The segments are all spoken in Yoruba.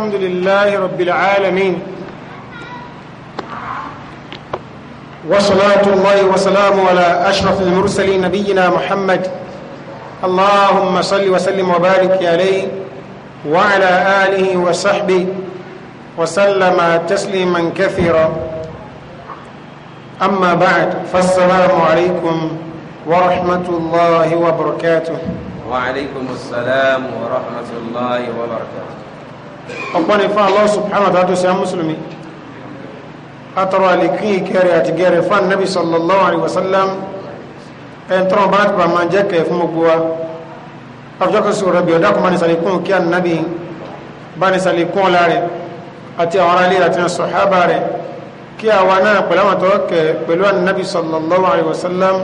الحمد لله رب العالمين وصلاة الله وسلام على أشرف المرسلين نبينا محمد اللهم صل وسلم وبارك عليه وعلى آله وصحبه وسلم تسليما كثيرا أما بعد فالسلام عليكم ورحمة الله وبركاته وعليكم السلام ورحمة الله وبركاته ọ̀pọ̀ ni fún Allah subhanahu wa ta'ala tó ṣe á mùsùlùmí atọrọ àlékún ìkẹrẹ àti gẹrẹ fún anabi sallallahu alayhi wa sallam ẹn tọrọ bá ti bàmà jẹ kẹ fún gbogbo wa àfijọ́ kan sọ̀rọ̀ bí ọ̀dà kò máa ní sàlékún kí anabi bá ní sàlékún ọ̀la rẹ̀ àti àwọn ará ilé àti àwọn sọ̀hábà rẹ̀ kí àwa náà pẹ̀lú àwọn tọrọ kẹ pẹ̀lú anabi sallallahu alayhi wa sallam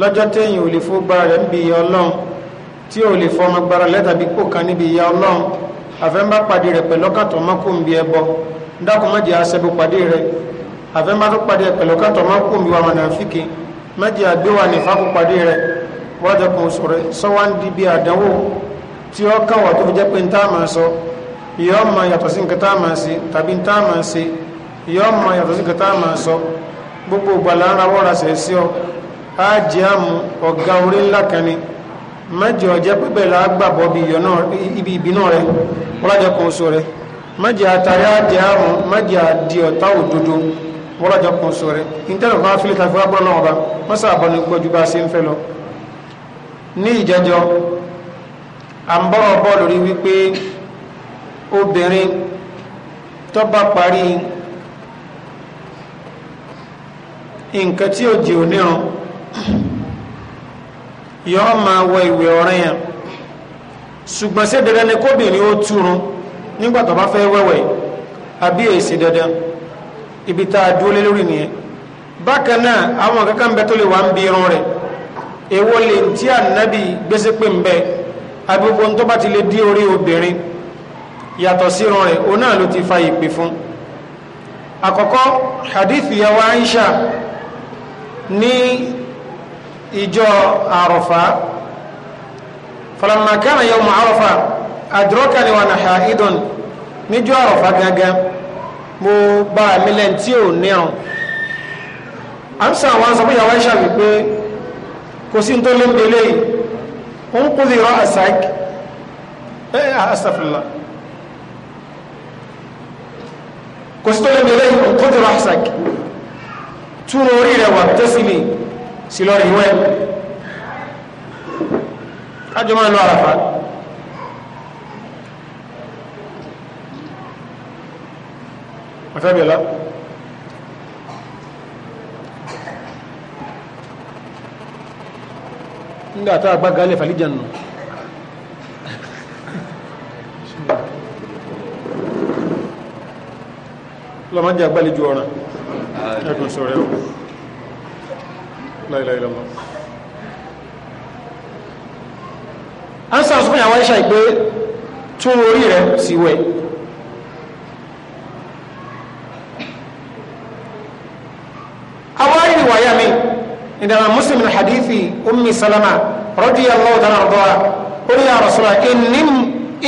lọ́jọ́ téèyàn ò lè fó gbára rẹ̀ níbi ìyá ọlọ́run tí ò lè fọmọ gbára lẹ́tàbí kó kan níbi ìyá ọlọ́run àfẹ́nbá pàdé rẹ̀ pẹ̀lú ọkàtọ̀ mọ́kùnbí ẹbọ dákùnmọ́jì àṣẹbù pàdé rẹ̀ àfẹ́nbá tó pàdé rẹ̀ pẹ̀lú ọkàtọ̀ mọ́kùnbí wa mọ̀nàfíkì mẹ́jì àgbéwà ní fákù pàdé rẹ̀ wọ́dẹ̀kùn sọ̀rọ̀ sọ́wọ́ndì bí àdánwò tí ó kàn wà tó fi jẹ́ pé ntá máa sọ ìyọ́ máa yàtọ̀ sí nǹkan tá máa ṣe tàbí ntá máa ṣe ìyọ́ máa yàtọ̀ sí nǹkan tá sọ gbogbo ìgbà lára wọ́ra ṣẹ̀ sí ọ á jẹ́ àmú ọ̀gá orí ńlá kan ni májì ọjẹ́ pípẹ́ la gbàbọ́ ibi ìbínú rẹ wọ́lájọ́ kan oṣù rẹ májì àtàrí àdì àrùn májì àdì ọ̀tá òdodo wọ́lájọ́ kan oṣù rẹ intanet fún afílẹ̀ tàbí wàgbọ́ náà ọba wọ́n sàbọ̀ ní gbọ́jú bá a ṣe ń fẹ́ lọ. ní ìjẹjọ à ń bọ́rọ̀ bọ́ lórí wípé obìnrin tó bá parí nǹkan tí ò jẹ́ onírun yọọ ma wọ ìwé ọ̀rẹ́ yẹn ṣùgbọ́n ṣé dandan ni kóbìnrin ó túrun nígbà tó bá fẹ́ wẹ̀wẹ̀ àbí èsì dandan ibi tá a dúró lé lórí nìyẹn bákan náà àwọn kankan bẹ tó lè wà ń bi irun rẹ èwo lè tí ànábì gbèsè pé ń bẹ agbègbè tó bá ti lè dí orí obìnrin yàtọ̀ sí irun rẹ òun náà ló ti fa ìpè fún àkọ́kọ́ hadith ìyàwó Aisha ní ìjọ àrọ̀fà falamma kana yawm àrọ̀fà adrakani wa ana ha'idun níjọ àrọ̀fà gangan mo bá mílẹ̀ tí ò níran à ń sàn àwọn sọ́kúnyàwó ẹ̀ṣà wípé kò sí tó lé mbélé ń kú lè rọ àṣàk ẹ àṣàfìlà kò sí tó lé mbélé ń kú rọ àṣàk túnú orí rẹ̀ wà tẹ́sílì sí lọ́rọ̀ ìwẹ́ kájọ máa lọ àràfà ọ̀fẹ́bẹ̀lá nígbà tó àgbága lè fàlíjàn nù lọ́mọdé àgbàlejò ọ̀ràn ẹ̀kùn sọ̀rẹ́ ọ̀rọ̀ láìláì lọ́wọ́ ansa sọ fún àwọn Aisha ìgbé tún orí rẹ̀ sí wẹ̀ awari riwaya mi indama muslim min hadithi ummi salama radiyallahu ta'ala anha qul ya rasulullah inni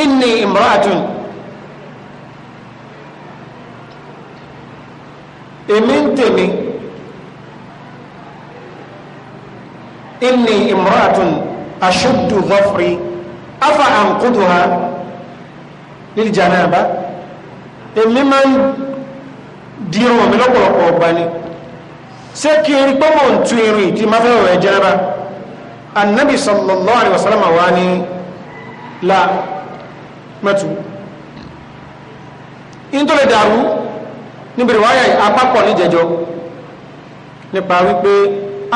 inni imra'atun èmi ń tèmi inni imra'atun ashuddu dhafri afa anquduha lil janaba èmi máa ń di irun mi lọ́pọ̀lọpọ̀ ọgbà ni ṣé kí n rí pọ́nmọ̀ ń tu irun ìdí máa fẹ́ wẹ̀ janaba annabi sallallahu alaihi wasallam wa ni la mẹ́tù in tó lè dàrú níbi ìwáyà apapọ̀ níjẹjọ nípa wípé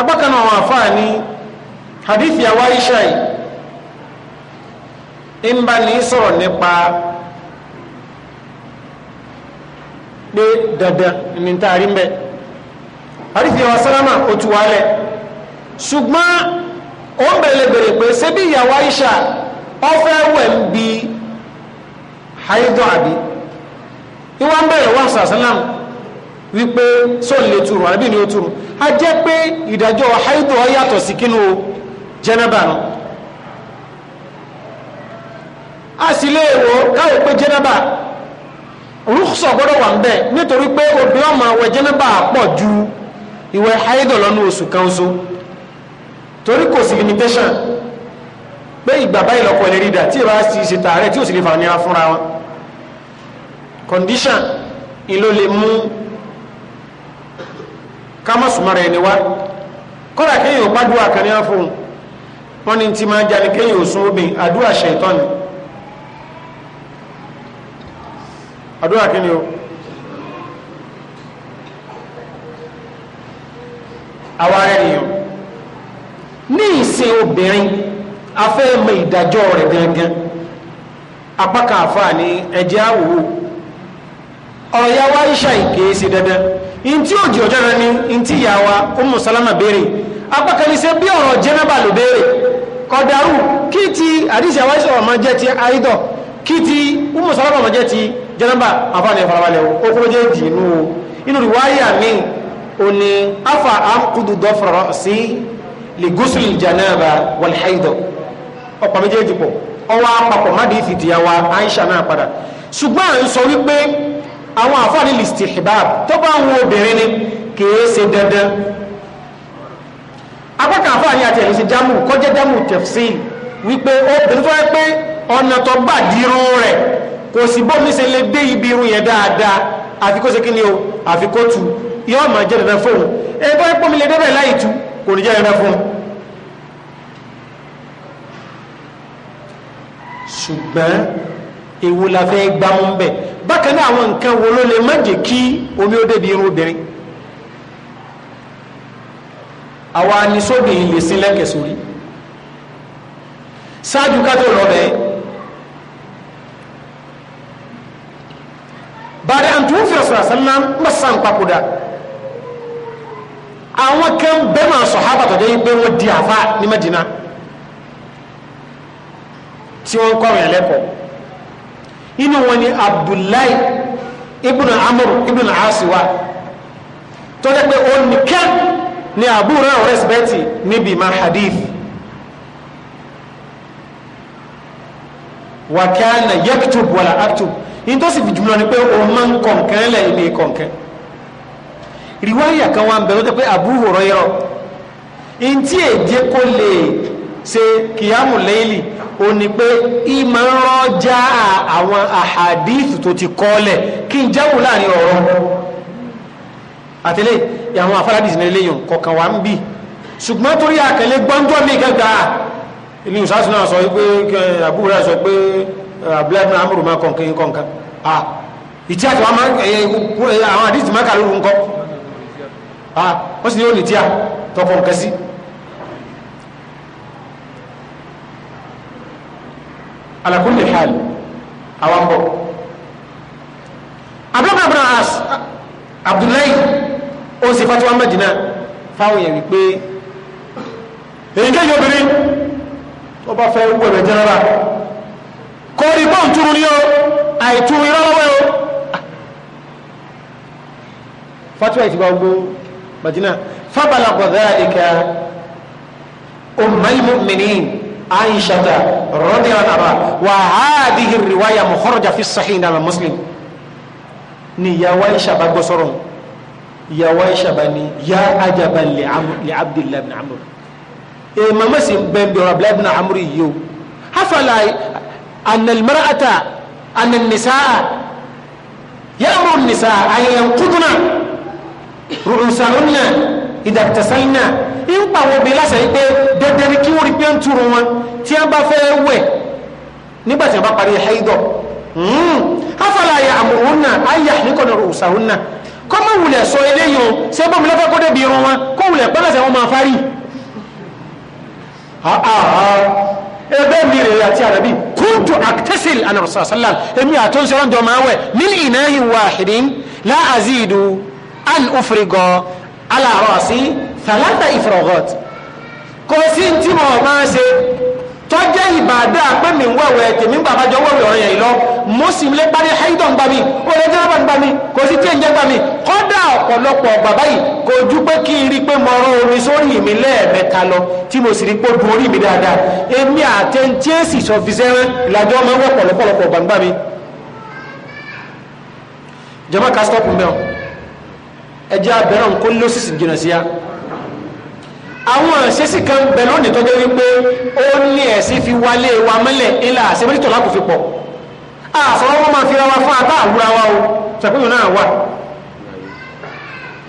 apákanáà àwọn àfáà ní hadithi àwa Aisha yìí ń n'i ní sọ̀rọ̀ nípa pé dandan ní taari ń bẹ hadithi àwa sálámà ó tu wálẹ̀ ṣùgbọ́n ó ń bẹ̀rẹ̀ bẹ̀rẹ̀ pé ṣébí ìyàwó Aisha ọfẹ́ wẹ̀ ń bi haidọ̀ àbí ìwọ́n bẹ̀rẹ̀ wọ́n sàṣálàmù wípé sóòlè turu àbí ni ó turu a jẹ́ pé ìdájọ́ haịdọ yàtọ̀ sí kínú o jẹ́nàbà nù a sì lè wò káwò pé jẹ́nàbà rúkṣọ̀ gbọ́dọ̀ wà ń bẹ̀ nítorí pé obì ọmọ àwẹ̀ jẹ́nàbà pọ̀ ju ìwẹ̀ haidọ̀ lọ́nu oṣù kan oṣù torí kò sí limitation pé ìgbà báyìí lọ́kọ̀ ilé rí dà tí ìbá sì ṣe tààrẹ tí ò sì lè fàníra fúnra wọn condition ìlò lè mú ká má sùnmọ́ rẹ̀ ni wá kọ́ra kéèyàn bá dúwà kan ní un wọ́n ní tí máa jáde kéyìn òsùn obìn àdúrà ṣẹ̀tọ́ ni àdúrà kí ni o àwa ènìyàn ní ìsìn obìnrin afẹ́ẹ̀mọ ìdájọ́ rẹ̀ gangan apáka àfáà ní ẹ̀jẹ̀ àwòwò ọ̀rọ̀ ya wá iṣà ìkéé sí dandan ntí òjì ọjọ́ rẹ ni ntí ìyá wa ó mùsálámà béèrè apáka ní sẹ́ bí ọ̀rọ̀ jẹ́nẹ́bà ló béèrè kọ̀dàrú kí ti àdísì àwáṣọ ọmọ jẹ́ ti àìdọ̀ kí ti umu sọ́lọ́pọ̀ ọmọ jẹ́ ti jẹ́nàmbà àfáàní ìfarabalẹ̀ okúnjẹ́ ìdìínú inú ríwáyà mi ò ní afa àkùdù dọ́fọ̀rọ̀ sí lè gúúsù ìjànàbà wàlhàìdọ̀ ọ̀pọ̀ méjèèjì pọ̀ ọwọ́ apapọ̀ má dìí fìdí àwa Aisha náà apákan àfáàní àti ẹ̀yìn jamu jámù jamu jámù tẹ̀fsìn wípé obìnrin tó rẹ pé ọ̀nà tó gbà dirun rẹ̀ kò sí bómi ṣe lè dé ibi irun yẹn dáadáa àfi kó ṣe kí ni o àfi kó tu yóò máa jẹ́ dandan fóun ẹni tó rẹ pé omi lè débẹ̀ láì tu kò ní jẹ́ dandan fóun. ṣùgbọ́n ewu la fẹ́ gbámú bẹ̀ bákan náà àwọn nǹkan wo ló lè má jẹ́ kí omi ó débi irun obìnrin àwa ni sóde ilé sí lẹ́kẹ̀ sórí ṣáájú ká tó lọ bẹ́ẹ̀ bàdé àtúnfì ọ̀sán àsánná mọ̀sán papòdà àwọn kan bẹ́ẹ̀ máa sàhábà tó jẹ́ pé wọ́n di àfá ní Mẹ́dínà tí wọ́n inú wọn ni Abdullahi ibùnà Amr ibùnà Asiwa tó jẹ́ pé ó ni àbúrò náà rẹ́sibẹ́tì níbi ìmọ̀ hadith wa kana yaktub wala aktub in tó sì fi jùlọ ni pé o máa ń kọ̀ǹkan lẹ̀ ilé kọ̀ǹkan riwaya kan wà ń bẹ̀rẹ̀ tó pé Abu Hurairah in tí èdè kò lè ṣe kìyàmù lẹ́yìnlì o ní pé ìmọ̀ ń rọ́jà àwọn àhàdíìsì tó ti kọ́ lẹ̀ kí n jáwò láàrin ọ̀rọ̀ àtẹlẹ àwọn afárádìsì nílé yàn kọ̀ọ̀kan wà ń bì ṣùgbọ́n torí àkẹlẹ gbọ́njọ́ mi kẹgbà ilé ìsásùn náà sọ pé àbúrò rẹ̀ sọ pé abúlẹ́bí náà amúrò máa kọ̀ǹkan yín kọ̀ǹkan ìtí àti wọn àwọn àdìsì máa kàlórí nǹkan wọ́n sì ní òní tí a tọkọ̀ nǹkan sí. ala kulli hal àwọn bọ̀ abúlẹ́bí náà abdullahi ó sì fatiwa madina fáwọn èèyàn wípé èyí kéyìí obìnrin tó bá fẹ́ wú ẹ̀rẹ̀ jẹ́rẹ́rà kó rí bọ́ọ̀n túrú ní o àìtú irọ́ lọ́wọ́ o fatiwa ìtìgbà ogbó madina fábàlà gbọ̀dá ìkà ummul mu'minin aisha radiyallahu anha wa hadhihi riwaya mukhrajah fi sahih al ni ìyàwó aisha bá gbọ́ sọ̀rọ̀ ìyàwó aisha bá ní ya ajaba li abdullahi bin amur ee mama si bẹ́ẹ̀ bí ọ̀rọ̀ abdullahi bin amur yìí o hafala analmarata ananisaa yàmú nisaa ayanquduna ru'usahunna ìdàtẹ̀sánná ń pa àwọn obìnrin lásán yìí pé dandan ni kí wọ́n rí pé wọn tí wọ́n bá fẹ́ wẹ̀ nígbà tí wọ́n bá parí haidọ̀. Hmm. afala ya amuruna ayé àníkọ̀dọ̀ òsàhúnà kọ́mọ wulẹ̀ sọ eléyìí o ṣé bọ́mi lọ́fẹ́ kó débi irun wọn kó wulẹ̀ pẹ́lẹ́sẹ̀ wọn máa fárí. ebe mi rèé àti àràbí kúntù àkẹ́sìl ànàrọ̀sà sálà èmi àtúnṣe ọ̀dọ̀ máa wẹ̀ min ìnáyìn wàhìdín láàzídù an òfurigọ alàrọ̀ sí thalatha ìfọ̀rọ̀gọ́t kò sí ntí mọ̀ máa ṣe tọ́jẹ́ ìbàdà pé mi wẹ̀wẹ̀ tèmi gbàbájọ wẹ̀wẹ̀ ọ̀rọ̀ yẹn lọ mo sì lé parí haidọ̀ ń gbà mí olè jẹ́rọ̀bà ń gbà mí kò sí tí ń jẹ́ gbà mí kọ́dà ọ̀pọ̀lọpọ̀ bàbá yìí kò ju pé kí n rí i pé mo rán orin sórí mi lẹ́ẹ̀mẹ́ta lọ tí mo sì rí pé du orí mi dáadáa èmi àtẹ̀ntì èsì sọ̀fisẹ́ rẹ làjọ máa ń wọ̀ pọ̀lọpọ̀lọpọ̀ gbàngbà mi. jọba kásítọ́pù mẹ́ọ̀ ẹ jẹ́ abẹ́rẹ́ nǹkan lọ́sísì jìnnà àwọn àṣẹ́sì kan bẹ lónìí tọ́jọ́ wípé ó ní ẹ̀sìn fi wálé wa mọ́lẹ̀ ńlá àṣẹ́mẹ́tò lákò fi pọ̀ àfọwọ́ wọn máa fi ra wa fún àbá àwúra wa o ṣàpéyàn náà wà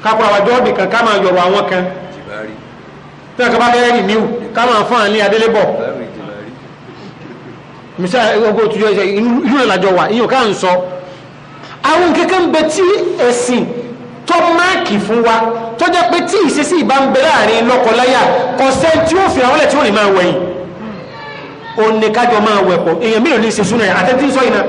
kápọ̀ àwàjọ́ ọ̀bì kan ká máa yọ̀rọ̀ àwọn kan tí wọ́n kọ́ bá fẹ́ rìn níwù ká máa fún àní adélébọ̀ mísà ogo òtújọ́ ìlú ìlàjọ wà ìyókà ń sọ àwọn kékeré ń bẹ tí ẹ̀sìn tó máàkì fún wa tó jẹ́ pé tí ìṣesí ìbá ń bẹ láàrin lọ́kọláya kọ̀sẹ́ tí ó fi àwọn ọlẹ̀ tí ó rìn máa wẹ̀yìn o ní kájọ máa wẹ̀pọ̀ èèyàn mìíràn ní ṣe súnà àtẹ́tí sọ ìná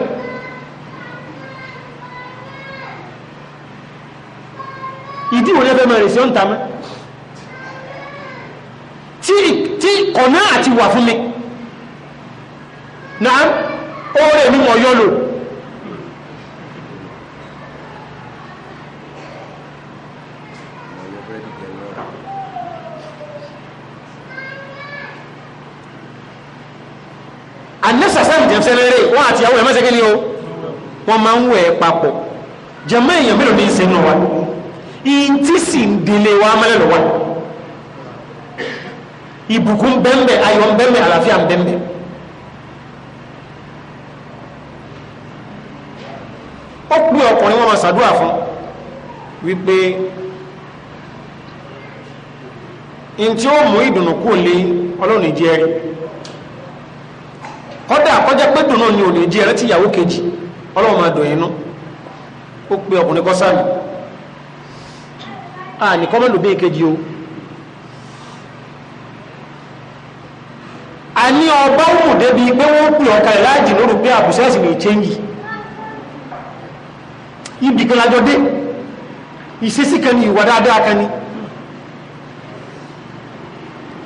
ìdí òun ẹgbẹ́ máa rìn sí ó ń ta mọ́ tí kọ̀nà àti anẹ́sàsẹ́mù jẹ́ fẹ́ lérè wọ́n àti ìyàwó ẹ̀ mẹ́sẹ̀ kí ni o wọ́n máa ń wẹ̀ papọ̀ jẹ́mọ́ èèyàn mélòó ní ìsẹ́nu wa ìyìn tí sì ń délé wa mẹ́lẹ̀ lọ́wọ́ ìbùkún bẹ́ẹ̀mbẹ́ ayọ̀ bẹ́ẹ̀mbẹ́ àlàáfíà bẹ́ẹ̀mbẹ́ ó pé ọkùnrin wọn máa ṣàdúrà fún wípé ntí ó mú ìdùnnú kúrò lé ọlọ́run ìjẹ́rìí kọ́dà kọjá pé dùn náà ni ò lè jí ẹrẹ́ tí ìyàwó kejì ọlọ́run máa dùn inú ó pe ọkùnrin kọ́ sáàmì a ní kọ́ mẹ́lò bíi kejì o a ní ọba òmù débi pé wọ́n pè ọkà rẹ̀ láàjì lóru pé àbùsẹ́sì lè chéńjì ibì kan lájọ dé ìṣesí kan ní ìwà dáadáa kan ní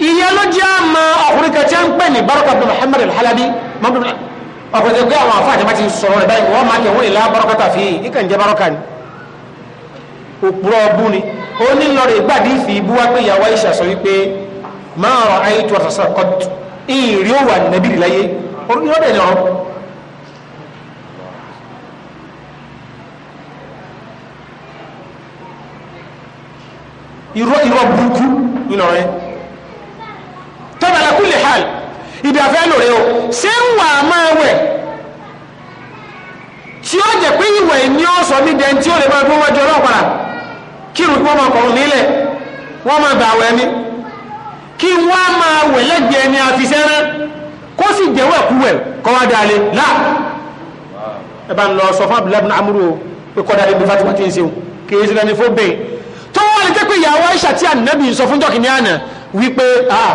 ìyẹn ló jẹ́ àmọ́ ọkùnrin kan tí a ń pè ní baraka bin muhammad alhalabi ọkùnrin kan pé àwọn afọ àjẹmá ti sọ̀rọ̀ rẹ̀ báyìí wọ́n máa kẹ́ wọ́n ìlà baraka tàfi ìkàn jẹ́ baraka ni òpùrọ̀ ọbú ni ó ní lọ́rọ̀ ìgbàdí ìfì ibú wá pé ìyàwó Aisha sọ wípé máa rọ tọ́ba la kúlì hàl ibi àfẹ́ o ṣé ń wà á máa wẹ̀ tí ó jẹ́ pé ìwẹ̀ ni ó sọ ní dẹ́n tí ó lè máa gbọ́ wájú ọlọ́pàá kírun kí wọ́n máa kọ̀rùn nílẹ̀ wọ́n máa bà wẹ̀ ni kí wọ́n máa wẹ̀ lẹ́gbẹ̀ẹ́ ni àfisẹ́rẹ́ kó sì jẹ́wọ́ ẹ̀kúwẹ̀ kọ́ wá dalẹ̀ láà ẹ bá ń lọ sọ fún abdullahi amúrú o pé kọ́ dalẹ̀ bí fatima ti ń ṣeun kì í ṣe lẹ́ni fún bẹ́ẹ̀ tó wọ́n lè jẹ́ pé ìyàwó aisha tí ànábì sọ fún jọ́kìnní wípé ah,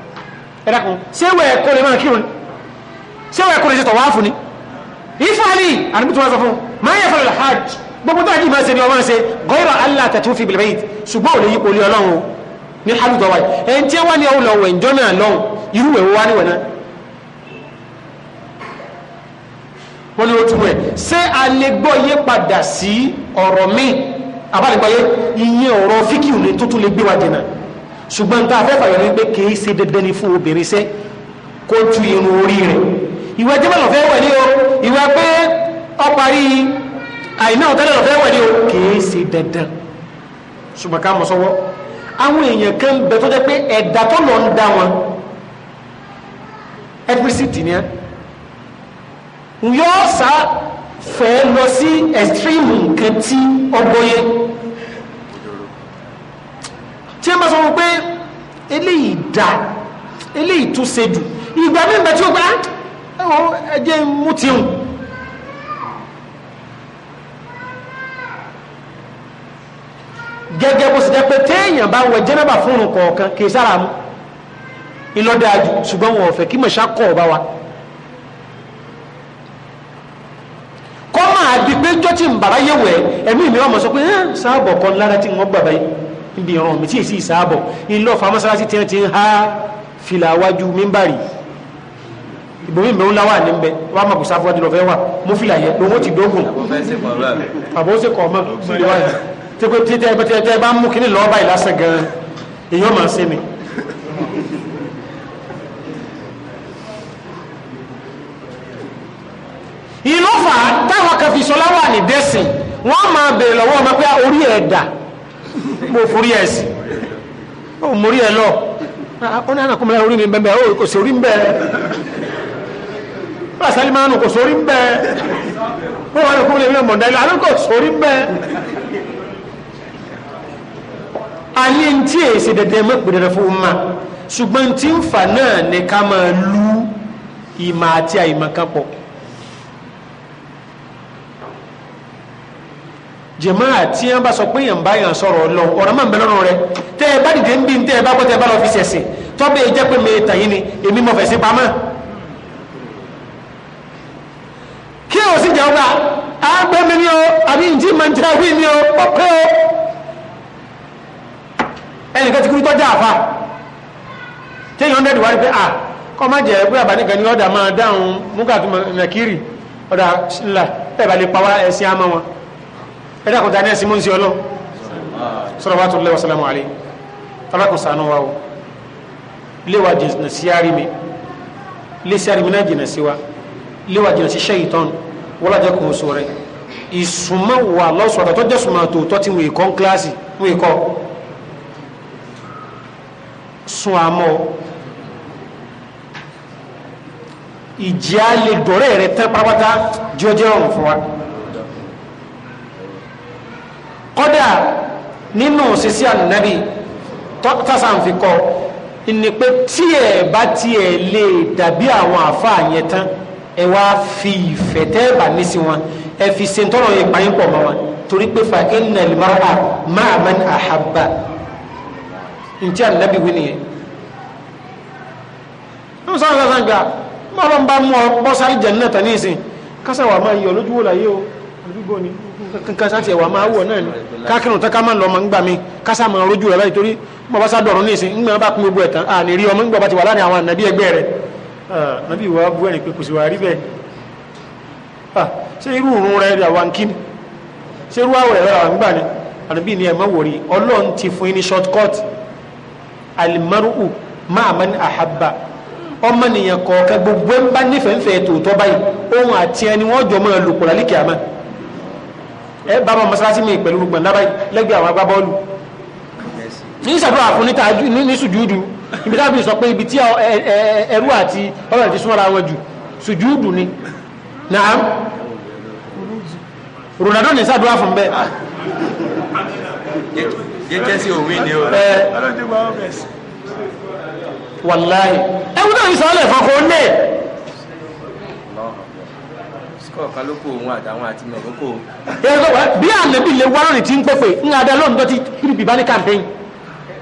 ẹ̀dàkùn síwẹ̀ ẹ̀kọ́ lè máa kírun síwẹ̀ ẹ̀kọ́ lè ṣe tọ̀wá fún ni ìfàlì àdúgbò tó wá sọ fún máa yẹ fọlọ hajj gbogbo tó àjí máa ṣe ni ọmọ ṣe gọ́ọ̀rọ̀ allah tàtí ó fi bìlẹ̀ bẹ́yìí ṣùgbọ́n ò lè yípo lé ọlọ́run ní hálùtọ̀ wáyé wọ́n ní ó túmọ̀ ẹ̀ ṣé a lè gbọ́ yé padà sí ọ̀rọ̀ míì àbálẹ̀gbọ́yé ìyẹn ọ̀rọ̀ fíkìú ni tó tún lè gbé náà ṣùgbọ́n tá a fẹ́ fàyọ̀ wípé kìí ṣe dandan ni fún obìnrin sẹ́ kó tu irun orí rẹ̀ ìwà jẹ́mọ̀ lọ́fẹ́ wẹ̀ ní o ìwà pé ọparí àìná ọ̀tẹ́lẹ̀ lọ́fẹ́ wẹ̀ ní o kìí ṣe dandan ṣùgbọ́n ká mọ̀ sọ́wọ́ àwọn èèyàn kan bẹ tó jẹ́ pé ẹ̀dá tó lọ ń dá wọn ẹ̀pírísìtì ni yóò sá fẹ́ lọ sí ẹ̀stírímù nǹkan tí ọgbọ́yé tí a máa sọ wọn pé eléyìí da eléyìí tún ṣe jù ìgbà mi bẹ tí ó gbà ẹjẹ mú ti hùn. gẹ́gẹ́ bó ṣe jẹ́ pé téèyàn bá ń wẹ fún un kọ̀ọ̀kan kì í sára mu ìlọ́dàájú ṣùgbọ́n wọn wa. kọ́ máa di pé jọ́tí ń bàrá ẹ̀mí mi wà mọ̀ sọ pé eh, sáàbọ̀ kan lára tí níbi ìran mi tí èsì ìsáàbọ̀ ilọ́ fa mọ́sálásí tí wọ́n ti ń há fìlà wájú mímbàrí ìbomi mẹ́rin láwà ní bẹ wà má kò sáfù wájú lọ́fẹ́ wà mú fìlà yẹ lówó ti dógùn àbọ̀ ó sì kọ̀ mọ́ tẹ́tẹ́ bá mú kíní lọ́ọ́ báyìí lásán gan-an èèyàn máa ṣe mi. ìlú fà táwọn kan fi sọ láwà ní dẹ́sìn wọ́n máa bèèrè lọ́wọ́ ọmọ pé orí ẹ̀ dà mo forí ẹ̀ sí ó mórí ẹ̀ lọ ah, ó ní ànàkùnmọ́ orí mi bẹ́ẹ̀ ó kò sórí bẹ́ẹ̀ pàṣẹ́lì máa nù kò sórí bẹ́ẹ̀ ó wà lókùn lè mílẹ̀ mọ̀dá ilẹ̀ àná kò sórí bẹ́ẹ̀ ayé ń èsì dẹ̀dẹ̀ mọ́ pè fún ma ṣùgbọ́n tí ń náà ní ká máa lú ìmọ̀ àti àìmọ̀ kan jẹ̀máà tí wọ́n bá sọ pé yàn bá yàn sọ̀rọ̀ lọ ọ̀rọ̀ máa ń bẹ lọ́rùn rẹ tẹ́ ẹ bá dìde ń bí tẹ́ ẹ bá gbọ́ tẹ́ ẹ bá lọ fi ṣẹ̀sìn tọ́bẹ̀ jẹ́ pé mi tàn yín ni èmi mọ̀ fẹ̀sìn pamọ́. kí o sì jẹ́ ọgbà àgbẹ̀ mi ni o àbí njì máa ń jẹ́ àbí mi o ọ̀pẹ́ o ẹnìkan ti kú tọ́jà àfa téèyàn ń dẹ́dùn wá ní pé à kọ́ má jẹ́ pé àbáníkan ni ọ̀dà máa dáhùn múkàtúmọ̀ nàkírì ọ̀dà ńlá ẹ̀ bá lè pa wá ẹ̀sìn àmọ́ wọn ẹ̀dá kò dání ẹ̀sìn mú ń sí ọlọ́ salawatullahi wa salamu alayhi tabakun sànú wa o léwà jìnnà sí yárí mi lé sí yárí mi náà jìnnà sí wa léwà jìnnà sí ṣẹ́yìtọ́n wọ́n lájẹ́ kò sọ rẹ̀ ìsúnmọ́ wà lọ́sọ̀rọ̀ tó jẹ́ súnmọ́ tòótọ́ tí wọ́n èkó ń kíláàsì wọ́n èkó sun ìjìyà lè dọ̀rẹ́ rẹ̀ tán pátápátá jọjẹ́ ọ̀run fún wa kọ́dà nínú sísí ànábì tásàǹfikọ́ ni pé tí ẹ̀ bá tiẹ̀ lè dàbí àwọn àfáà yẹn tán ẹ wá fi ìfẹ́ tẹ́ bà ní sí wọn ẹ fi ṣe tọ́rọ̀ yẹn pààyàn pọ̀ mọ́ wọn torí pé fa inna al-mar'a ma'a man ahabba ntí ànábì wí nìyẹn ní sọ́nà sọ́nà gbà mọ́ bá ń bá mú ọ bọ́sálì nínú ẹ̀tàn ní máa yọ lójúwò láyé o àdúgbò ni kankan sáti ẹ̀wà máa wọ̀ náà ni kákìrùn tán ká máa lọ ọmọ ń gbà mí kásá máa rojú rẹ̀ báyìí torí mo bá sá dọ̀rùn ní ìsìn ńgbà bá kún gbogbo ẹ̀tàn à ní rí ọmọ ńgbà bá ti wà láàrin àwọn ànàbí ẹgbẹ́ rẹ̀ ànàbí ìwà bú ẹ̀rìn pé kò sì wà rí bẹ́ẹ̀ ṣé irú òórùn rẹ̀ rẹ̀ wà ń kí ni ṣé irú àwọ̀ rẹ̀ wà ń gbà ni ànàbí ni ẹ̀ má wòrí ọlọ́run ti fún yín ní short cut alimaru ahabba ọmọnìyàn kọ̀ọ̀kan gbogbo ń bá nífẹ̀ẹ́fẹ̀ẹ́ tòótọ́ báyìí ohun àti ẹni wọ́n jọ máa lò pọ̀ lálẹ́ kìámà ẹ bá wọn mọ́sálásí mi pẹ̀lú gbọ̀n dábàá lẹ́gbẹ̀ẹ́ àwọn agbábọ́ọ̀lù ní ìṣàdúrà fún níta ní sùjúdù ibi tábí sọ pé ibi tí ẹrú àti ọ̀rọ̀ ti súnmọ́ra wọn jù sùjúdù ni naam Ronaldo ní ìṣàdúrà fún bẹ́ẹ̀ jẹ́jẹ́ sí òwe ni o wàláhì ẹ̀wọ́n náà ìṣàlẹ̀ fọkàn ó lè kọ̀ọ̀kan ló òun àtàwọn àti mẹ̀kókò. bí àlẹ́bí lè wá lónìí ń pèpè ń adá lónìí tó ti bá ní campaign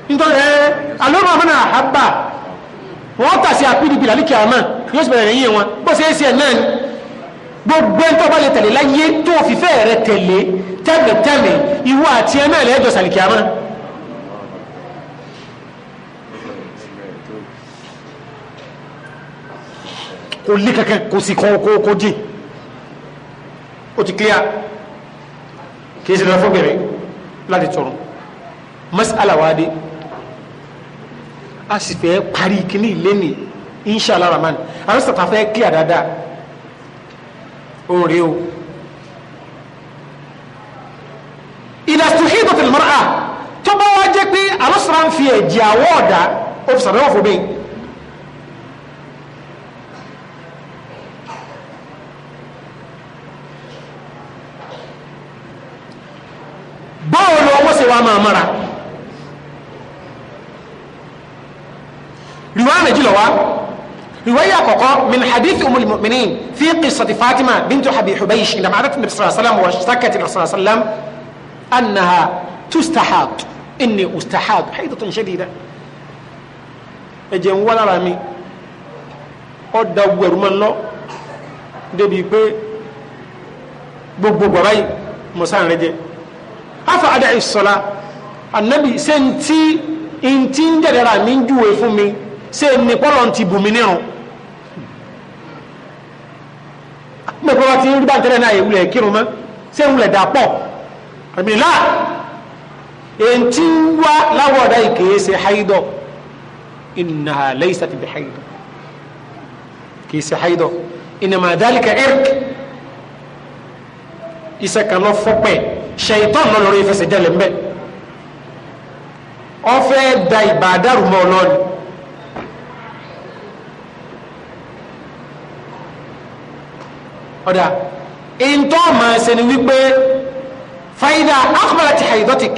nítorí ẹ alóòrùn ọmọ náà àbá wọn tà sí pdp lálìkẹ́ àmà yóò sì bẹ̀rẹ̀ yín wọn bó ṣe é ṣe náà ni gbogbo ẹni tó bá lè láyé tó fìfẹ́ rẹ tẹ̀lé tẹ́lẹ̀tẹ́lẹ̀ ìwọ àti ẹ náà lẹ́jọ́ sàlìkẹ́ àmà. kò lé kankan kò sì kọ́ kó dín ó ti clear kì í ṣe lọ́fọ́ bẹ̀rẹ̀ láti tọrọ masala wa dé a sì fẹ́ parí kíní lẹ́nìí inshàlá rahman àwọn sàtà fẹ́ clear dáadáa òun rèé o. ìdá stuhidat al-mar'a tó bá wá jẹ́ pé àlọ́sọ̀rọ̀ ń fi ẹ̀jẹ̀ àwọ̀ ọ̀dà ó fi wa máa mara riwaya méjì lọ wa riwaya àkọ́kọ́ min hadith umul mu'minin fi qissati fatima bintu abi hubaysh ila ma'arat nabi sallallahu alaihi wasallam wa shtakat ila sallallahu alaihi wasallam annaha tustahab inni ustahab haidatan shadida ẹ̀jẹ̀ ń wá lára mi ọ da gbogbo ẹ̀rù máa ń lọ débi gbogbo bàbá yìí mọ̀sáàrin jẹ́ afa adá ìsọlá anabi ṣe ń tí ń tí ń dẹ̀dẹ̀ra mi ń júwe fún mi ṣe ní pọ́lọ̀ ti bù mí nírun mẹ́kọ́ bá ti ń rí bá ń tẹ́lẹ̀ náà ìwúlẹ̀ kírun mọ́ ṣe ń wulẹ̀ dà pọ̀ àmì láà èyí tí ń wá láwọ̀ ọ̀dá ìkèyè ṣe haidọ̀ إنها ليست بحيض كيس حيض إنما ذلك إرك إسا كان فوقي ṣèyítọ́ lọ́lọ́rọ́ ìfẹsẹ̀ jẹ́lẹ̀ mbẹ́ ọfẹ́ da ìbàdàrú mọ́ ọlọ́ni ọ̀dà ìntọ́ máa ṣe ni wípé fàyídà akọ̀bàlà ti haidotic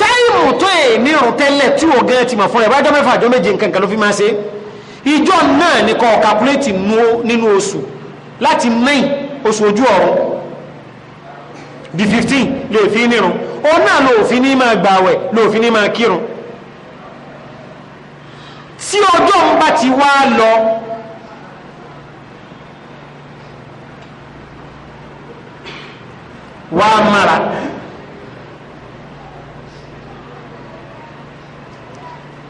táìmù tó è ní ọ̀rùn tẹ́lẹ̀ tí wọ́n gẹ́rẹ́ ti mọ̀ fún ẹ̀ bá jọ mẹ́fà jọ méje nǹkan kan ló fi máa ṣe ìjọ náà ní kọ́ mú nínú oṣù láti mẹ́yìn oṣù ojú ọ̀run di fifteen lè fi nírun òun náà lòfin ní máa gbàwẹ̀ lòfin ní máa kírun tí ọjọ́ ń bá ti wá lọ wá mara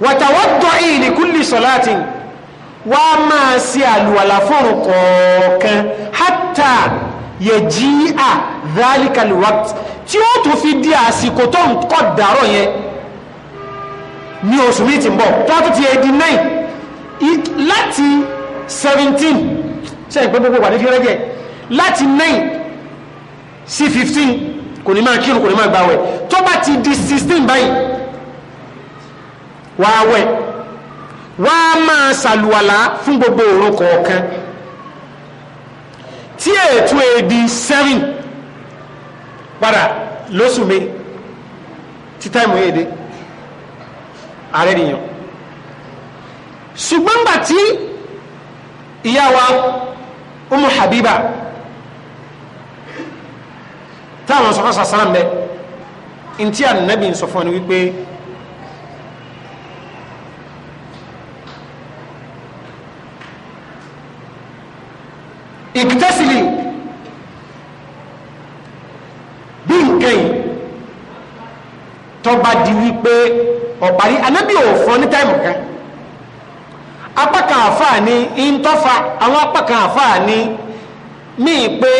wàtàwọ́dọ̀ ìlì kúlì sọ̀láàtì wá máa ṣe àlùwàlà fún ọ̀rùn kọ̀ọ̀kan hátà yẹ jí à dhalikal waqt tí ó tún fi di àsìkò tó ń kọ́ dàrọ̀ yẹn ní oṣù mi ti ń bọ̀ tó tún ti di nine láti seventeen ṣe ìpín gbogbo wà ní fírẹ́jẹ̀ láti nine sí fifteen kò ní máa kírun kò ní máa gbàwẹ̀ tó bá ti di sixteen báyìí wàá wẹ̀ máa ṣàlùwàlá fún gbogbo òru kọ̀ọ̀kan tí ètò di sẹ́rìn padà lóṣù mi tí táìmù èdè ààrẹ nìyàn ṣùgbọ́n gbà tí ìyá wa Umu Habiba táwọn sọ̀rọ̀ sàṣàrán bẹ́ẹ̀ ntí ń sọ fún ọ wípé ìkítẹ́sìlì bí nǹkan yìí tọba di wípé ọ̀parí anábì òfin ní táìmù kan apákan àfáà ní ìntọ́fà àwọn apákan àfáà ní míì pé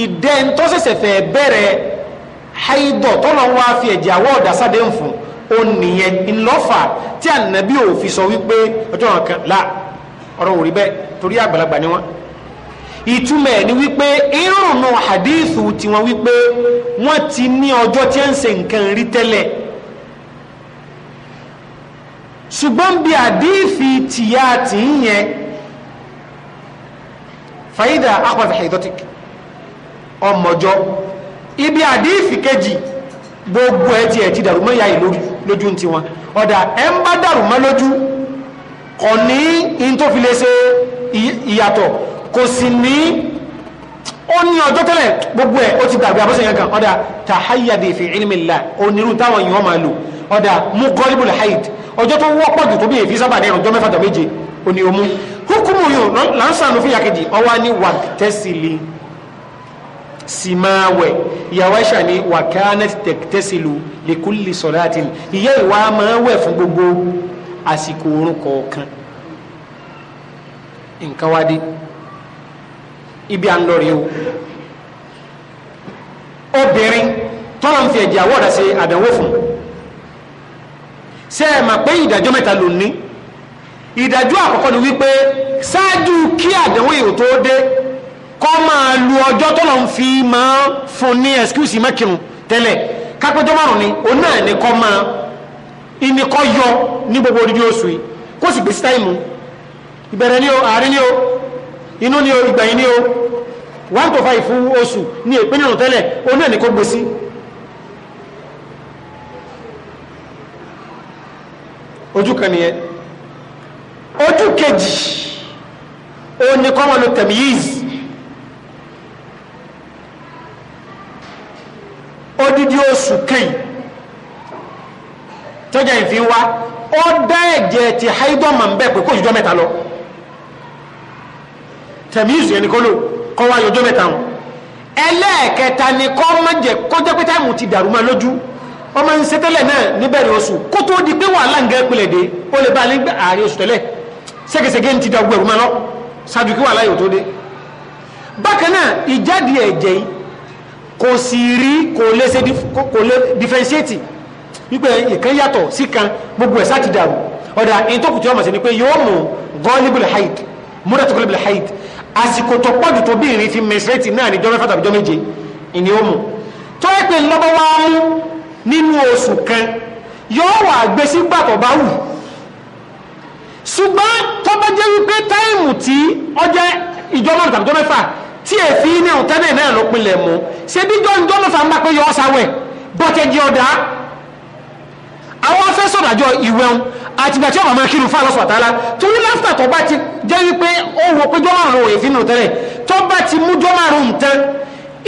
ìdẹ́ ntọ́sẹ̀sẹ̀ fẹ́ bẹ̀rẹ̀ haidọ̀ tọ́lọ̀ wá fi ẹ̀jẹ̀ àwọ̀ ọ̀dásádé fún ó nìyẹn ńlọ́fà tí ànábì òfin sọ wípé ọjọ́ kan là ọ̀rọ̀ òrí bẹ́ẹ̀ torí àgbàlagbà ni wọ́n ìtumẹ̀ ni wípé irúnù hadithu tiwọn wípé wọ́n ti ní ọjọ́ tí ń se nǹkan rí tẹ́lẹ̀ ṣùgbọ́n bí ti yá tí ń yẹn fàyídà akọ̀dà haidotic ọmọjọ́ ibi àdífi kejì gbogbo ẹ ti ti dàrú lójú ti wọn ọ̀dà ẹ ń bá dàrú kò sì ní ó ní ọjọ́ tẹ́lẹ̀ gbogbo ẹ̀ ó ti gbàgbé abọ́sẹ̀ yẹn kan ọ̀dà tahayyadi fi ilmillah onírú táwọn èèyàn máa lò ọ̀dà muqalibul haid ọjọ́ tó wọ́pọ̀ jù tó bí èfi sábà ní ọjọ́ mẹ́fà tàbí méje òní omu hukumu yóò lánsàánú fìyà kejì ọwọ́ ní wàtẹ́sílì simawẹ ìyàwó ẹ̀ṣà ni wàkánẹ́t tẹ̀tẹ́sílù lẹ́kùlì sọ̀láàtì ìyá ìwà máa wẹ̀ fún gbogbo àsìkò orun kọ̀ọ̀kan nǹkan wá dé ibi à ń lọ rèé o obìnrin tọ́lọ̀ ń fi ẹ̀jẹ̀ àwọ̀dà ṣe àdánwò fún ṣe é mà pé ìdájọ́ mẹ́ta ló ní ìdájọ́ àkọ́kọ́ ni wípé ṣáájú kí àdánwò èrò tó dé kọ́ máa lu ọjọ́ tọ́lọ̀ ń fi máa fún ní ẹ̀skúùsì mẹ́kìrún tẹ́lẹ̀ kápẹ́jọ́ márùn ni òun náà ní kọ́ máa ìní kọ́ yọ ní gbogbo orí oṣù yìí kó sì gbèsè táìmù ìbẹ̀rẹ̀ ni o àárín ni o inú ni o ìgbẹ̀yìn ni o one to five fún oṣù ní ìpínlẹ̀ ọ̀nà tẹ́lẹ̀ ó náà ní kó gbé sí ojú kan nìyẹn ojú kejì ó ní kọ́ wọn lo tẹ̀míyìz odidi oṣù kejì tọ́jà ìfín wa ó dá ẹ̀jẹ̀ ti haidọ́mà ń bẹ̀ pé kó mẹ́ta lọ tẹ̀míìsì ẹni kó lò kọ́ wá yọjọ́ mẹ́ta wọn ẹlẹ́ẹ̀kẹta ni kọ́ má jẹ́ kó jẹ́ pé táìmù ti dàrú máa lójú ọmọ ń ṣe tẹ́lẹ̀ náà níbẹ̀rẹ̀ oṣù kó tó di pé wàhálà ń gẹ́ pilẹ̀ dé ó lè bá a lè gbé ààrẹ oṣù tẹ́lẹ̀ ségesège ń ti da gbẹ̀rù máa lọ ṣáájú kí wàhálà yóò tó dé bákan náà ìjáde ẹ̀jẹ̀ yìí kò sì rí kò lè ṣe kò lè differentiate wípé ìkan yàtọ̀ sí kan gbogbo ẹ̀ sá ti dàrú ọ̀dà ìtòkùtì ọmọ sí ni pé yóò mú gọ́ọ́lì bùlẹ̀ haid múdàtúkọ̀lẹ̀ bùlẹ̀ haid àsìkò tó pọ̀jù tó bí ìrìn fi mẹsẹ̀rẹ́tì náà ní jọ́mẹ́fà tàbí jọ́méje ìní ó mú tó ẹ pé lọ́bọ́ wá mú nínú oṣù kan yóò wà gbé sígbà tó bá wù ṣùgbọ́n tó bá jẹ́ wípé táìmù tí ọjọ́ ìjọba tàbí jọ́mẹ́fà tí èfi ní ọ̀tẹ́nẹ̀ náà ló pinlẹ̀ mú ṣe bí jọ́mẹ́fà ń bá pé yọ ọ́ sáwẹ̀ bọ́tẹ́jì ọ̀dà àwọn afẹ́sọ̀dájọ́ ìwẹ̀un àtìgbà tí ọmọ máa kírun fún àlọ́sọ̀ àtàlá tó ní láfíà tó bá ti jẹ́ wípé ó wo pé jọ́ márùn òye sínú tẹ́lẹ̀ tó bá ti mú jọ́ márùn tán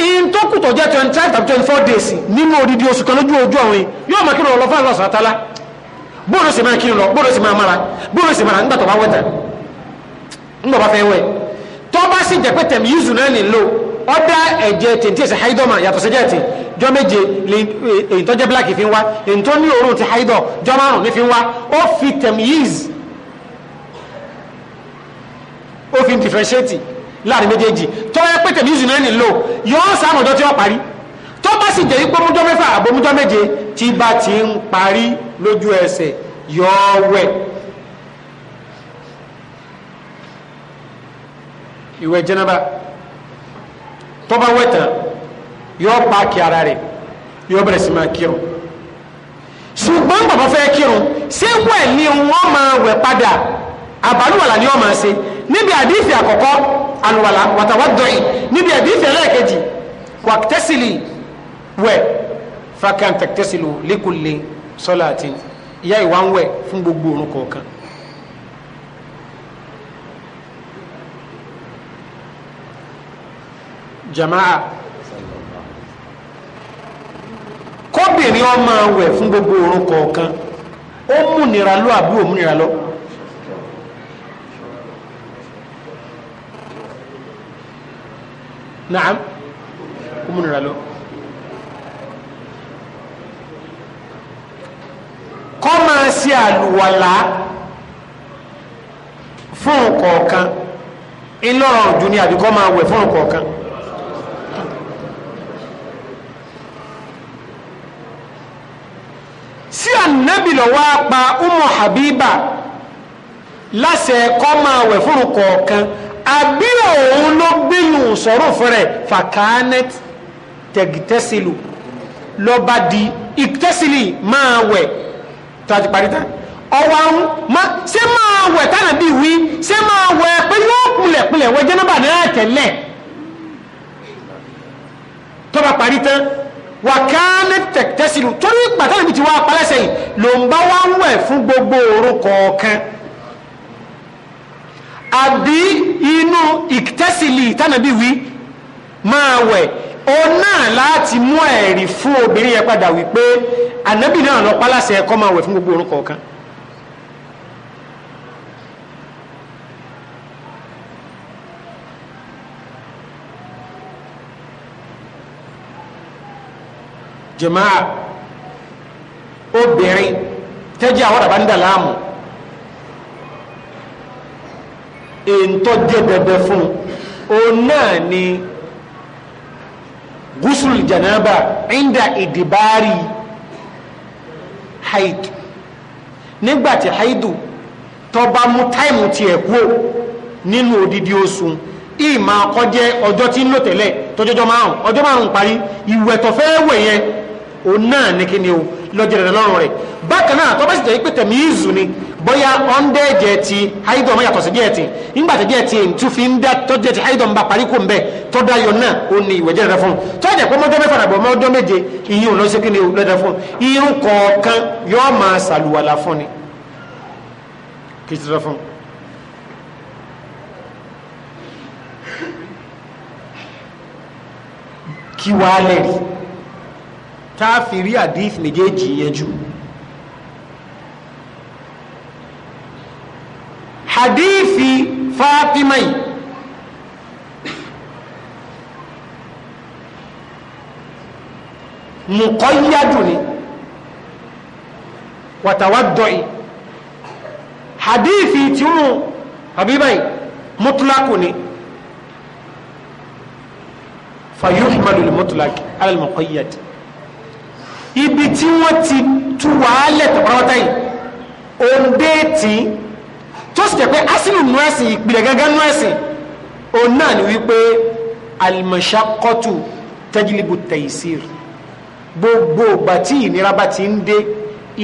in tó kù tó jẹ́ twenty five tàbí twenty four days nínú odidi oṣù kan lójú ojú ọ̀run yóò máa kírun lọ fún àlọ́sọ̀ àtàlá bóòrò sì máa kírun lọ bóòrò sì máa mara bóòrò sì mara nígbà tó bá wẹ̀ tán nígbà bá fẹ́ wẹ̀ tó bá sì jẹ́ pé tẹ̀mí yíṣù náà nílò ọdá ẹ̀jẹ̀ tèntè sí haidọ́mà yàtọ̀ sí jẹ́ẹ̀tì jọ méje eh, èyí tó jẹ́ black fi ń wá èyí tó ní òórùn ti haidọ̀ jọ márùn ní fi ń wá ó fi tẹ̀míyìz ó fi dìfẹ̀ṣẹ́tì láàrin méjèèjì tó yẹ pé tẹ̀míyìz náà nílò yóò sáàmù ọjọ́ tí ó parí tó bá sì jẹ́ ipò mújọ́ mẹ́fà àbò mújọ́ méje tí bá ti ń parí lójú ẹsẹ̀ yóò wẹ̀ ìwẹ̀ jẹ́nàbà tọ́ba wẹ̀tàn yóò paaki ara rẹ̀ yóò bẹ̀rẹ̀ sí máa kírun ṣùgbọ́n bàbá fẹ́ kírun ṣé wẹ̀ ni wọ́n máa wẹ̀ padà àbálùwàlà ni wọ́n máa ṣe níbi àdífì àkọ́kọ́ àlùwàlà wàtàwádọ́yì níbi àdífì ẹlẹ́ẹ̀kejì wàtẹ́sìlì wẹ̀ fàkàntàkẹ́sìlù likulli sọ́làtì ìyá ìwà ń wẹ̀ fún gbogbo òrùn kọ̀ọ̀kan jama'a kóbìnrin ọmọ wẹ̀ fún gbogbo orun kọ̀ọ̀kan ó múnira lọ àbí ò múnira lọ naam ó múnira lọ kọ́ máa ṣe àlùwàlá fún kọ̀ọ̀kan ńlọrọ̀ òjò ni àbí máa wẹ̀ fún kọ̀ọ̀kan. tí ànábì lọ wá pa umu habiba láṣẹ kọ́ máa wẹ̀ fún kọ̀ọ̀kan àbí òun ló gbéyùn sọ̀rọ̀ fún rẹ̀ fàkánẹ́t tẹ̀gìtẹ́sílù lọ́ba di ìtẹ́sílì máa wẹ̀ tàbí parí ọwọ́ ń ma ṣé máa wẹ̀ tánà bí wí ṣé máa wẹ̀ pé yóò pinlẹ̀pinlẹ̀ wẹ̀ jẹ́nàbà náà tẹ̀lẹ̀ tọ́ba parí tán wàkàá tẹ̀sílù torí pàtàkì ibi tí wọ́n apalẹ́sẹ̀ yìí ló ń bá wá ń wẹ̀ fún gbogbo òru kọ̀ọ̀kan àbí inú ìtẹ́sílì tánàbí wí máa wẹ̀ ó náà láti mú ẹ̀rí fún obìnrin yẹn padà wípé ànábì náà lọ ẹ̀kọ́ máa wẹ̀ fún gbogbo òru kọ̀ọ̀kan jama'a obìnrin tẹ́jẹ́ àwọn àbá ń dà láàmú èntọ́ jẹ́ bẹ̀bẹ̀ fún òun náà ni gusul janaba inda ìdìbárì haid nígbàtí haidu tọba mú táìmù ti ẹ̀ kúò nínú odidi oṣù ìmọ̀ akọ́jẹ́ ọjọ́ tí ń lò tẹ́lẹ̀ tọjọ́jọ́ márùn-ún ọjọ́ márùn-ún parí ìwẹ̀ tó òun náà ní kí ni o lọ́jọ́ rẹ̀ lọ́rùn rẹ̀ bákan náà tọ́ bá sì jẹ́ pé tẹ̀mí ìzù ni bóyá ọ̀ndẹ́ ẹ̀jẹ̀ ti haidọ̀ ọmọ yàtọ̀ sí díẹ̀ ti nígbà tí díẹ̀ ti èntú fi ń dá tọ́jẹ́ ti haidọ̀ ń bá parí kò ń bẹ́ tọ́ da yọ náà ó ní ìwẹ̀jẹ̀ rẹ̀ fún un tọ́jà pé mọ́jọ́ mẹ́fà àbọ̀ mọ́jọ́ méje ìyún lọ sí kí ni lọ́dẹ fún un irun kọ̀ọ̀kan yọ́ máa sàlùwàlà fún ni kì í ti rẹ̀ fún un. kí wàá lẹ́rìí tá fi rí hadith méjèèjì yanjú hadithi Fatima yìí muqayyadu ni watawaddo'i hadithi tí mu habibai mutlaku ni fayuhmalu lmutlaki ala ibi tí wọ́n ti tú wàálẹ̀ tọ̀pọ̀lọpọ̀tà yìí òǹdé tí tó sì jẹ́ pé asinu nù ẹ̀sìn ìpìlẹ̀ gángan nù ẹ̀sìn òun náà ni wípé al-mashaqqatu tajlibu at gbogbo ìgbà tí ìnira bá ti ń dé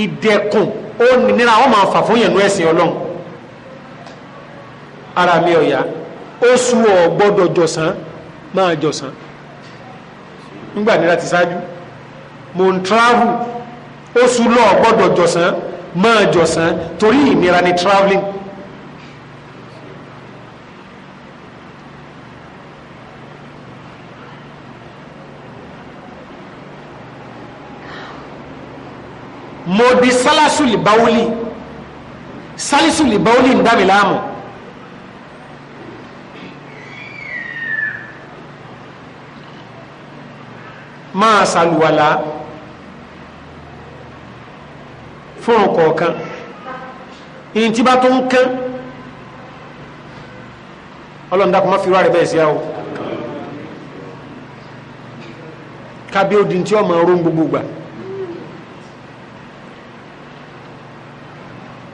ìdẹ̀kùn ó nira wọn máa fà fún yẹnu ẹ̀sìn ọlọ́run ara mi ọ̀yà oṣù ọ̀ gbọ́dọ̀ jọ̀sán máa jọ̀sán nígbà nira ti ṣáájú mò ń travel oṣù lọ gbọ́dọ̀ jọ̀sán máa jọ̀sán torí ìnira ni traveling. mo di sálásù libawuli sálásù libawuli ń dá mi láàmú. máa ṣàlùwàlà fún ọ̀kọ̀ọ̀kan ìyìn tí bá tó ń kán ọlọ́ndàkùn má fi rárẹ̀ bẹ́ẹ̀ sí àwọ̀ kábí ó di tí ọmọ oró ń gbogbo gbà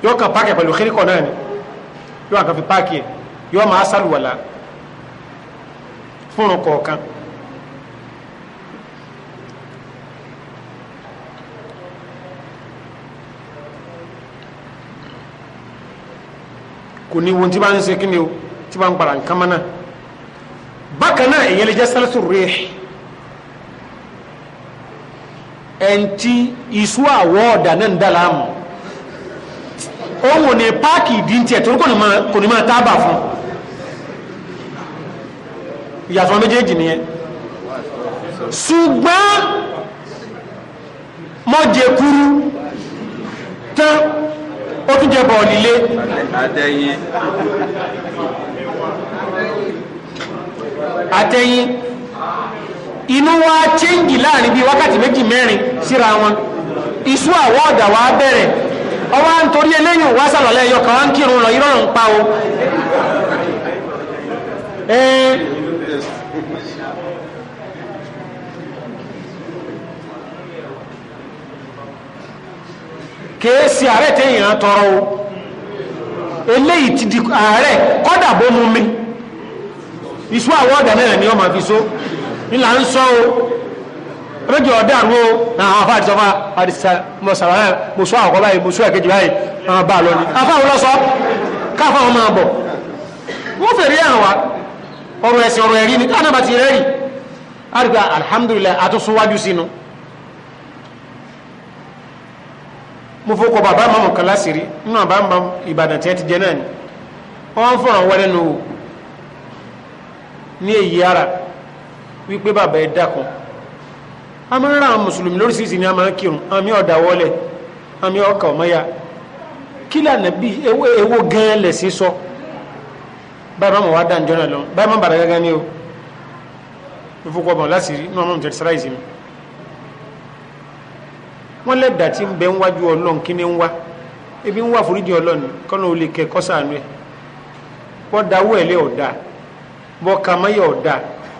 yóò kàn páàkì pẹ̀lú kíríkọ̀ náà ni yóò kàn fi páàkì yóò máa sálùwàlà fún ọ̀kọ̀ọ̀kan kò ní wọn tí bá ń ṣe kí ni o tí bá ń para nǹkan mọ́ náà bákan náà èyí lè jẹ́ sálẹ́sù rẹ̀ ẹ̀ǹtí ìṣú àwọ̀ ọ̀dà náà ń dà láàmú òun ò ní páàkì ìdíntì ẹ̀ tó kò ní máa tábà fún ìyàtọ̀ méjèèjì nìyẹn ṣùgbọ́n mọ́jẹ̀kúrú tán ó tún jẹ bọ́ọ̀lì lé. àtẹ̀yìn. àtẹ̀yìn inú wa chéǹgì láàrin bíi wákàtí méjì mẹ́rin síra wọn iṣu àwọ̀ ọ̀dà wa bẹ̀rẹ̀ ọwọ́ à ń torí eléyìn wá sàlọ̀lẹ́ ẹ̀yọ wá ń kírun lọ irọ́ ń pa o. kèésì ààrẹ téèyàn tọrọ o eléyìí ti di ààrẹ kọ́dà bó mú mi ìṣú àwọn ọ̀dà náà ni ọmọ fi ńlá ń o rẹ́jọ ọ̀dà àrùn na àwọn afá àti sọfá náà mo sọ báyìí mo sọ báyìí àwọn bá a lọ ni mo fọkọ bàbá àmọ́ kan lásìrí nínú àbá àmọ́ ìbàdàn tí ẹ ti jẹ náà ni wọ́n fún àwọn wẹ́rẹ́ ní èyí ara wípé bàbá ẹ dákun a mùsùlùmí lóríṣiríṣi ni a máa ń kírun àmì ọ̀dà wọlé àmì ọkà kila na lànà ewé ewó gan sọ báyìí máa wá dáńjọ́ náà lọ báyìí ni o mo lásìrí nínú wọ́n lẹ́dà tí ń bẹ ń wájú ọlọ́run kí ni ń wá ebi ń wá foríjì ọlọ́run kọ́nà ó lè kẹ́ kọ́sàánú ẹ̀ bọ́dà wẹ̀lẹ̀ ọ̀dà bọ́ka mọ́yà ọ̀dà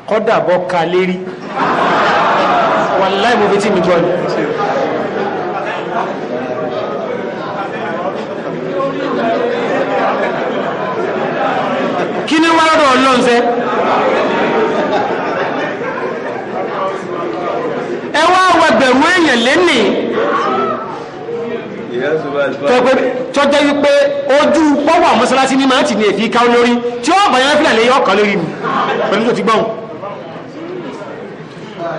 kọ́dà bọ́ka lérí wàláì mo fi tí mi gbọ́ ni. wá lọ́dọ̀ ọlọ́run sẹ́ ẹ wá wá bẹ̀rù tọ́jọ́ wípé ojú pọ́wọ́ mọ́sálásí ní máa ti ní èfi ká lórí tí ó bàyá fílà lè yọ́kàn lórí mi pẹ̀lú tó ti gbọ́n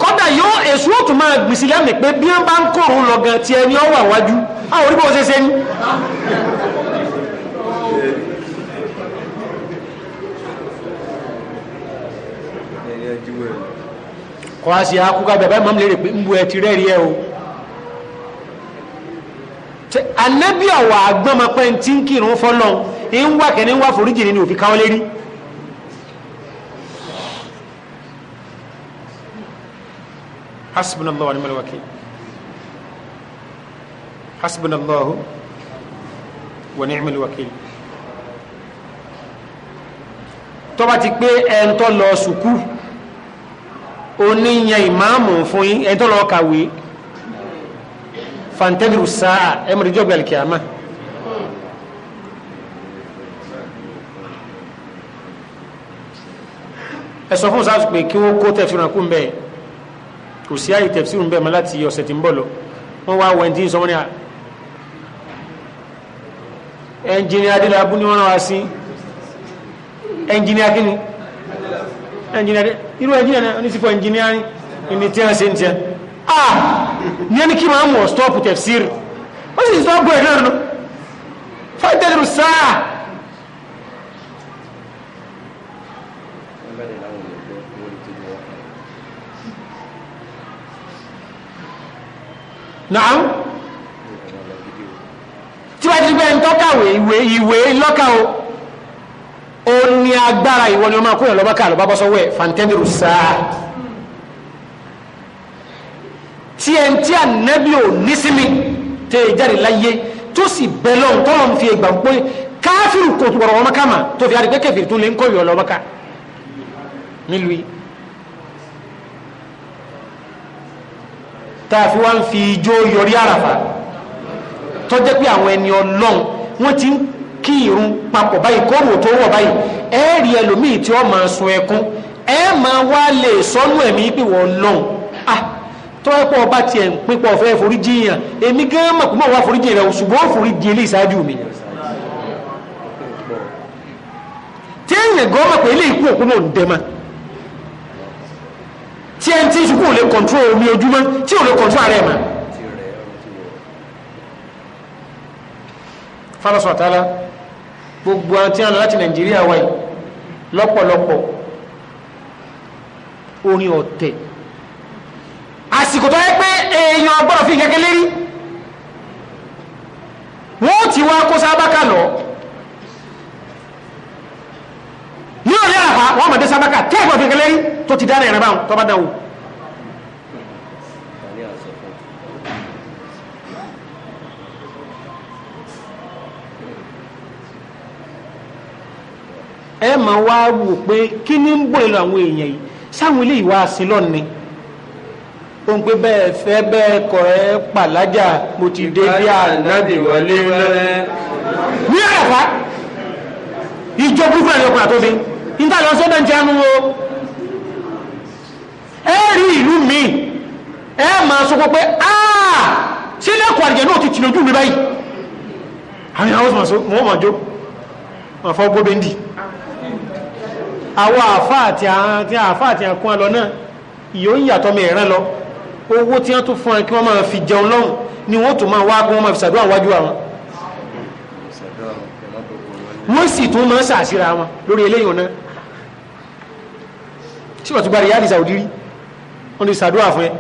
kọ́dà yóò èsù òtún máa gbìsí lẹ́mì pé bí wọ́n bá ń kòrò ti ẹni ọwọ́ àwájú àwọn orí bó ní kọ́ a sì mọ́m lè rè pé ń o anabi ọwọ agbọmọpẹ ntí ń kírun fọlọ ń wá kẹne ń wá foríjì nínú òfin káwọn lérí. hasbunallahu wa ni'mal wakil hasbunallahu wa ni'mal wakil tọ́ba ti pé ẹ̀ńtọ́ lọ sùkú oníyan ìmáàmù fún yín lọ kàwé fàǹtẹ́dìrú sáà ẹmọ̀rẹ́jọ́ gbẹ̀lì kìámà ẹ sọ fún sáà pé kí wọ́n kó tẹ̀fìrún kú mbẹ́ kò sí àyè tẹ̀fìrún mbẹ́ mọ́ láti ọ̀sẹ̀ tí ń bọ̀ lọ wọ́n wá wẹ̀ ní sọmọ́ni à ẹnjìnì adélábù ni wọ́n rán wa sí ẹnjìnì akínni ẹnjìnì adé irú ẹnjìnì ẹni tí fọ ẹnjìnì ẹni tí wọ́n ṣe ń tiẹ́ ah yẹn ni kí máa mọ̀ stọ́ọ̀pù tẹ̀fsíìrì ó sì stọ́ọ̀pù ẹ̀ náà nù fàtẹ́lù sáà náà tí wọ́n ti gbé ń tọ́kàwé ìwé ìwé lọ́kà o ó ní agbára ìwọ ni wọ́n máa kó yàn lọ́bàkà lọ́bàbọ́sọ́wọ́ ẹ̀ fàtẹ́lù sáà tí ẹ ń tí ànábì ò ní sinmi tẹ ẹ jáde láyé tó sì bẹ lọ́n tọ́lọ̀ ń fi ẹgbà ń pé káfíìrì kò gbọ̀rọ̀ wọn kama tó fi àdìgbẹ́ kẹfìrì tó lè ń kọ́yọ̀ lọ́wọ́ ká nílùú yìí. tá a fi wá ń fi ijó yọrí àràfà tó jẹ́ pé àwọn ẹni ọlọ́run wọ́n ti ń kí irun papọ̀ báyìí kóòrò tó wọ̀ báyìí ẹ̀ẹ́rì ẹlòmíì tí wọ́n máa sun ẹkún ẹ̀ẹ́ máa wá lè sọ́nù ẹ̀mí pé wọ́n lọ́hùn ah tọ́wọ́pọ̀ ọba tiẹ̀ ń pípọ̀ fẹ́ foríjì yàn èmi gan mọ̀ pípọ̀ wá foríjì rẹ̀ ṣùgbọ́n ó foríjì ilé ìṣáájú mi tí èèyàn gan mọ̀ pé ilé ikú òkú náà ń dẹ́mà tí ẹni tí ìṣubú ò lè kọ̀ntró omi ojúmọ́ tí ò lè kọ̀ntró ara ẹ̀ mà. fọlọ́sọ̀ àtàlà gbogbo àwọn tí wọn láti nàìjíríà wáyé lọ́pọ̀lọpọ̀ orin ọ̀tẹ̀ àsìkò tó yẹ pé èèyàn gbọ́dọ̀ fi kẹ́kẹ́ lérí wọ́n ti wá kó sábàkà lọ ní òní àràfà wọ́n mọ̀ dé tí ẹ̀kọ́ fi kẹ́kẹ́ lérí tó ti dára ìrìnàbà tó bá dáwò ẹ máa wá wò pé kí ni ń bọ̀ àwọn èèyàn yìí sáwọn ilé ìwà ó ń pé bẹ́ẹ̀ fẹ́ bẹ́ẹ̀ kọ̀ ẹ́ pàlájà mo ti dé bí ànábì wọlé lọ́rẹ́. ní àyàfá ìjọ burúkú ẹ̀yọ́ ọkùnrin àtòbí níta lọ sọ́dọ̀ ń jẹun o ẹ rí ìlú mi ẹ máa sọ pé áà ṣé lẹ́kọ̀ọ́ àdìjẹ́ náà ti tì lójú mi báyìí àwọn ìyàwó sọ wọ́n mọ̀ jó wọ́n gbóbe ń dì àwọn àfáà àti àkún àlọ́ náà ìyóò ń yàtọ̀ lọ owó tí wọ́n tún fún ẹ kí wọ́n máa fi jẹun lọ́hùn ni wọ́n tún máa wá kí wọ́n máa fi ṣàdúrà wájú àwọn wọ́n sì tún máa ṣàṣírà wọn lórí eléyìí ọ̀nà tí wọ́n tún gbárí yáàdì Saudi rí wọ́n ti ṣàdúrà fún ẹ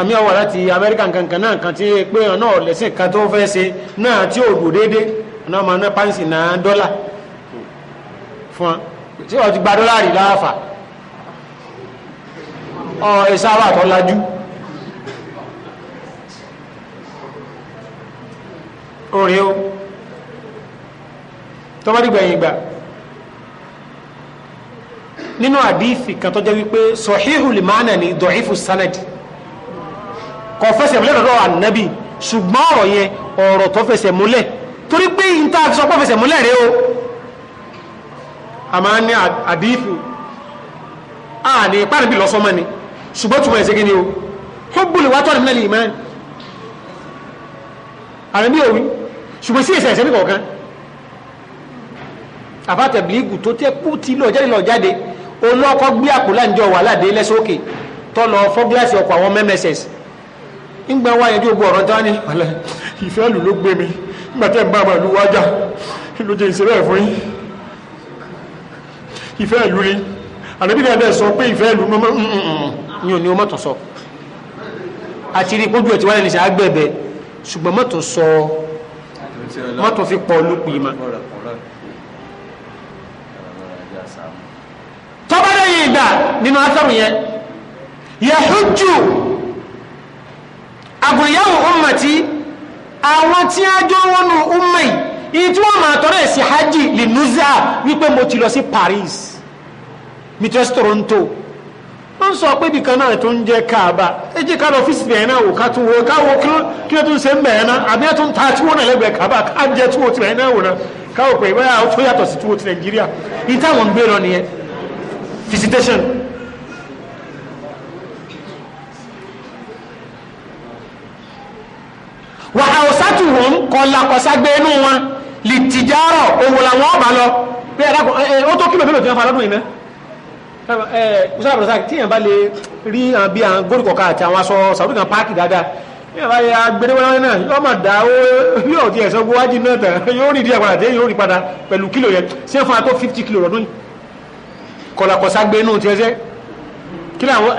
àmì àwọn láti Amẹ́ríkà kankan náà kan tí pé ọ̀nà ọ̀lẹ́sìn kan tó fẹ́ ṣe náà tí ò dò déédéé ọ̀nà ọmọ náà pàǹsì náà dọ́là fún ọ tí wọ́n ti gba dọ́là rí láàfà ọ̀ ẹ̀ṣá wà tó lajú orin o tọ́bádìgbẹ̀yìn gbà nínú àdífì kan tó jẹ́ wípé sọ̀híhù lìmánà ni dọ̀ífù sanadi kò fẹsẹ̀ múlẹ̀ lọ́dọ̀ ànábì ṣùgbọ́n ọ̀rọ̀ yẹn ọ̀rọ̀ tó fẹsẹ̀ múlẹ̀ torí pé ìta sọpọ̀ fẹsẹ̀ múlẹ̀ rẹ o a máa ní àdífù a ní pàdébí lọ́sọ́mọ́ ni ṣùgbọ́n túmọ̀ ẹ̀ṣẹ́ gíní o ó gbùlù wátọ́ nínú ìmánì ànábì òwì ṣùgbọ́n sí ẹ̀sẹ̀ ẹ̀sẹ̀ ní kọ̀ọ̀kan àfàtẹ̀bìlígù tó tẹ́ kú ti lọ jáde lọ jáde olóòkọ́ gbé àpò láǹjọ wà láde lẹ́sọ́kè tó lọ fọ́ gíláàsì ọkọ̀ àwọn mẹ́mẹ́sẹ̀s ńgbà wáyé o ogbó ọ̀rọ̀ dání wàlẹ̀ ìfẹ́ lù ló gbé mi ńgbà tẹ́ ń bá àmà lù wájà ló jẹ́ ìṣẹ́ bẹ́ẹ̀ fún yín ìfẹ́ lù ni àdébí náà bẹ́ẹ̀ sọ pé ìfẹ́ lù ni mm, mm, mm, ò ní o mọ̀tò sọ àti rí ipójú ẹ̀ tí wáyé nìṣẹ́ àgbẹ̀bẹ̀ ṣùgbọ́n mọ̀tò sọ wọ́n tún fi pọ̀ lùpì ma. tọ́ba lẹ́yìn ìgbà nínú asọ́rù yẹn yahuju agùnyàwó ummati àwọn tí a jọ wọnú umma yìí ìyí tí wọ́n máa tọrọ ẹ̀sìn hajj lè nùzà wípé mo ti lọ sí Paris mi ti lọ sí Toronto ń sọ pé ibìkan náà tó ń jẹ́ káàbà ẹ jẹ́ ká lọ fíìsì bẹ̀rẹ̀ náà wò ká tún wò ká wò kí ló tún ṣe ń bẹ̀rẹ̀ náà àbí ẹ tún ta tíwọ́ náà lẹ́gbẹ̀ẹ́ káàbà ká jẹ́ tíwọ́ ti bẹ̀rẹ̀ náà wò náà ká wò pé báyà tó yàtọ̀ sí tíwọ́ ti nàìjíríà ní táwọn ń gbé lọ nìyẹn visitation. wà á ò sátù wọn kọ lakọ̀ságbé inú wọn lìtìjárọ̀ òwò làwọn ọ̀bà lọ pé ẹ̀ musa abdulsa tíyẹn bá lè rí àwọn bí àwọn góòlù kọ̀ọ̀kan àti àwọn aṣọ sàbúrì kan páàkì dáadáa yóò bá yẹ agbẹ̀rẹ̀wọ̀n náà yóò máa dá ó yóò ti ẹ̀sọ́ gbọ́ wájú náà tán yóò rí díẹ̀ padà dé yóò rí padà pẹ̀lú kílò yẹn ṣé fún ató fifty kílò lọ́dún yìí kọ̀làkọ̀sá gbé inú tiẹ̀ sẹ́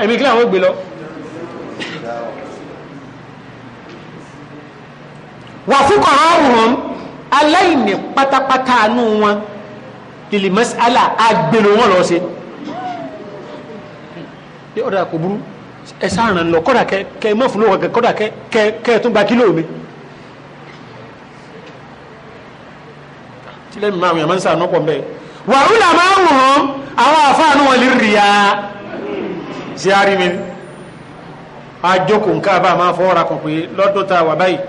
ẹ̀mí kí làwọn gbé lọ. wà fúkọ̀rọ̀ ọ̀hún aláìní pátápátá àánú wọn lè mọ́sálà agbèrò wọn lọ sí i ní ọ̀dà kò burú na sáàràn lọ kọ́dà kẹ kẹ mọ́ fún lóòkàn kọ́dà kẹ kẹ kẹ tún gba kílò mi. tílẹ̀ mi máa wọ̀nyàn máa ń sàánú pọ̀ mbẹ́. wàhùlà máa ń wọ̀ hàn àwọn àfáànù wọn lè rí ya. ṣé a rí mi ni. àjọkùn káàbà máa fọ́ ọ̀rà kan pé lọ́dún tá a wà báyìí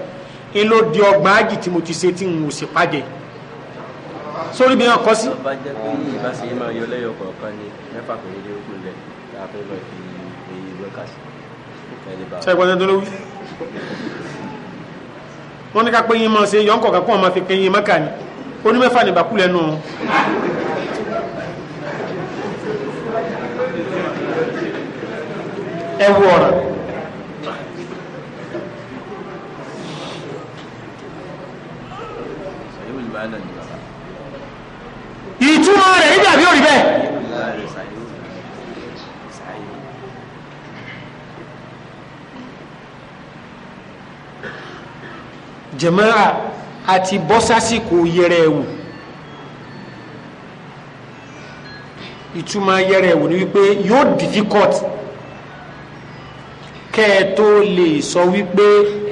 ń ló di ọgbọ̀n mo ti ṣe tí n ò sì pàjẹ́ sórí bí wọn kọ sí. ọba jẹ́ pé yìí bá ṣe máa yọ lẹ́yọ̀ kọ̀ọ̀kan ni mẹ́fà kò ní dé okùn afẹ́lọ́ fi èyí lọ́kà sí ṣẹ́gbọ́n tó lówí wọ́n ní ká pé yín máa ṣe yọ̀ ń kọ̀ọ̀kan kó wọn máa fi pé yín mọ́kà ni onímẹ́fà ní bàkú lẹ́nu ẹ wo ọ̀rọ̀ ìtumọ̀ rẹ̀ nígbà bí ó rí bẹ́ẹ̀. jẹ̀mọ́ra àti bọ́sásìkò yẹrẹ ẹ̀wò ìtumọ̀ yẹrẹ ẹ̀wò ni wípé yóò difficult kẹ́ ẹ tó lè sọ wípé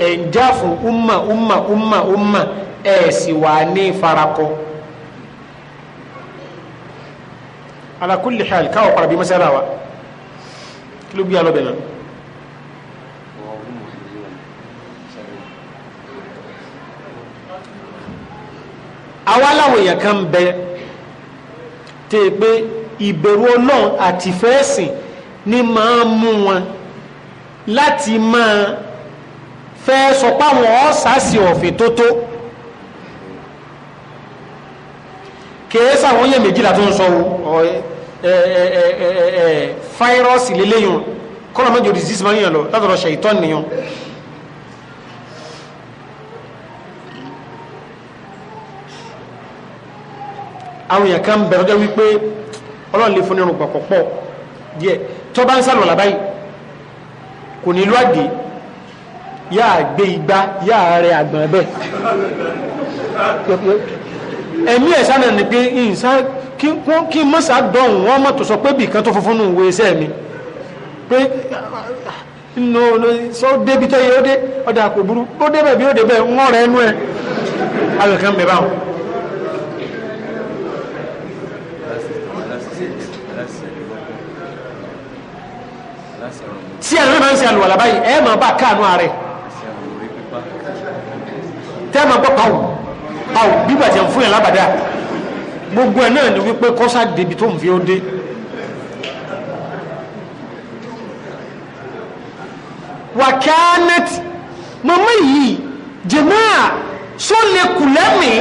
ẹ̀ ń já fún umma umma umma umma ẹ̀ sì wà ní farakọ. ala kulli hal káwọ̀ parabi mọ́sálà wa kí ló gbé alọ́bẹ̀ náà. àwa láwọn èèyàn kan bẹ tẹ́ pé ìbẹ̀rù ọlọ́run àti fẹ́ẹ̀sìn ni máa ń mú wọn láti máa fẹ́ sọ páwọn ọ̀sàsì ọ̀fìn tó tó kìí sáwọn yẹn méjìlá tó ń sọ fáírọ́ọ̀sì lélẹ́yìn kọ́nà mẹ́jọ disease máa ń yàn lọ látọ̀rọ̀ ṣèyítọ́ nìyàn àwọn èèyàn kan bẹ̀rẹ̀ jẹ́ wípé ọlọ́run lè fún ní rúpọ̀ pọ̀ díẹ̀ tó bá ń sàlọ̀ làbáyì kò ní ìlú àgè yá gbé igbá yá rẹ àgbọ̀n ẹ̀bẹ̀ ẹ̀mí ẹ̀ sánà ni pé kí mọ́sà dọ̀hùn wọ́n mọ̀ tó sọ pé bìkan tó funfun nù wo iṣẹ́ mi pé no no sọ débi tó yẹ ó dé ọ̀dà kò burú ó débẹ̀ bí ó débẹ̀ ń wọ́n rẹ̀ ẹnu ẹ̀ àwọn kan bẹ̀ báwọn. tí ẹ̀rọ náà ń ṣe àlùwàlà báyìí ẹ̀ máa bá káànú ààrẹ tẹ́ máa gbọ́ pàwọ́ pàwọ́ bíbà tí a ń fún yàn lábàdá gbogbo ẹ̀ náà ni wípé kọ́sá débi tó ń fi ó dé. wàkánẹ́tì mọ̀mọ́ yìí jẹ̀máà só lè kù lẹ́mìí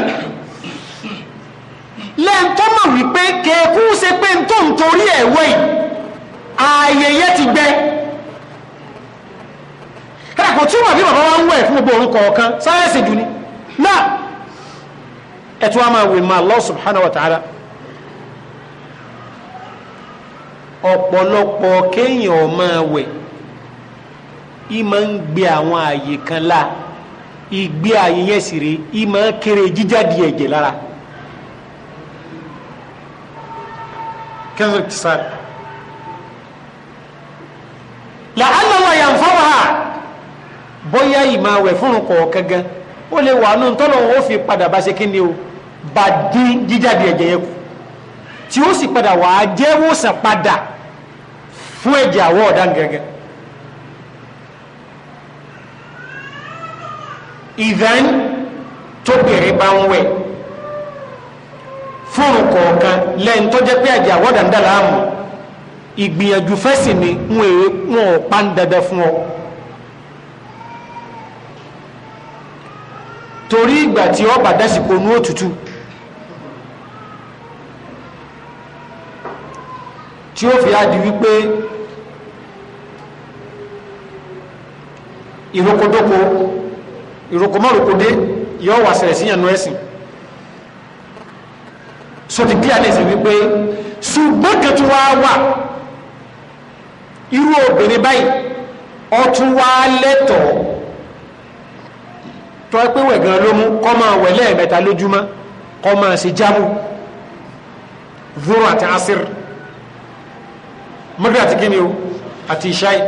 lẹ́ńtọ́ mọ̀ wípé kẹ́ẹ̀kú ṣe pé ń tó ń torí ẹ̀ wẹ̀ ààyè yẹn ti gbẹ. ẹ̀kọ́ tí ó wà bí bàbá wa ń fún gbogbo orúkọ ọ̀kan sáyẹ́sì dùn ni náà ẹ̀tún a wè máa Allah subhanahu wa ta'ala ọ̀pọ̀lọpọ̀ kéèyàn ó wẹ̀ í ń gbé àwọn ààyè kan la ìgbé ààyè yẹn sì rè bóyá ìmọ̀ àwẹ̀ fúnrun kọ̀ọ̀kan gan ó lè wà nù tọ́lọ̀ ó fi padà bá ṣe kíni o bá dín jíjáde ẹ̀jẹ̀ yẹn kù tí ó sì padà wà á jẹ́wọ́sàn padà fún ẹ̀jẹ̀ àwọ̀ ọ̀dàn gẹ́gẹ́ ìdán tóbìnrin bá ń wẹ̀ fúnrun kọ̀ọ̀kan lẹ́yìn tó jẹ́ pé ẹ̀jẹ̀ àwọ̀ ọ̀dàn dà láàmú ìgbìyànjú fẹ́sìn ni wọn ò pa ń dandan fún ọ. torí ìgbà tí ọ bàdá sí ponú òtútù tí ó fi adi wípé ìrokodoko ìrokomọ́rokode yọ wà sẹ̀rẹ̀ sí yànú ẹ̀sìn so ti clear lẹ́sìn wípé ṣùgbọ́n kan tó wá wà irú obìnrin báyìí ó wá lẹ́tọ̀ọ́ tọ́ pé wẹ̀ gan ló mú kọ́ máa wẹ̀ lẹ́ẹ̀mẹ́ta lójúmọ́ kọ́ máa ṣe jámù zoro àti asir mọ́gbẹ́ àti kíni o àti ìṣáì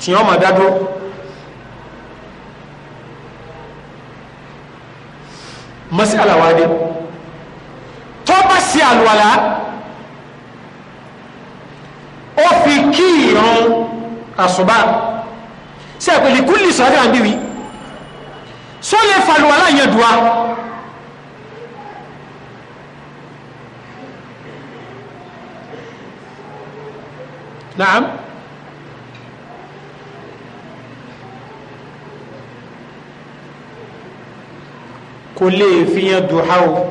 tí wọ́n máa dádúró mọ́sí àlàwádé tó bá sí àlùwàlá ó fi kí ìran àṣùbá sí àpèlè kúlì sọ́dọ̀ àbíwí só lè fàlùwà láyẹn dùá naam kò lè fi yan dùá o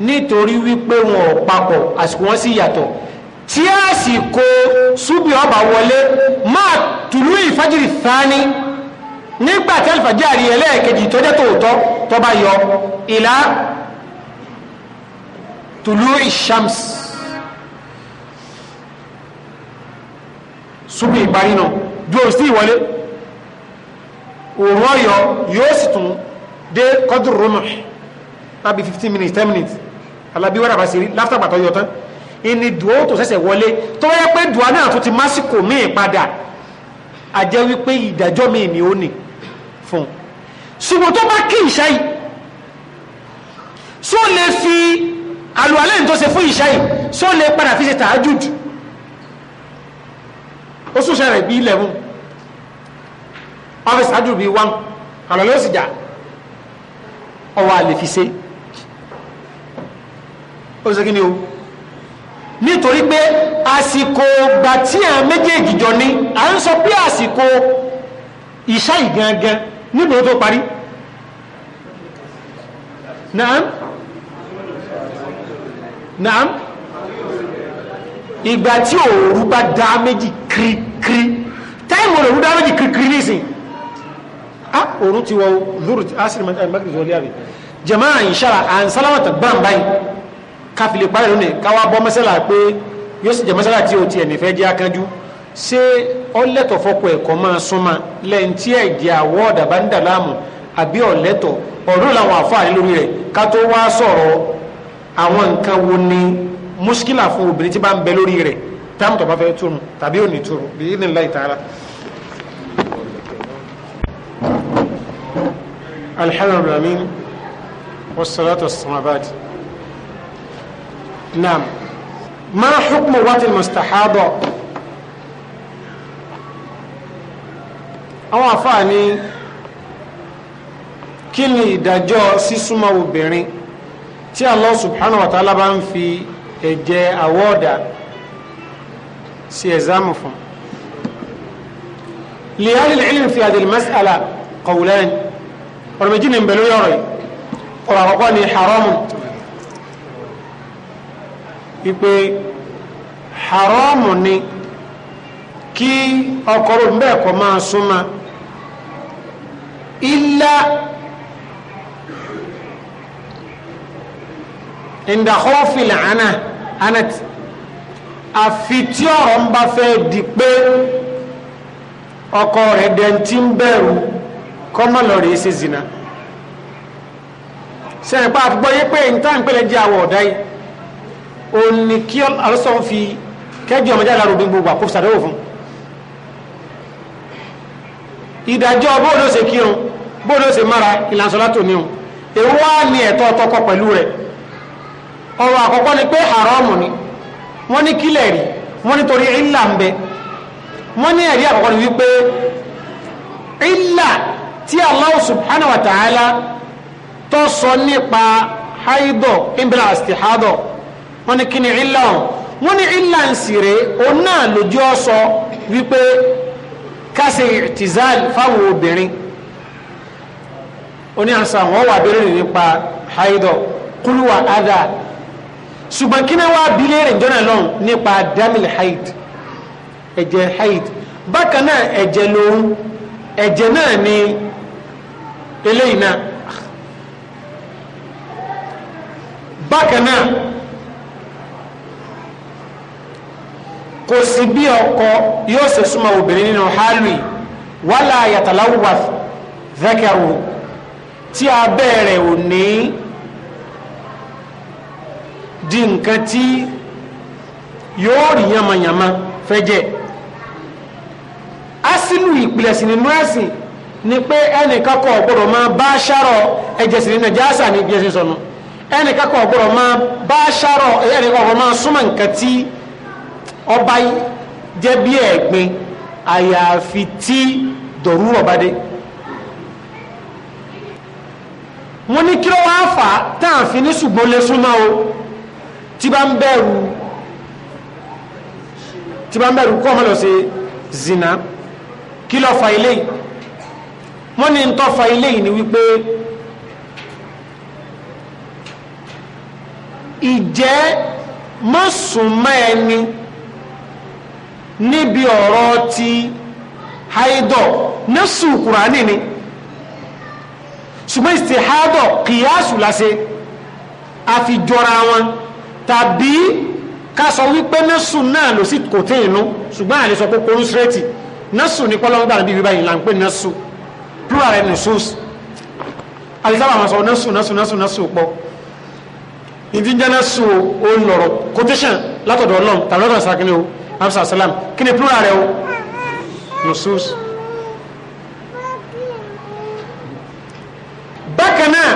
nítorí wípé wọn ò papọ̀ àsìkò wọn sì yàtọ̀ tí àsìkò súbì ọba wọlé máa tùlú ìfájìrì thani nígbà tí alifajari ẹlẹ́ẹ̀kejì tó jẹ́ tòótọ́ tó bá yọ ìlà tùlú ìṣàms súnmù ìparí náà dúró sí ìwọlé òòrùn ọ̀yọ́ yóò sì tún dé kọ́dùrú rọ́mọ̀ lábí 15 minutes 10 minutes alábí wẹ́rẹ́ bá sí rí láftàgbà tó yọ tán ìní dùó tó ṣẹ̀ṣẹ̀ wọlé tó yẹ pé dùá náà tó ti másìkò míì padà àjẹ́ wípé ìdájọ́ míì ni ó nìí fún ṣùgbọ́n tó bá kí ìṣáì só lè fi àlùwàlẹ́ tó ṣe fún ìṣáì só lè padà fi ṣe tààjùd ó súnṣẹ́ rẹ̀ bí ilẹ̀ mú ọ́fíìsì tààjùd bí wọ́n àlùwàlẹ́ ó sì jà ọwọ́ àlè fi ṣe ó ṣe kí ni o nítorí pé àsìkò gbà tí à méjèèjì jọ ní à ń sọ pé àsìkò ìṣáì gangan níbo tó parí naam naam ìgbà tí òòrùn bá dá méjì kirikiri táìmù òòrùn dá méjì kirikiri nísìn ah òòrùn ti wọ lóru asiri eh, magrid wọlé àbí jama'a inṣára à ń sálámàtà gbáǹ báyìí káfílẹ̀ parí lónìí káwá bọ́ mẹ́sàlá pé yóò sì jẹ́ mẹ́sàlá tí o tiẹ̀ nífẹ̀ẹ́ jẹ́ akánjú ṣé ọlẹ́tọ̀ fọkọ ẹ̀kọ́ máa súnmọ́ lẹ́yìn tí ẹ̀jẹ̀ àwọ̀ ọ̀dàbá ń dà láàmú àbí ọ̀lẹ́tọ̀ ọ̀rọ̀ làwọn àfáà lórí rẹ̀ ká tó wá sọ̀rọ̀ àwọn nǹkan wo ni muskila fún obìnrin tí bá ń bẹ lórí rẹ̀ táwọn tó bá fẹ́ túrun tàbí ò túrun bí ní láì tààrà. alhamdulilayi wasalaatu wasalaamualayi naam ma hukmu waqti mustahaba. àwọn àfáà ní kí ni ìdájọ́ sísúnmọ́ obìnrin tí Allah subhanahu wa ta'ala bá ń fi ẹ̀jẹ̀ àwọ́ọ̀dà sí ẹ̀zámù fún li ahli al-ilm fi hadhihi al-mas'ala qawlan ọ̀rọ̀ méjì ní ìbẹ̀lú yọ̀rọ̀ yìí ọ̀rọ̀ àkọ́kọ́ ni haramu wípé haramu ni kí ọkọ̀rọ̀ mbẹ́ẹ̀kọ́ máa súnmọ́ إلا inda khawfil ana anati àfi tí ọ̀rọ̀ ń bá fẹ́ di pé ọkọ rẹ̀ dẹ̀ntí ń bẹ̀rù kọ́mọ̀lọ́rẹ̀ ṣe zina sẹ́yìn pa àfúgbọ́ yé pé ní táà ń jẹ́ àwọ̀ ọ̀dá yìí òun ni kí ọlọ́sọ̀ fi kẹjọ ọmọdé aláàrùn gbogbo àkóso àdéhùn fún un ìdájọ́ bóòdó ṣe kírun bóòdó ṣe mára ìlànsọ́lá tó níhun èwo wá ní ẹ̀tọ́ tọkọ pẹ̀lú rẹ̀ ọ̀rọ̀ àkọ́kọ́ ni pé haramu ni wọ́n ní kílẹ̀ rí wọ́n ní torí ìlà ń bẹ wọ́n ní ẹ̀rí àkọ́kọ́ ni wípé ìlà tí Allah subhanahu wa ta'ala tó sọ nípa haidọ̀ ìbílà àstìhádọ̀ wọ́n ní kí ni ìlà wọn ní ìlà ń sì rè òun náà lójú ọ sọ wípé kásẹ̀ ìtìzáàl fáwọn obìnrin oní àṣà wọn wà bẹ̀rẹ̀ nípa haidọ̀ kúlùwà adà ṣùgbọ́n kí náà wá bílẹ̀ rẹ̀ jọ́nà lọ́n nípa damil haid ẹ̀jẹ̀ haid bákan náà ẹ̀jẹ̀ lòun ẹ̀jẹ̀ náà ni eléyìí náà bákan náà kò sí bí ọkọ yóò ṣe súnmọ́ obìnrin nínú hálùí wàlá yàtàláwà zakaru tí abẹ́ rẹ̀ ò ní di nǹkan tí yóò rí yamayama fẹ́jẹ̀ asínú ìpìlẹ̀sìn nínú ẹ̀sìn ni pé ẹnìkan kò gbọ́dọ̀ máa bá ṣàrọ̀ na sí nínú jáàsà ní bí sọnù ẹnìkan kò gbọ́dọ̀ máa bá ẹnìkan máa nǹkan tí ọba jẹ́ bí ẹ̀gbin àyàfi tí dọ̀rúrọ̀ bá dé wọ́n ní kí ló wá fà á táàfin ní ṣùgbọ́n lè o tí bá ń bẹ̀rù kọ́ ọmọ lọ sí zina kí ló fa ilé yìí wọ́n ní ń tọ́ fa ilé yìí ni wípé ìjẹ́ mọ́sùnmọ́ ẹni níbi ọ̀rọ̀ ti haidọ̀ nẹ́sù kùránì ni ṣùgbọ́n ìsìtìhádọ̀ kìyàsù láṣe àfijọra wọn tàbí ká sọ wípé nẹ́sù náà ló sì kò tí ìnú ṣùgbọ́n àlè sọ pé korú sírẹ́tì nẹ́sù ní pọ́lọ́gbà plural ẹni sùs àlìsábà máa sọ nẹ́sù nẹ́sù nẹ́sù nẹ́sù pọ̀ ìdíjẹ́ nẹ́sù ó lọ̀rọ̀ quotation látọ̀dọ̀ ọlọ́run tàbí lọ́dọ̀ ìsàkínlẹ̀ o hamsa salam kí ni plural rẹ̀ o nusus bákan náà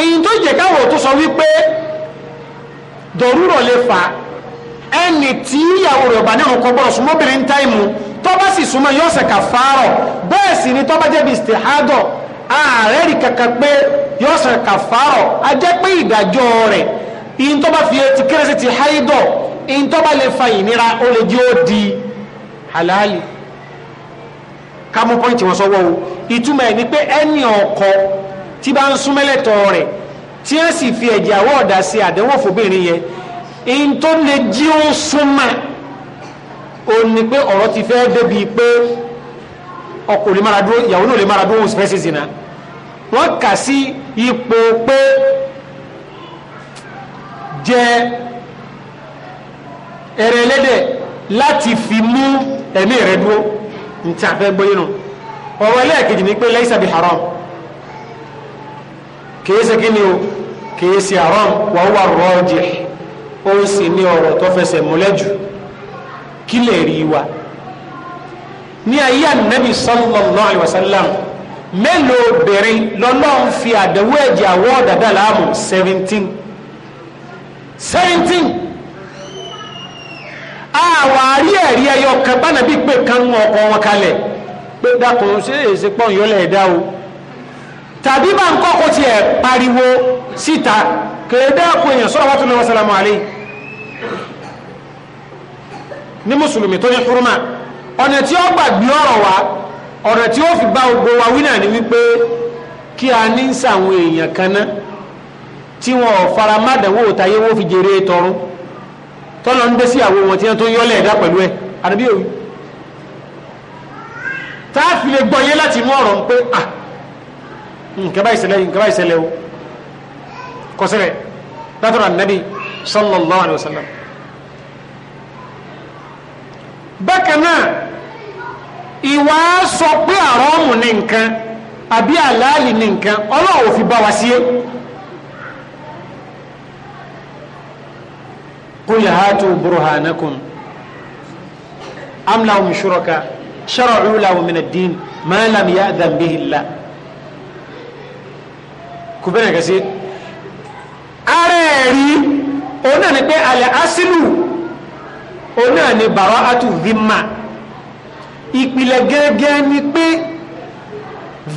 èyí tó jẹ́ káwọ̀ tó sọ wípé dọ̀rúrọ̀ lè fà ẹni tí ìyàwó rẹ̀ bá nínú kọgbọ́n súnmọ́bìnrin táìmù tó bá sì súnmọ́ yóò ṣe kàfàárọ̀ bẹ́ẹ̀ sì ni tó bá jẹ́ bí istihadọ̀ ààrẹ rí kankan pé yóò ṣe kàfàárọ̀ a jẹ́ pé ìdájọ́ rẹ̀ ìyí tó bá fi ti kérésì ti háídọ̀ ìntọ́ba lè fa ìnira ó lè jí ó di halali kámú pọ́ǹtì wọn sọ́wọ́ o ìtumọ̀ ni pé ẹni ọkọ tí bá ń súnmẹ́lẹ̀tọ̀ rẹ̀ tí wọ́n sì fi ẹ̀jẹ̀ àwọ̀ ọ̀dà sí àdánwò fòbìnrin yẹn in tó lè jí ó súnmọ́ o ní pé ọ̀rọ̀ ti fẹ́ débi pé ọkọ lè mára dúró ìyàwó náà lè mára dúró òun fẹ́ zina wọ́n kà sí ipò pé jẹ́ ẹ̀rẹ̀ ẹlẹ́dẹ̀ láti fi mú ẹ̀mí rẹ̀ dúró ntí a fẹ́ gbọ́ yín nù ọ̀rọ̀ ẹlẹ́ẹ̀kejì ni pé laisa bi haram kìí ṣe kí ni o kìí ṣe haram wa huwa rajih ó ń sì ní ọ̀rọ̀ tó fẹsẹ̀ múlẹ́jù kí lè rí wa ní ayé ànábì sallallahu alaihi wasallam mélòó bẹ̀rẹ̀ lọ́lọ́run fi àdẹ̀wò ẹ̀jẹ̀ àwọ̀ dàdà láàmú seventeen seventeen. àwárí ẹ̀rí ẹyọ kan bí pé kánú ọkọ wọn kalẹ̀ pé dákùn ṣe é ṣe pọ̀ o tàbí bá ń kọ́kọ́ pariwo síta kèrè dákùn èèyàn sọ́rọ̀ wọ́n tún lọ́wọ́ sálámù ní mùsùlùmí tó ní fúrúmà wa tí ó fi wa ni wípé kí a ní sàwọn èèyàn tí wọn ò fara mádàwó òtayé tọ́lọ ń dé sí àwọn ohun tí wọ́n tó yọ́lẹ̀ ẹ̀dá pẹ̀lú ẹ̀ àdàbí òwú tá a fi lè gbọ́yé láti mú ọ̀rọ̀ pé à hmm, nǹkan báyìí ṣẹlẹ̀ nǹkan báyìí ṣẹlẹ̀ o kọsẹ̀rẹ̀ látọ̀rọ̀ ànábì sallallahu alaihi wasallam bákan náà قل هاتوا برهانكم أم لهم شركاء شرعوا له من الدين ما لم يأذن به الله كبيرة كثير أريري أنا نبي على أصل أنا نبرا ذمة ìpìlẹ̀ gẹ́gẹ́ ni pé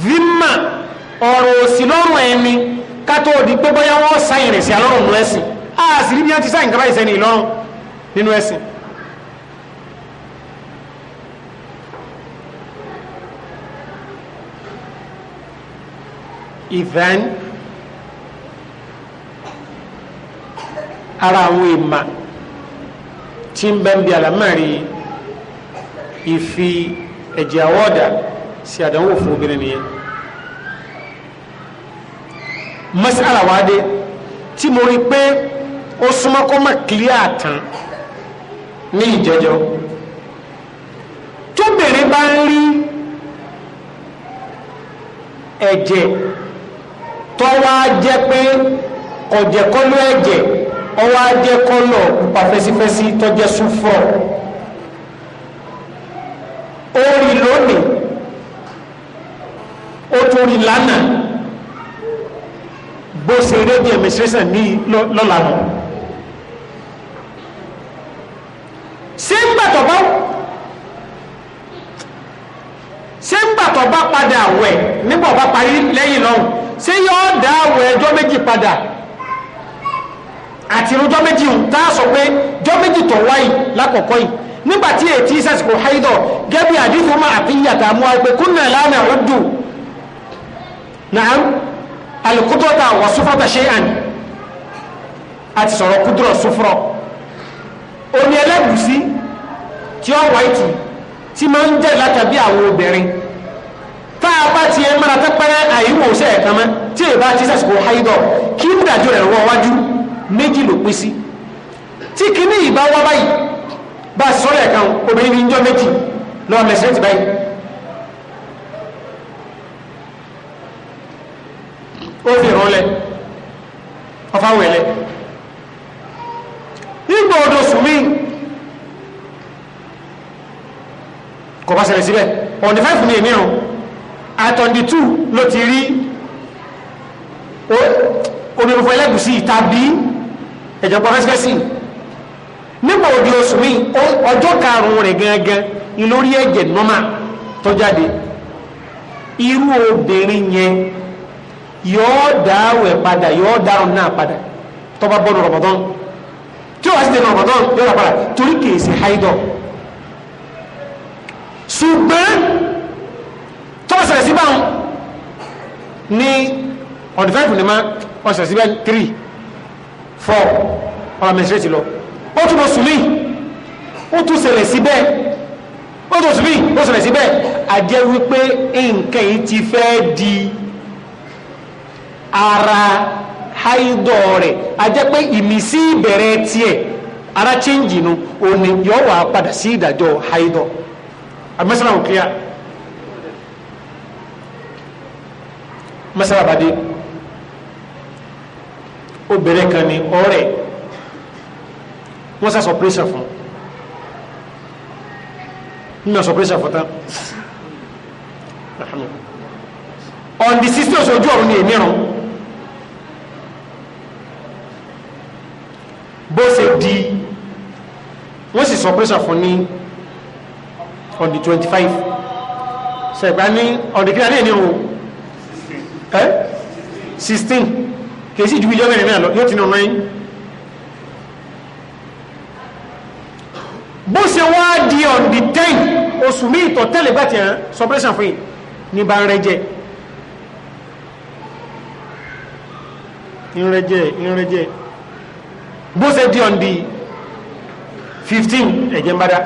zimma ọ̀rọ̀ òsì lọ́rùn ẹni ká tó pé bóyá wọ́n sáyẹ̀rẹ̀ sí alọ́rùn lẹ́sìn ààsìrí bí wọ́n ti sáyìn kaba ìsẹ́ni ìlọ́run nínú ẹ̀sìn ìfẹ́n ara àwọn ìmà tí ń bẹ́ẹ̀ bí àlámẹ́rin ìfi ẹ̀jẹ̀ àwọ̀dà sí àdánwò fún obìnrin nìyẹn masala wa tí mo rí pé ó súnmọ́ kó má kílíà tán ní ìjẹjọ tóbìnrin bá ń rí ẹ̀jẹ̀ tó wá jẹ́ pé ọ̀jẹ̀kọ́lú ẹ̀jẹ̀ ọwọ́ ajẹ́ kọ́lọ̀ pupa fẹsifẹsi tọ́jẹ́ súnfọ́ ó rí lónìí ó tún rí lánàá bó ṣe rédíò mẹsẹsẹ ní lọ́lànà. Lo, lo ṣé ń gbàtọ̀ bá ṣé ń gbàtọ̀ bá padà wẹ̀ nígbà bá parí lẹ́yìn lọ́hùn ṣé yóò dá àwẹ̀ ẹjọ́ méjì padà àti irújọ́ méjì hùn tá a sọ pé jọ́ méjì tọ̀ wáyì lákọ̀ọ́kọ́ yìí nígbà tí ètí sàsìkò haidọ̀ gẹ́bí àdífọ́mọ́ àfihàtà mú àgbẹ̀ kúnnà lánàá ọdún naam alukutọ́ta wà súfọ́ta ṣe àn àti sọ̀rọ̀ kúdùrọ̀ súfọ́rọ̀ omi ẹlẹ́gùsí tí ó wà ìtù tí máa ń jẹ́ látàbí àwọn obìnrin tá a bá ti ẹ mara tẹ́pẹ́rẹ́ àyíwò ṣe ẹ̀ka mọ́ tí èèbá ti sàṣìkò haidọ̀ kí ń dàjọ rẹ̀ rọ wájú méjì ló pín sí tí kíní ìbá wá báyìí bá sọ́rọ̀ ẹ̀ka obìnrin ní jọ méjì lọ́wọ́ mẹ́sẹ̀ẹ́tì báyìí ó fi rán ọfáwẹ̀lẹ̀ nígbà odò sùnmí kò bá ṣẹlẹ̀ síbẹ̀ on the five ní èmi o at on the two ló ti rí omi òfò ẹlẹ́gùsí tàbí ẹ̀jọ̀ pọ̀ fẹ́sífẹ́sì nígbà odò sùnmí ọjọ́ karùn-ún rẹ̀ gangan ìlórí ẹ̀jẹ̀ nọ́mà tó jáde irú obìnrin yẹn yóò dáwẹ̀ padà yóò dáhùn náà padà tó bá bọ́nu tí ó wá sí dènà ọ̀bọ̀dán yóò rà padà torí kìí ṣe haidọ̀ ṣùgbọ́n tó ọ̀sẹ̀rẹ̀ sí báwọn ní ọ̀dún fẹ́ẹ̀fù ní má ọ̀sẹ̀rẹ̀ sí bẹ́ẹ̀ tírì fọ́ ọ̀rọ̀ mẹ́sírẹ́tì lọ ó tún lọ sùlí ó tún ṣẹlẹ̀ sí bẹ́ẹ̀ ó tún sùlí ó ṣẹlẹ̀ sí bẹ́ẹ̀ àjẹ́ wípé nǹkan yìí ti fẹ́ di ara haidọ̀ rẹ̀ a jẹ́ pé ìmísí ìbẹ̀rẹ̀ tiẹ̀ ara chẹ́ǹjì nu òní yọ wà padà sí ìdájọ́ haidọ̀ àmẹ́sàlá ò kíá mẹ́sàlá bàdé obìnrin kan ní ọ̀rẹ́ wọ́n sá sọpírẹ́sà fún nínú sọpírẹ́sà fún tán on the system ojú ọ̀run ni èmi rán bó ṣe di wọ́n sì sọ pẹ́sà fún ní on the twenty five ṣẹ̀gbá ní ọ̀dẹ̀ kí lálẹ́ ní o ẹ́ sixteen kìí sí ju ilé ọmọ ìrìnà lọ yóò ti nà náà bó ṣe wá di on the ten oṣù mi ìtọ̀ tẹ́lẹ̀ gbà tí a sọ pẹ́sà fún yìí ní bá ń rẹ jẹ́ ń rẹ jẹ́ ń rẹ jẹ́ bó ṣe di on the fifteen ẹ̀jẹ̀ ń bá dá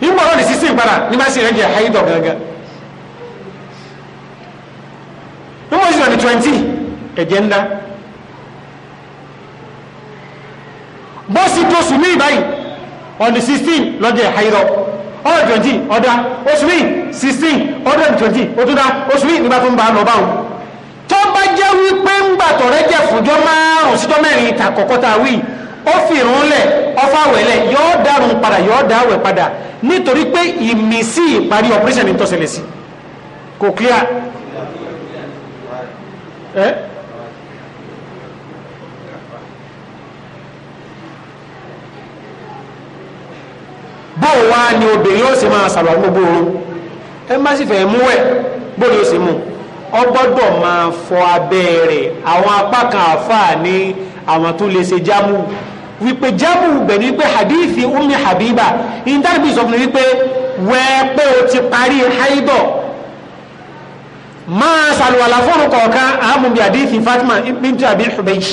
nígbà wọn di sixteen padà ní bá sì rẹ̀ jẹ́ àyídọ̀ gangan nígbà wọn sì di twenty ẹ̀jẹ̀ ń dá bó sì tó sùn ní ìbáyìí on the sixteen lọ́jẹ̀ àyídọ̀ ọ̀rọ̀ twenty ọ̀dá oṣù mi sixteen ọ̀dọ̀ twenty ó tún dá oṣù mi nígbà tó ń bá lọ báwọn tó bá jẹ́ wípé ń gbà tọ̀rẹ́ jẹ́ fújọ́ márùn-ún síjọ́ mẹ́rin ìta kọ̀kọ́ ta wí ó fi ìrúnlẹ̀ ọfà wẹ̀lẹ̀ yọ́ dárun padà yọ́ dáwẹ̀ padà nítorí pé ìmísí ìparí operation ní tọ́sẹ̀lẹ̀ sí kò clear ẹ́ bó wá ni obìnrin ó sì máa sàlọ̀ gbogbo oorun ẹ má sì fẹ́ mú ẹ̀ bó ni ó sì mú un ọgbọ́dọ̀ máa fọ abẹ́ rẹ̀ àwọn apá kan àfáà ní àwọn tó lè ṣe jámù wípé jámù bẹ̀ ní hadithi ummi habiba intanbi sọ fún mi wípé wẹ́ẹ́pẹ́ o ti parí haidọ̀ máa ṣàlùwàlà fóònù kọ̀ọ̀kan àmúbi hadithi fatima bintu abi hubaysh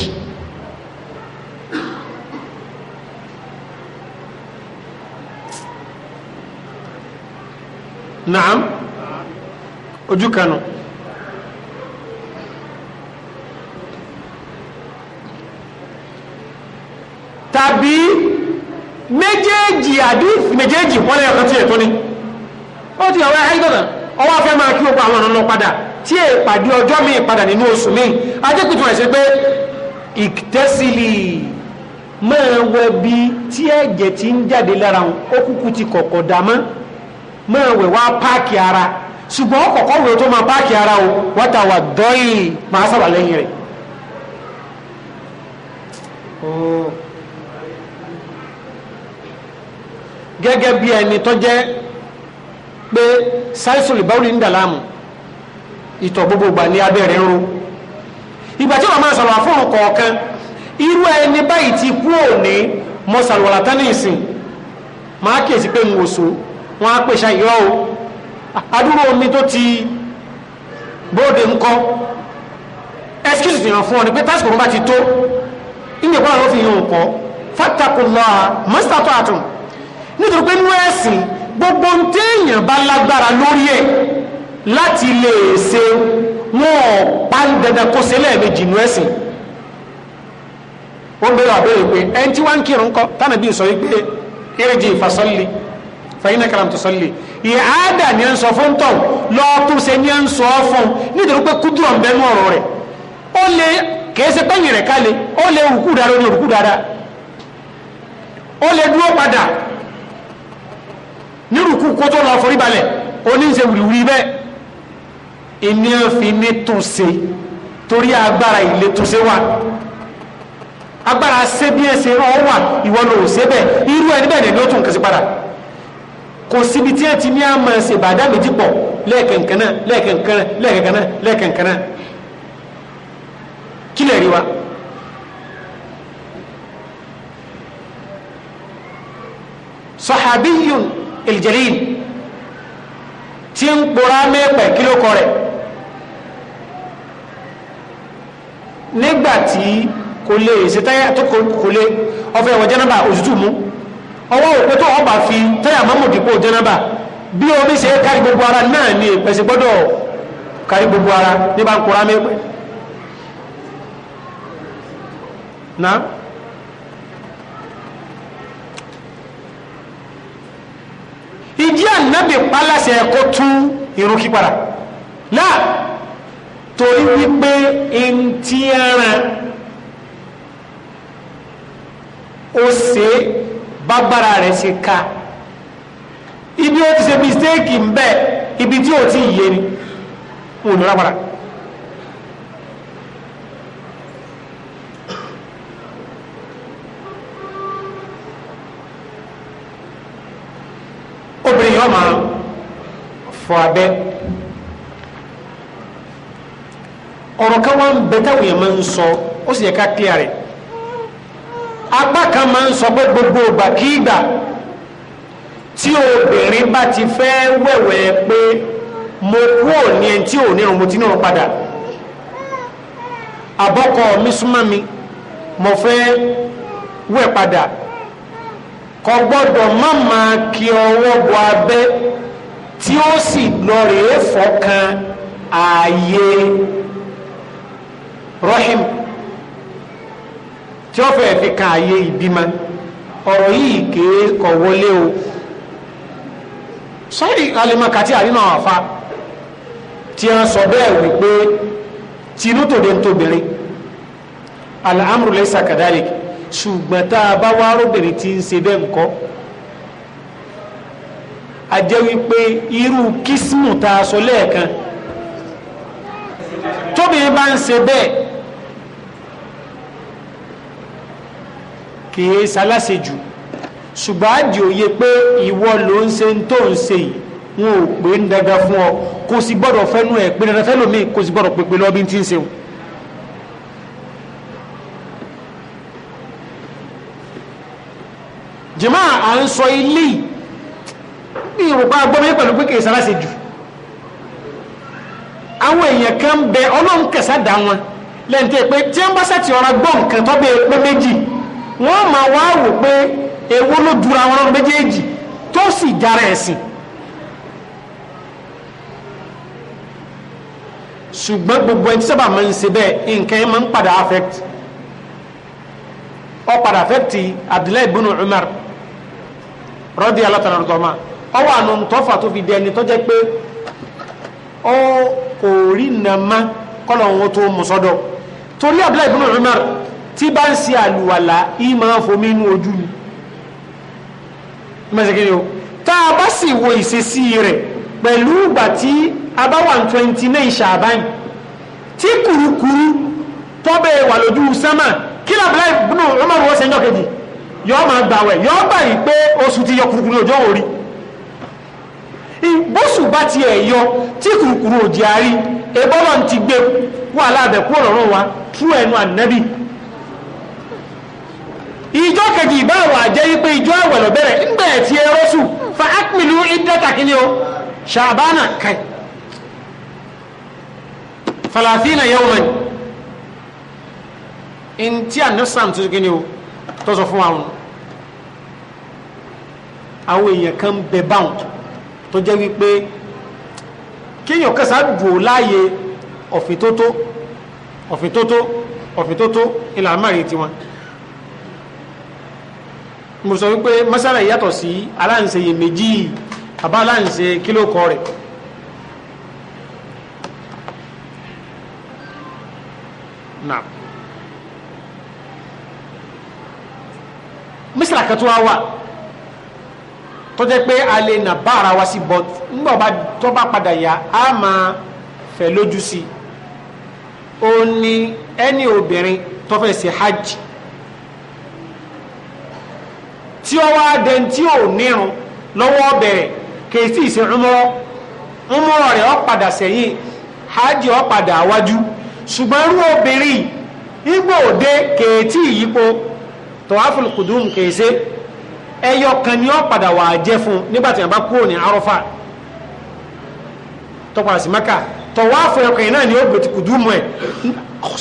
naam ojú kanu. No. tàbí méjèèjì àdífì méjèèjì wọ́n lẹ́yìn ọ̀kan tí ètò ni ó ti ọ̀rọ̀ ẹ̀ẹ́dọ̀nà ọwọ́ afẹ́ máa kí gbogbo àwọn ọ̀nà lọ padà tí è pàdé ọjọ́ mi padà nínú oṣù mi adékùtù rẹ̀ sí pé ìtẹ́sílì máa wẹ bí tí ẹ̀jẹ̀ ti ń jáde lára wọn ó kúkú ti kọ̀kọ̀ dà mọ́ máa wẹ̀ ara ṣùgbọ́n kọ̀kọ́ wẹ̀ tó máa ara o wọ́ta wà dọ́yìn máa sọ̀rọ̀ lẹ́yìn oh. gẹ́gẹ́ bí ẹni tó jẹ́ pé sáìsùlì báwùlì ń dà ìtọ̀ gbogbo gbà ní abẹ́rẹ́ ń ro ìgbà tí wọ́n máa sọ̀rọ̀ àfọ̀rùn kọ̀ọ̀kan irú ẹni báyìí ti kú òní mọ́ sàlùwàlà tán ní ìsìn máa kèsì pé ń wòsó wọ́n á o adúrò omi tó ti bóde pé tásìkò bá ti tó nítorí pé nínú ẹ̀sìn gbogbo ń téèyàn bá lágbára lórí ẹ̀ láti lè ṣe wọn ò pa dandan kó ṣe lẹ́ẹ̀mejì nínú ẹ̀sìn wọ́n bẹ̀rẹ̀ àbẹ̀rẹ̀ pé ẹni tí wọ́n ń kírun kọ́ tánà bí sọ wípé erèjì ìfàsọ́lì fẹ̀yìn náà kàràmtò sọ́lì ìhádà ni ẹ ń sọ fún tọ̀ lọ́ọ̀túnṣe ni ẹ ń sọ fún nítorí pé kúdùrọ̀ ń bẹnu ọ̀rọ̀ rẹ̀ ó lè kèése pẹ́yìn rẹ̀ kalẹ̀ ó lè rùkú dára ó lè rùkú dára ó lè dúró padà nírùkú kó tó lọ forí balẹ̀ oníṣe wìrìwìrì bẹ́ẹ̀ ìní fi ní túnṣe torí agbára ilé túnṣe wà agbára ṣe bí ẹ ṣe rán wà ìwọ ló ṣe bẹ́ẹ̀ irú ẹni bẹ́ẹ̀ ni ó tún kẹsí padà kò síbi tí ẹ ti ní àmọ́ ṣe bàdá méjì pọ̀ lẹ́ẹ̀kẹ̀kẹ̀ náà lẹ́ẹ̀kẹ̀kẹ̀ náà kí lè rí wa. sahabiyun ìlìjẹ̀lín tí ń pora mẹ́pẹ̀ kí ló kọ rẹ̀ nígbàtí kò lè ṣe táyà tó kò lè ọfẹ́ ìwọ̀ jẹ́nàbà òtútù mú ọwọ́ òpó tó ọba fi táyà mọ́mọ̀dípò jẹ́nàbà bí omi ṣe kárí gbogbo ara náà ni ìpẹ̀sẹ̀ gbọ́dọ̀ kárí gbogbo ara ní bá ń pora mẹ́pẹ̀ náà ìjí ànábì pálásẹ̀ ẹ̀kọ́ tún irun kípadà náà torí wípé ntí ẹran ó ṣe bágbára rẹ̀ ṣe ká ibi ó ti ṣe mistéèkì ń bẹ ibi tí ò ti yé ni òun ní obìnrin yóò máa fọ abẹ́ ọ̀rọ̀ kan wá ń bẹ táwọn èèyàn máa ń sọ ó sì yẹ ká clear rẹ̀ apá kan máa ń sọ pé gbogbo ìgbà kí ìgbà tí obìnrin bá ti fẹ́ wẹ̀wẹ̀ pé mo kúrò ní ẹni tí ò ní irun mo ti ní padà àbọ́kọ mi súnmọ́ mi mo fẹ́ wẹ̀ padà kò gbọ́dọ̀ má máa kí ọwọ́ bọ abẹ́ tí ó sì lọ rèé fọkàn ààyè rahim tí ó fẹ́ẹ́ fi kan ààyè ìbímọ ọ̀rọ̀ yìí kèé kọ̀ wọlé o sọ́ọ̀rì alimakati àrínà àfa tí a sọ bẹ́ẹ̀ wípé tinú tòde ń tóbìnrin alhamdulilayi sakadalik ṣùgbọ́n tá a bá wá arábìnrin tí ń ṣe bẹ́ẹ̀ ńkọ́ a jẹ́ wípé irú kísmù tá a sọ lẹ́ẹ̀kan tóbìnrin bá ń ṣe bẹ́ẹ̀ kìí ṣaláṣejù ṣùgbọ́n àjò yẹ pé ìwọ ló ń ṣe tó ń ṣe yìí wọn ò pé ń dandan fún ọ kò sì gbọ́dọ̀ fẹ́nu ẹ̀ pé dandan fẹ́ lómi kò sì gbọ́dọ̀ pèpè lọ́bí tí ń ṣeun jìmá à ń sọ ilé bí ìrùpá agbọ́mọ́ pẹ̀lú pé kìí sára sí jù àwọn èèyàn kan ń bẹ ọlọ́run kẹsà dá wọn lẹ́ǹtẹ́ pé tí wọ́n bá sẹ́tì ọ̀rọ̀ gbọ́ nǹkan tó bẹ pé méjì wọ́n máa wá wò pé èwo ló dura wọn lọ́rùn méjèèjì tó sì jára ẹ̀sìn ṣùgbọ́n gbogbo ẹni tí sábà máa ń ṣe bẹ́ẹ̀ nǹkan yẹn máa ń padà affect ọ padà affect Abdullahi ibn Umar rọ́dí alátàràdọ́mà ọwọ́ àna tọ́fà tó fi dẹni tó jẹ́ pé ó kò rí nàmá kọ́lọ̀ wọn tó mú sọ́dọ̀ torí Abdullah ibn Umar tí bá ń se àlùwàlà ìmọ̀ fomi inú ojú ni mẹ́sẹ̀kẹ́ni o tá a bá sì wo ìṣesí rẹ̀ pẹ̀lú ìgbà tí a bá wà ní twenty nine tí kùrukùru tọ́bẹ̀ wà lójú sẹ́mà kí làbúlá ibn Umar wọ́n ṣe kejì yọ́ ma gbàwẹ̀ yọ́ gbà yí pé oṣù ti yọ kùrùkùrù òjò orí bóṣù bá ti ẹ̀ yọ tí kùrùkùrù òjì àárí ebọ́lọ̀ ti gbé wà láàbẹ̀kú ọ̀rọ̀ wa tú ẹnu ànábì ìjọ kejì ìbáwà jẹ́ wípé ìjọ àwẹ̀ lọ bẹ̀rẹ̀ ńgbẹ̀ ti ẹrọ sù fa akmilu iddata kí ni o ṣàbánà kai falafina yawman in tí ànásàm tó kí o tọ́sọ fún àwọn àwọn èèyàn kan bẹ báwọn tó jẹ́ wípé kíyàn kẹsà dùn láàyè ọ̀fìntótó ọ̀fìntótó ọ̀fìntótó ilà mẹ́rin tiwọn mo sọ wípé mọ́sálà yàtọ̀ sí aláǹsẹ̀ yè méjì àbá aláǹsẹ̀ kílò kọ rẹ̀ náà mísírà kan tó wá wà tó jẹ́ pé a lè nà bá ara wa sí bọ́ nígbà tó bá padà yá a máa fẹ́ lójú sí ó ní ẹni obìnrin tó fẹ́ ṣe hajj tí ó wá dẹni tí ò nírun lọ́wọ́ bẹ̀rẹ̀ kì í sì ṣe rẹ̀ padà sẹ́yìn hajj padà wájú tọ́wáfù kùdùm kìí ṣe ẹyọ kan ni ó padà wà jẹ́ fún nígbàtí àbá kúrò ní arọ́fà tọ́pàá sí maka tọ́wáfù ẹ̀kọ́ yìí náà ni ó gbé ti kùdùm ẹ̀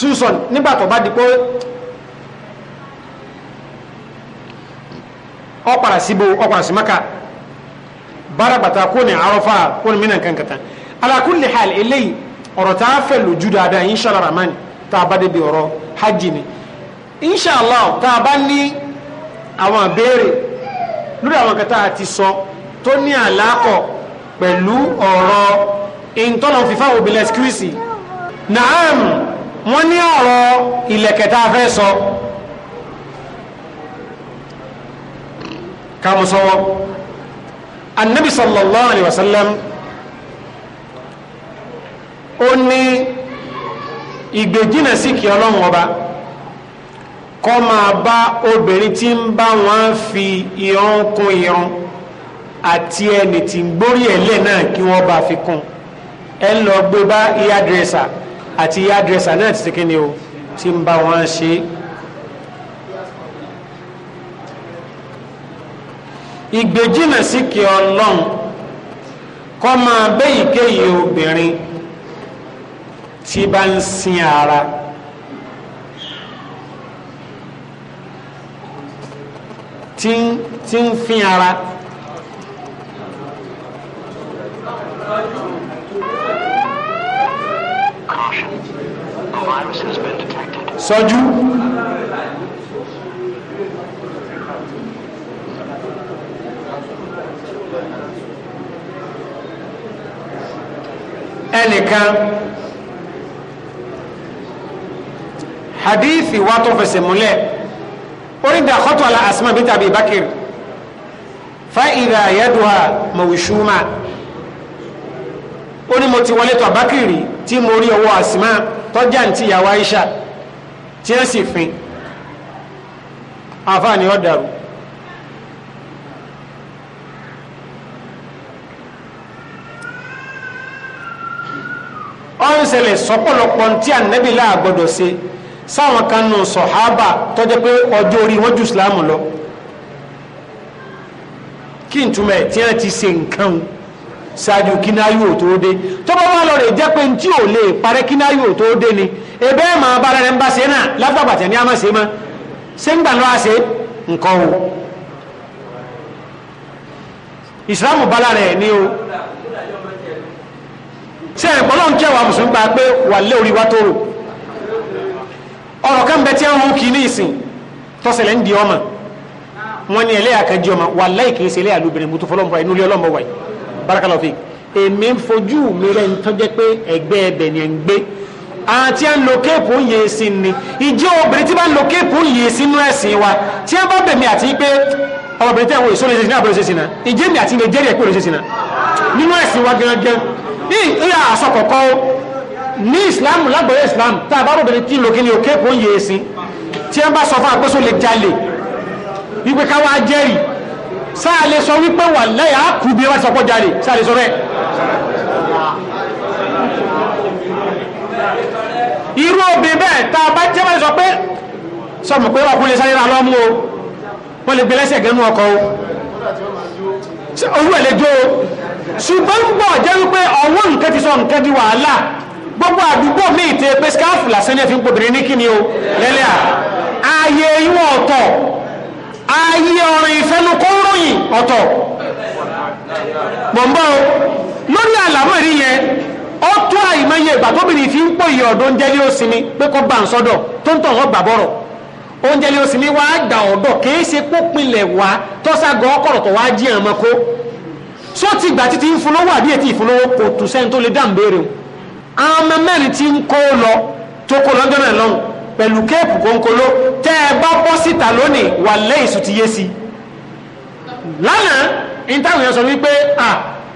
sísọ nígbà tó bá di pé ó padà síbo ó padà sí maka bárabàtà kúrò ní arọ́fà kúrò ní kankata ala kulli eléyìí ọ̀rọ̀ tá a fẹ́ lójú dáadáa inṣàlá ramani inshallah tá a bá ní àwọn àbẹ́rẹ́ lórí àwọn kẹta àti sọ tó ní àlákọ̀ pẹ̀lú ọ̀rọ̀ ìntọ́nà fífà òbílẹ̀ skúìsì naam wọ́n ní ọ̀rọ̀ ilẹ̀kẹta fẹ́ sọ kàmùsọ́wọ́ annabi sallallahu alaihi wasallam ó ní ìgbèjìnà sí kí ọlọ́run ọba kọ́ máa bá obìnrin tí ń bá wọn fi irun kún irun àti ẹni tí ń gbórí ẹ̀lẹ́ náà kí wọ́n bá fi kún ẹ ń lọ gbé bá hairdresser àti hairdresser náà ti kíni o tí ń bá wọn ṣe. ìgbèjìnà sí kí ọlọ́run kọ́ máa bẹ́ obìnrin tí bá ń sin ara. tí ń tí ń fín ara sọjú ẹnìkan hadithi wa tó fẹsẹ̀ múlẹ̀ orídà kọ́tù àlà asma bíi tàbí bakir fa ìdá yẹ́dùá mọ̀wìṣúmà ó ní mo ti wọlé tó àbákìrì tí mo rí ọwọ́ asma tọ́jà ní tìyàwó aisha tí ó sì fin àfáàní ọ̀dàrú ọ̀n ṣẹlẹ̀ sọ́pọ̀lọpọ̀ tí ànábìlá àgbọ̀dọ̀ ṣe sáwọn kan nù sọ̀hábà tó jẹ́ pé ọjọ́ orí wọn ju ìsìláàmù lọ kí n túmọ̀ ẹ̀ tí wọ́n ti ṣe nǹkan ṣáájú kí náyò tó dé tó bá wà lọ́rẹ̀ jẹ́ pé tí ò lè parẹ́ kí náyò tó dé ni ebe ẹ̀ máa bára rẹ̀ ń bá ṣe náà lábàbàtẹ̀ ní àmọ́ ṣe mọ́ ṣé ń gbà lọ́wọ́ ṣe nǹkan o ìsìláàmù bára rẹ̀ ní o ṣe ẹ̀pọ̀ náà ń mùsùlùmí gba pé wà lé orí wa tó rò ọ̀rọ̀ kan bẹ tí a ń hù kì í ní ìsìn tọ́sẹ̀lẹ̀ ń di ọmọ wọn ni ẹlẹ́yà kan di ọmọ wàláhì kì í ṣe ẹlẹ́yà lóbìnrin mutu fọlọ́mùbọ̀ inú ilé ọlọ́mọ wáyé barakallahu fi èmi ń fojú mi rẹ̀ ń tọ́jẹ́ pé ẹgbẹ́ ẹbẹ̀ ni ẹ̀ ń gbé àti à ń lo kéèpù ń yèé sí ni ìjẹ́ obìnrin tí bá ń lo kéèpù ń yèé sí inú ẹ̀sìn wa tí a bá bẹ̀mí àti pé ọmọbìnrin tẹ̀wọ̀ ní islam lágbẹ̀rẹ̀ islam tá a bá rọ̀bẹ̀rẹ̀ tí lókè ní òkè kò ń yẹ ẹ̀sìn e tí wọ́n bá sọ fún àpẹ́sọ lè jalè wípé káwá jẹ́rì sáà lè sọ wípé wà lẹ́yà á kú bí wọ́n ti sọpọ̀ jalè sáà lè sọ bẹ́ẹ̀ irú obìn bẹ́ẹ̀ tá a bá jẹ́ wọ́n sọ pé sọmọ pé ọkùnrin sáré ra lọ́mú o wọ́n lè gbẹ́lẹ́sẹ̀ gẹ́nu ọkọ̀ o olú ẹ̀ lè jó o ṣùgbọ́n ń bọ̀ jẹ́ wípé ọwọ́ nǹkan ti sọ nǹkan di wàhálà gbogbo àdúgbò míì tẹ pé skáàfù lásán ní ẹ̀fín pòbìnrin ní kíni o lẹ́lẹ́ à ààyè ìwọ̀n ọ̀tọ̀ ààyè ọ̀rìn ìfẹ́nu kó ròyìn ọ̀tọ̀ bọ̀m̀bọ́ lórí àlámọ̀rí yẹn ó tó àìmọye ìgbà tóbìnrin fi ń pòyè ọ̀dọ̀ oúnjẹ lé ó sinmi pé kó bá ń sọ́dọ̀ tó ń tọ̀họ́ gbà bọ̀rọ̀ oúnjẹ lé ó sinmi wá gbà ọ̀dọ̀ kìí ṣe pópinlẹ̀ wá tọ́sàgọ́ ọkọ̀rọ̀ wá jí àwọn kó só ti gbà títí ìfúnlówó àbí ètí ìfúnlówó kò tù sẹ́ni tó lè dá ń béèrè o àwọn ọmọ mẹ́rin tí ń kó lọ tó kó lọ́jọ́ náà lọ́hùn pẹ̀lú kéèpù kónkóló tẹ́ ẹ bá bọ́ síta lónìí wà lẹ́yìn sùn ti yé sí lánàá ìtàwọn èèyàn sọ wípé à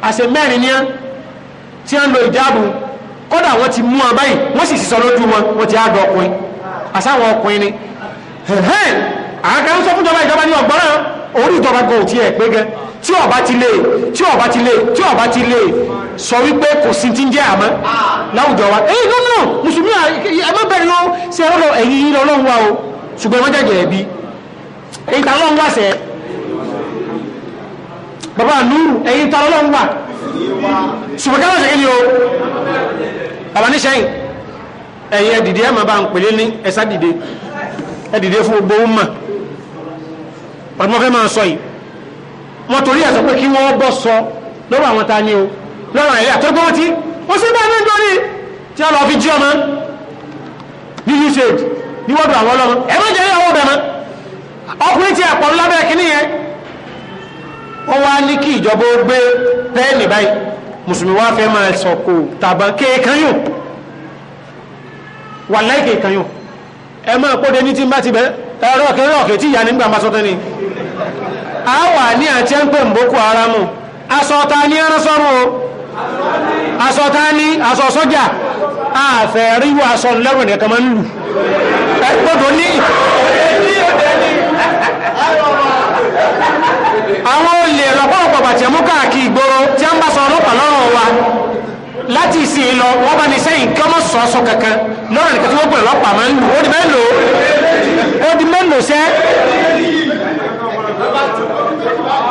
àṣẹ mẹ́rin ni tí a ń lo ìjáàbù kódà wọ́n ti mú wọn báyìí wọ́n sì sísọ lójú wọn wọ́n ti àdọ̀ ọkùnrin àsáwọn ọkùnrin ni àwọn kan ń sọ fún ìjọba ìjọba ní ọgbọ́n náà orí ìjọba gan ò tiẹ̀ pé gan tí ọba ti lè tí ọba ti lè tí ọba ti lè sọ wípé kò sí ti ń jẹ́ àmọ́ láwùjọ wa èyí ló náà mùsùlùmí ẹ̀mọ́ bẹ̀rẹ̀ ló ṣe ọ̀rọ̀ ẹ̀yìn yìí lọ́lọ́run wa o ṣùgbọ́n wọ́n jẹ́jẹ́ ẹ̀bí èyí ta lọ́run wà sẹ́ bàbá nùrù èyí ta lọ́run wà ṣùgbọ́n kí wọ́n ṣe o bàbá níṣẹ́yìn ẹ̀yìn ẹ̀dìdì ẹ̀ máa bá ń pèlé ní ẹ̀sà dìde ẹ̀dìdì fún gbogbo ọmọ ọdún wọn fẹ́ máa sọ yìí wọ́n torí ẹ̀sọ́ pé kí wọ́n bọ́ sọ lọ́rọ̀ àwọn ta ni o lọ́rọ̀ ẹ̀rẹ́ àtọ́gbọ́n tí ó sì bá ní nítorí tí a lọ fi jí ọmọ ní usage ní wọ́dọ̀ àwọn ọlọ́mọ ẹ̀mọ́ jẹ́ ìyàwó bẹ̀rẹ̀ ọkùnrin ti ẹ̀pọ̀ lábẹ́ kínní yẹn wọ́n wá ní kí ìjọba ó gbé pẹ́ẹ́nì báyìí mùsùlùmí wá fẹ́ máa sọ̀kò tàbá kéèkan yùn wà láì kéèkan yùn ẹ máa kó de ní tí ń bá ti bẹ́ ẹ̀rọ kẹrẹ́ọ̀kẹ́ tí ìyá nígbà máa sọ́tẹ́ ni a wà ní àti ẹ̀ ń pè ń boko haram asọ̀ta ní ẹrẹ́sọ́rùn o asọ̀ta ní asọ̀ sọ́jà àfẹ́ríwò asọ̀ lẹ́rùn ẹ̀kan máa ń lù ẹgbọ́dọ̀ ní àwọn olè lọ́pọ̀lọpọ̀ bàtí ẹmú káàkì ìgboro tí a ń bá sọ ọlọ́pàá lọ́rọ̀ wa láti ìsìn lọ wọ́n bá ní sẹ́yìn kí ọmọ sọ kankan lọ́rọ̀ nìkan tí wọ́n gbọ́dọ̀ lọ́pàá máa ń lù ó di mélòó ó di mélòó sẹ́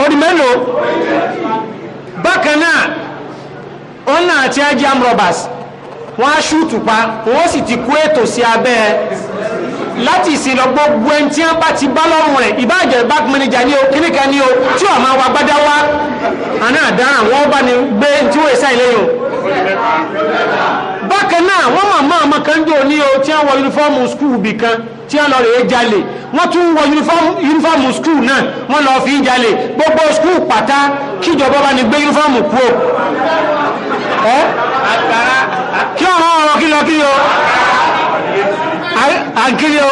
odi mélòó bákan náà ọ̀nà àti ajé amrobas wọ́n á pa ti kú ètò sí abẹ́ láti ìsinlọ gbogbo tí bá ti bá lọ́rùn rẹ̀ ìbáàjẹ́ bank manager ní o kíníkan ni o tí wọ́n máa wá gbádá wá àná àdáhàn wọ́n bá gbé tí ilé bákan náà wọ́n o tí wọ yunifọ́ọ̀mù tí lọ rèé wọ́n tún wọ yunifọ́ọ̀mù skul náà wọ́n lọ fi ń jalè gbogbo skul pátá kíjọba bá ní gbé yunifọ́ọ̀mù kú o ẹ́ kí ọ̀rọ̀ ọ̀rọ̀ kí lọ kí o àǹkiri o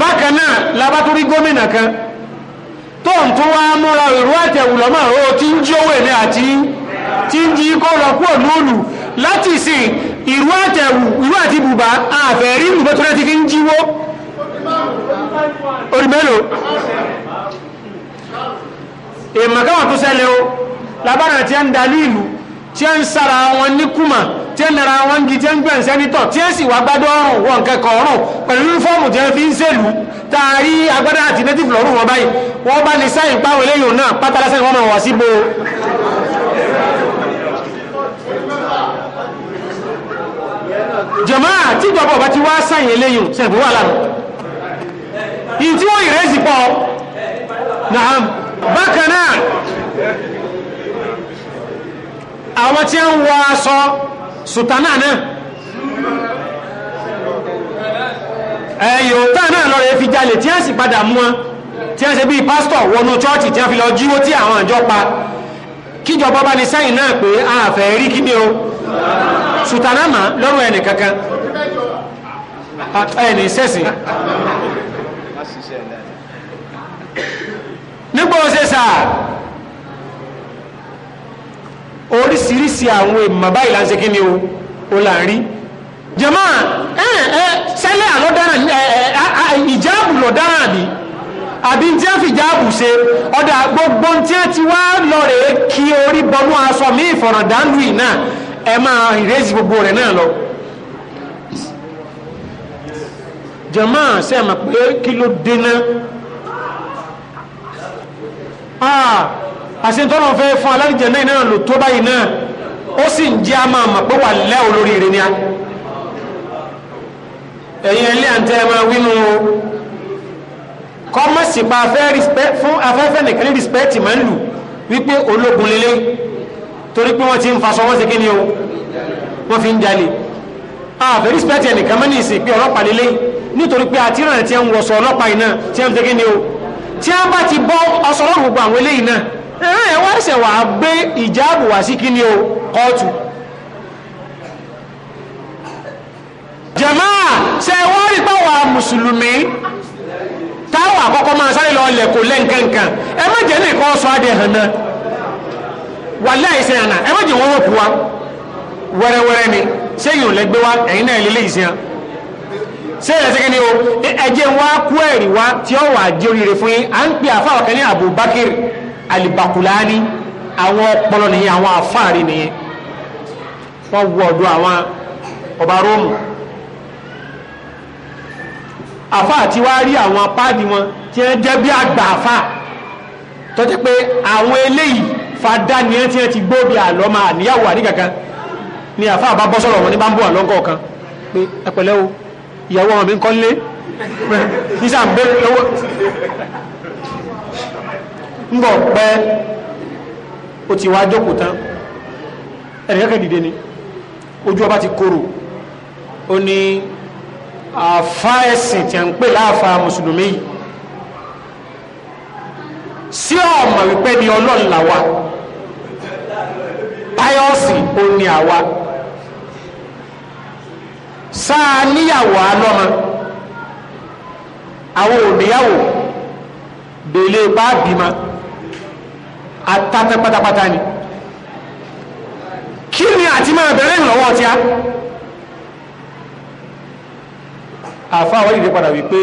bákan náà labátúrí gómìnà kan tó ń tún wá múra ìrú àtẹ̀wù lọ́mọ́ ò tí ń jí owó èmi àti tí ń jí kó lọ kúrò lóòlù láti ìsìn ìrú àtẹ̀wù ìrú àti bùbá àfẹ̀rí ìbùbá tó láti fi ń jíwó orímẹ́lò èmàkáwà tó ṣẹlẹ̀ o labára tí a ń dalí ìlú tí a ń sára wọn ní kúmà tí a ń nara wọn gí tí a ń gbẹ̀ sẹ́nitọ̀ tí a sì wá gbádọ́ ọrùn wọn kẹkọ̀ ọrùn pẹ̀lú yúnífọ́ọ̀mù tí a fi ń sèlú taari agbádá àti nẹ́tìfì lọ́rùn wọn báyìí wọ́n bá ní sáyìn páwọn eléyìí náà pátálásẹ́ wọn máa wá síbo jàmáà tí ìjọba ọba ti wá sáyìn eléyìn sẹ́ǹkú wà lánàá ìyí tí wọ́n ìrẹsì pọ̀ náà bákan náà àwọn tí ń wọ aṣọ sùtánà náà ẹ̀yọ̀ tá náà lọ́rẹ̀ fi jalè tí a sì padà mú wọn tí a ṣe bí pásítọ̀ wọnú chọ́ọ̀chì tí a fi lọ jíwó tí àwọn àjọ pa kíjọba bá ní sáyìn náà pé àfẹ́ rí kí ni o sùtánàmà lọ́rùn ẹnì kankan ẹnì sẹ́sìn nígbà ọ̀sẹ̀ sáà oríṣiríṣi àwọn èèmọ̀ báyìí láti kí ni o ó là ń rí jẹ́mọ́ ẹ̀ ẹ̀ sẹ́lẹ̀ àlọ́dára ìjáàbù lọ́dára bíi àbí tí a fi jáàbù ṣe ọ̀dà gbogbo tí a ti wá lọ́rẹ̀ẹ́ kí orí bọnú aṣọ mi ìfọ̀rọ̀dánù yìí náà ẹ máa ìrèsì gbogbo rẹ̀ náà lọ. jẹ̀mọ́ sẹ́mi pé kí ló dena ah, àṣetọ́nà fẹ́ fún náà lò tó báyìí náà ó sì ń jẹ́ a máa pé wà lẹ́ olóríire ni ẹ̀yin ẹlẹ́yà ń tẹ́ máa wí o. kọ́mọ̀sì pa fún afẹ́fẹ́ nìkan ní rìspẹ́tì máa ń lù wípé ológun lélẹ́ torí pé wọ́n ti ń faṣọ wọ́n ṣe kí ni o wọ́n fi ń jalè àfẹ́ rìspẹ́tì ẹnìkan mọ́ ní ìsìn pé ọlọ́pàá lélẹ́ nítorí pé àtìrànà tí ń wọṣọ ọlọ́pàá iná tí ń ṣe kí ni o tí wọ́n bá ti bọ́ ọṣọ ọlọ́run gbogbo àwọn eléyìí náà ẹ̀rẹ́ wọ́n ṣẹ̀ wà á gbé ìjáàbù wá sí kí ni o kóòtù jàmáà ṣe wọ́n rí pàwọ̀ mùsùlùmí táwọn àkọ́kọ́ máa sáré lọ ọlẹ̀ kò lẹ́nkankan ẹ má jẹ́ ní ìkọ́ sọ adé hàn náà wà láìsẹ̀ àná ẹ má jẹ́ wọ́n rò kú wa wẹ́rẹ́wẹ́rẹ́ ni sẹ́yìn ò lẹ́gbẹ́ wa ẹ̀yin náà lélẹ́ ìsìn sẹ́yìn ẹ̀sẹ̀ kí ni o ẹ̀jẹ̀ wa kú ẹ̀rí wa tí ó wà jẹ́ oríire fún yín à ń pè àfáà kan ní Abubakar Alibakulani àwọn ọpọlọ nìyẹn àwọn àfáàrí nìyẹn wọ́n wọ ọ̀dọ̀ àwọn ọba Róòmù àfa àti wá rí àwọn páàdì wọn tí wọ́n jẹ́ bí àgbà àfa tó jẹ́ pé àwọn eléyìí fada ni ẹ ti ẹ ti gbóbi àlọ́ máa níyàwó àríkàkan ni àfa àbá bọ́ sọ̀rọ̀ wọn ní bá ń bọ̀ àlọ́ kọ̀ọ̀kan pé ẹ o ìyàwó ọmọ mi ń kọ́lé nísà ń bẹ́ẹ̀ lọ́wọ́ ń bọ̀ pẹ́ o ti wá jókòó tán ẹnìkan kẹ́ dìde ni ojú ọba ti korò ó ní àfa ẹ̀sìn tí a ń pè láàfa mùsùlùmí yìí sí ọmọ wípé ni ọlọ́run là wa páyọ́sì ó ní àwa sáà níyàwó alọ́mọ àwọn òníyàwó bèlè bá bímọ atáfẹ́ pátápátá ni kí ni àti máa bẹ̀rẹ̀ ìrànlọ́wọ́ tí a. àfa àwọn ìdí padà wípé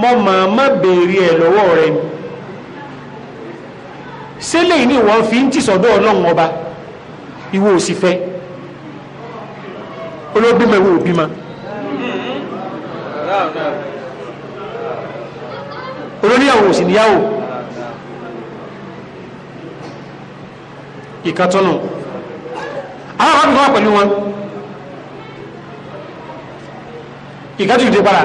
mo máa má béèrè ẹ̀ lọ́wọ́ rẹ ni sẹ́lẹ̀ yìí ni wọ́n fi ń tìsọ̀dọ̀ ọlọ́run ọba ìwọ òsì fẹ́ olóbímọ ìwọ òbímọ olóníyàwó òsì níyàwó ìkàtọ́nù àwọn akọ́kọ́ pẹ̀lú wọn. ìkẹ́tù ìdí padà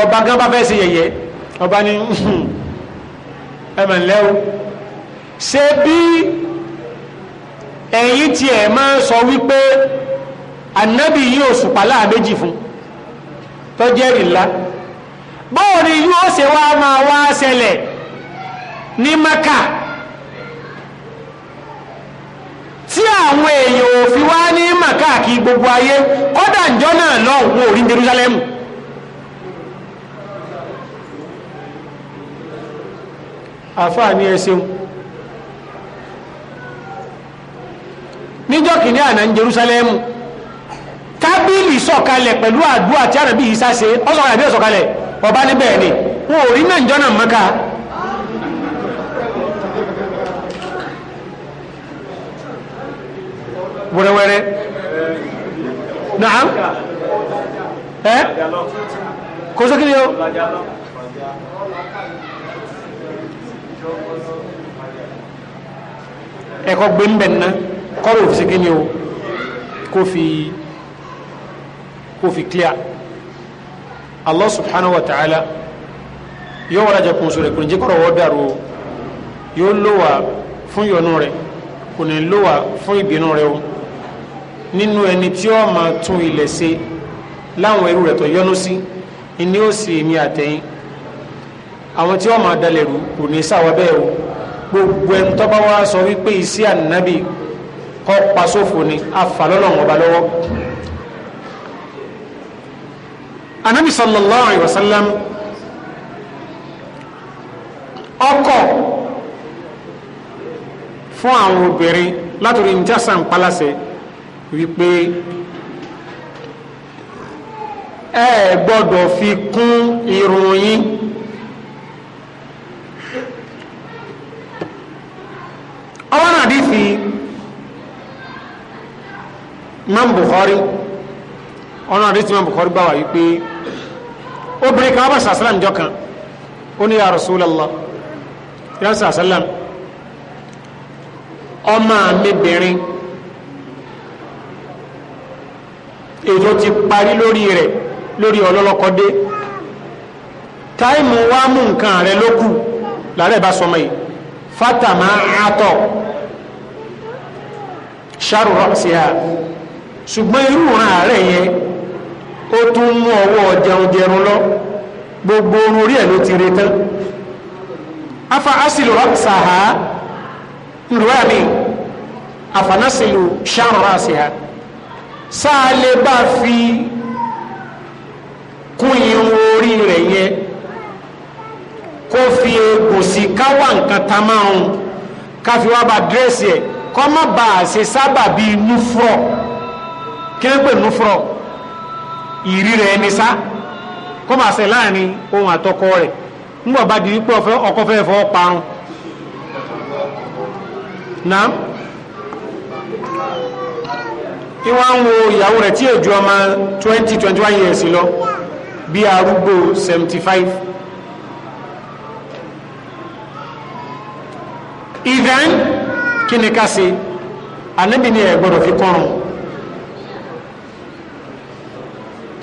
ọba gan bá fẹ́ sí yẹ̀yẹ́ ọba ní ẹmọ̀ ńlẹ́ o ṣe bí ẹ̀yìn tí ẹ̀ máa ń sọ wípé ànábì yìí òṣùpá láàbéjì fún tọ́jẹ́rì ńlá bóòrí yóò ṣe wá máa wá ṣẹlẹ̀ ní Mẹ́kà tí àwọn èèyàn ò fi wá ní gbogbo ayé kọ́dà ǹjọ́ náà lọ́hùn wọn ò rí Jerúsálẹ́mù àfáà ní ẹsẹun níjọ́ kìíní àná ń Jerúsálẹ́mù tábìlì sọ̀kalẹ̀ pẹ̀lú àdúrà tí àrẹ̀bí yìí sáṣe ọ̀sọ̀kalẹ̀ bí ọ̀sọ̀kalẹ̀ ọba ni wọn ò rí náà ǹjọ́ wẹ́rẹ́wẹ́rẹ́ náà ẹ́ eh? kó sókè ni o. ẹ̀kọ́ gbé ń bẹ̀ ná kọ́rọ̀ òfin ni o kó fi kó fi clear Allah subhanahu wa ta'ala yóò wọ́n lajà kun sórí kùnìjẹ́ kọ́rọ̀ wọ́n dàrú o yóò lówà fún yọnu rẹ̀ kò ní lówà fún ìbínú rẹ̀ o nínú ẹni tí ó máa tún ilẹ̀ ṣe láwọn ẹrú rẹ̀ tó yọ́nú sí ni ó sì èmi àtẹ̀yìn àwọn tí ó máa dalẹ̀ rú kò ní sáwọ́ bẹ́ẹ̀ o gbogbo ẹni tó bá wá sọ wípé iṣẹ́ ànábì kọ́ pa sófo ni afàlọ́lọ́ wọn ba lọ́wọ́. anabi sallallahu alayhi wa sallam ọkọ̀ fún àwọn obìnrin látòrí ní tí a sàn palasẹ̀ wípé ẹ gbọ́dọ̀ fi kún irun yín ọwọ́n àdífi Imam Bukhari ọ̀nà àdífi Imam Bukhari bá wà wípé obìnrin kan bá sàásàlám jọ kan ó ní ya Rasulullah ya sàásàlám ọmọ mi bìnrin ètò ti parí lórí rẹ̀ lórí ọlọ́lọ́kọdé táìmù wá mú nǹkan rẹ̀ lókù làárẹ̀ bá sọmọ yìí fatama atọ ṣàrù rọ̀ṣíà ṣùgbọ́n irú ìran ààrẹ yẹn ó tún mú ọwọ́ jẹun jẹrun lọ gbogbo orun orí ẹ̀ ló ti re tán afa asilu rọ̀ṣàhá nrọ̀ àmì afanasilu ṣàrù rọ̀ṣíà sáà lè bá fi kún irun orí rẹ̀ yẹn kó fi egbò sí káwá nǹkan ta máa ń ká fi wá ba dírẹ́sì ẹ̀ kọ́ má ba àṣẹ sábà bíi núfúrọ̀ kí ló ń pè núfúrọ̀ ìrí rẹ̀ ni sá kọ́ máa ṣe láàrin ohun àtọkọ rẹ̀ nígbà bá di wípé ọkọ fẹ́ fọ́ parun. Naam ìwọ́n ń wo ìyàwó rẹ̀ tí èjú ọmọ 20 21 years lọ bí arúgbó 75 ìdán kí ni ká ṣe ànábì ni ẹ̀ gbọ́dọ̀ fi kọrùn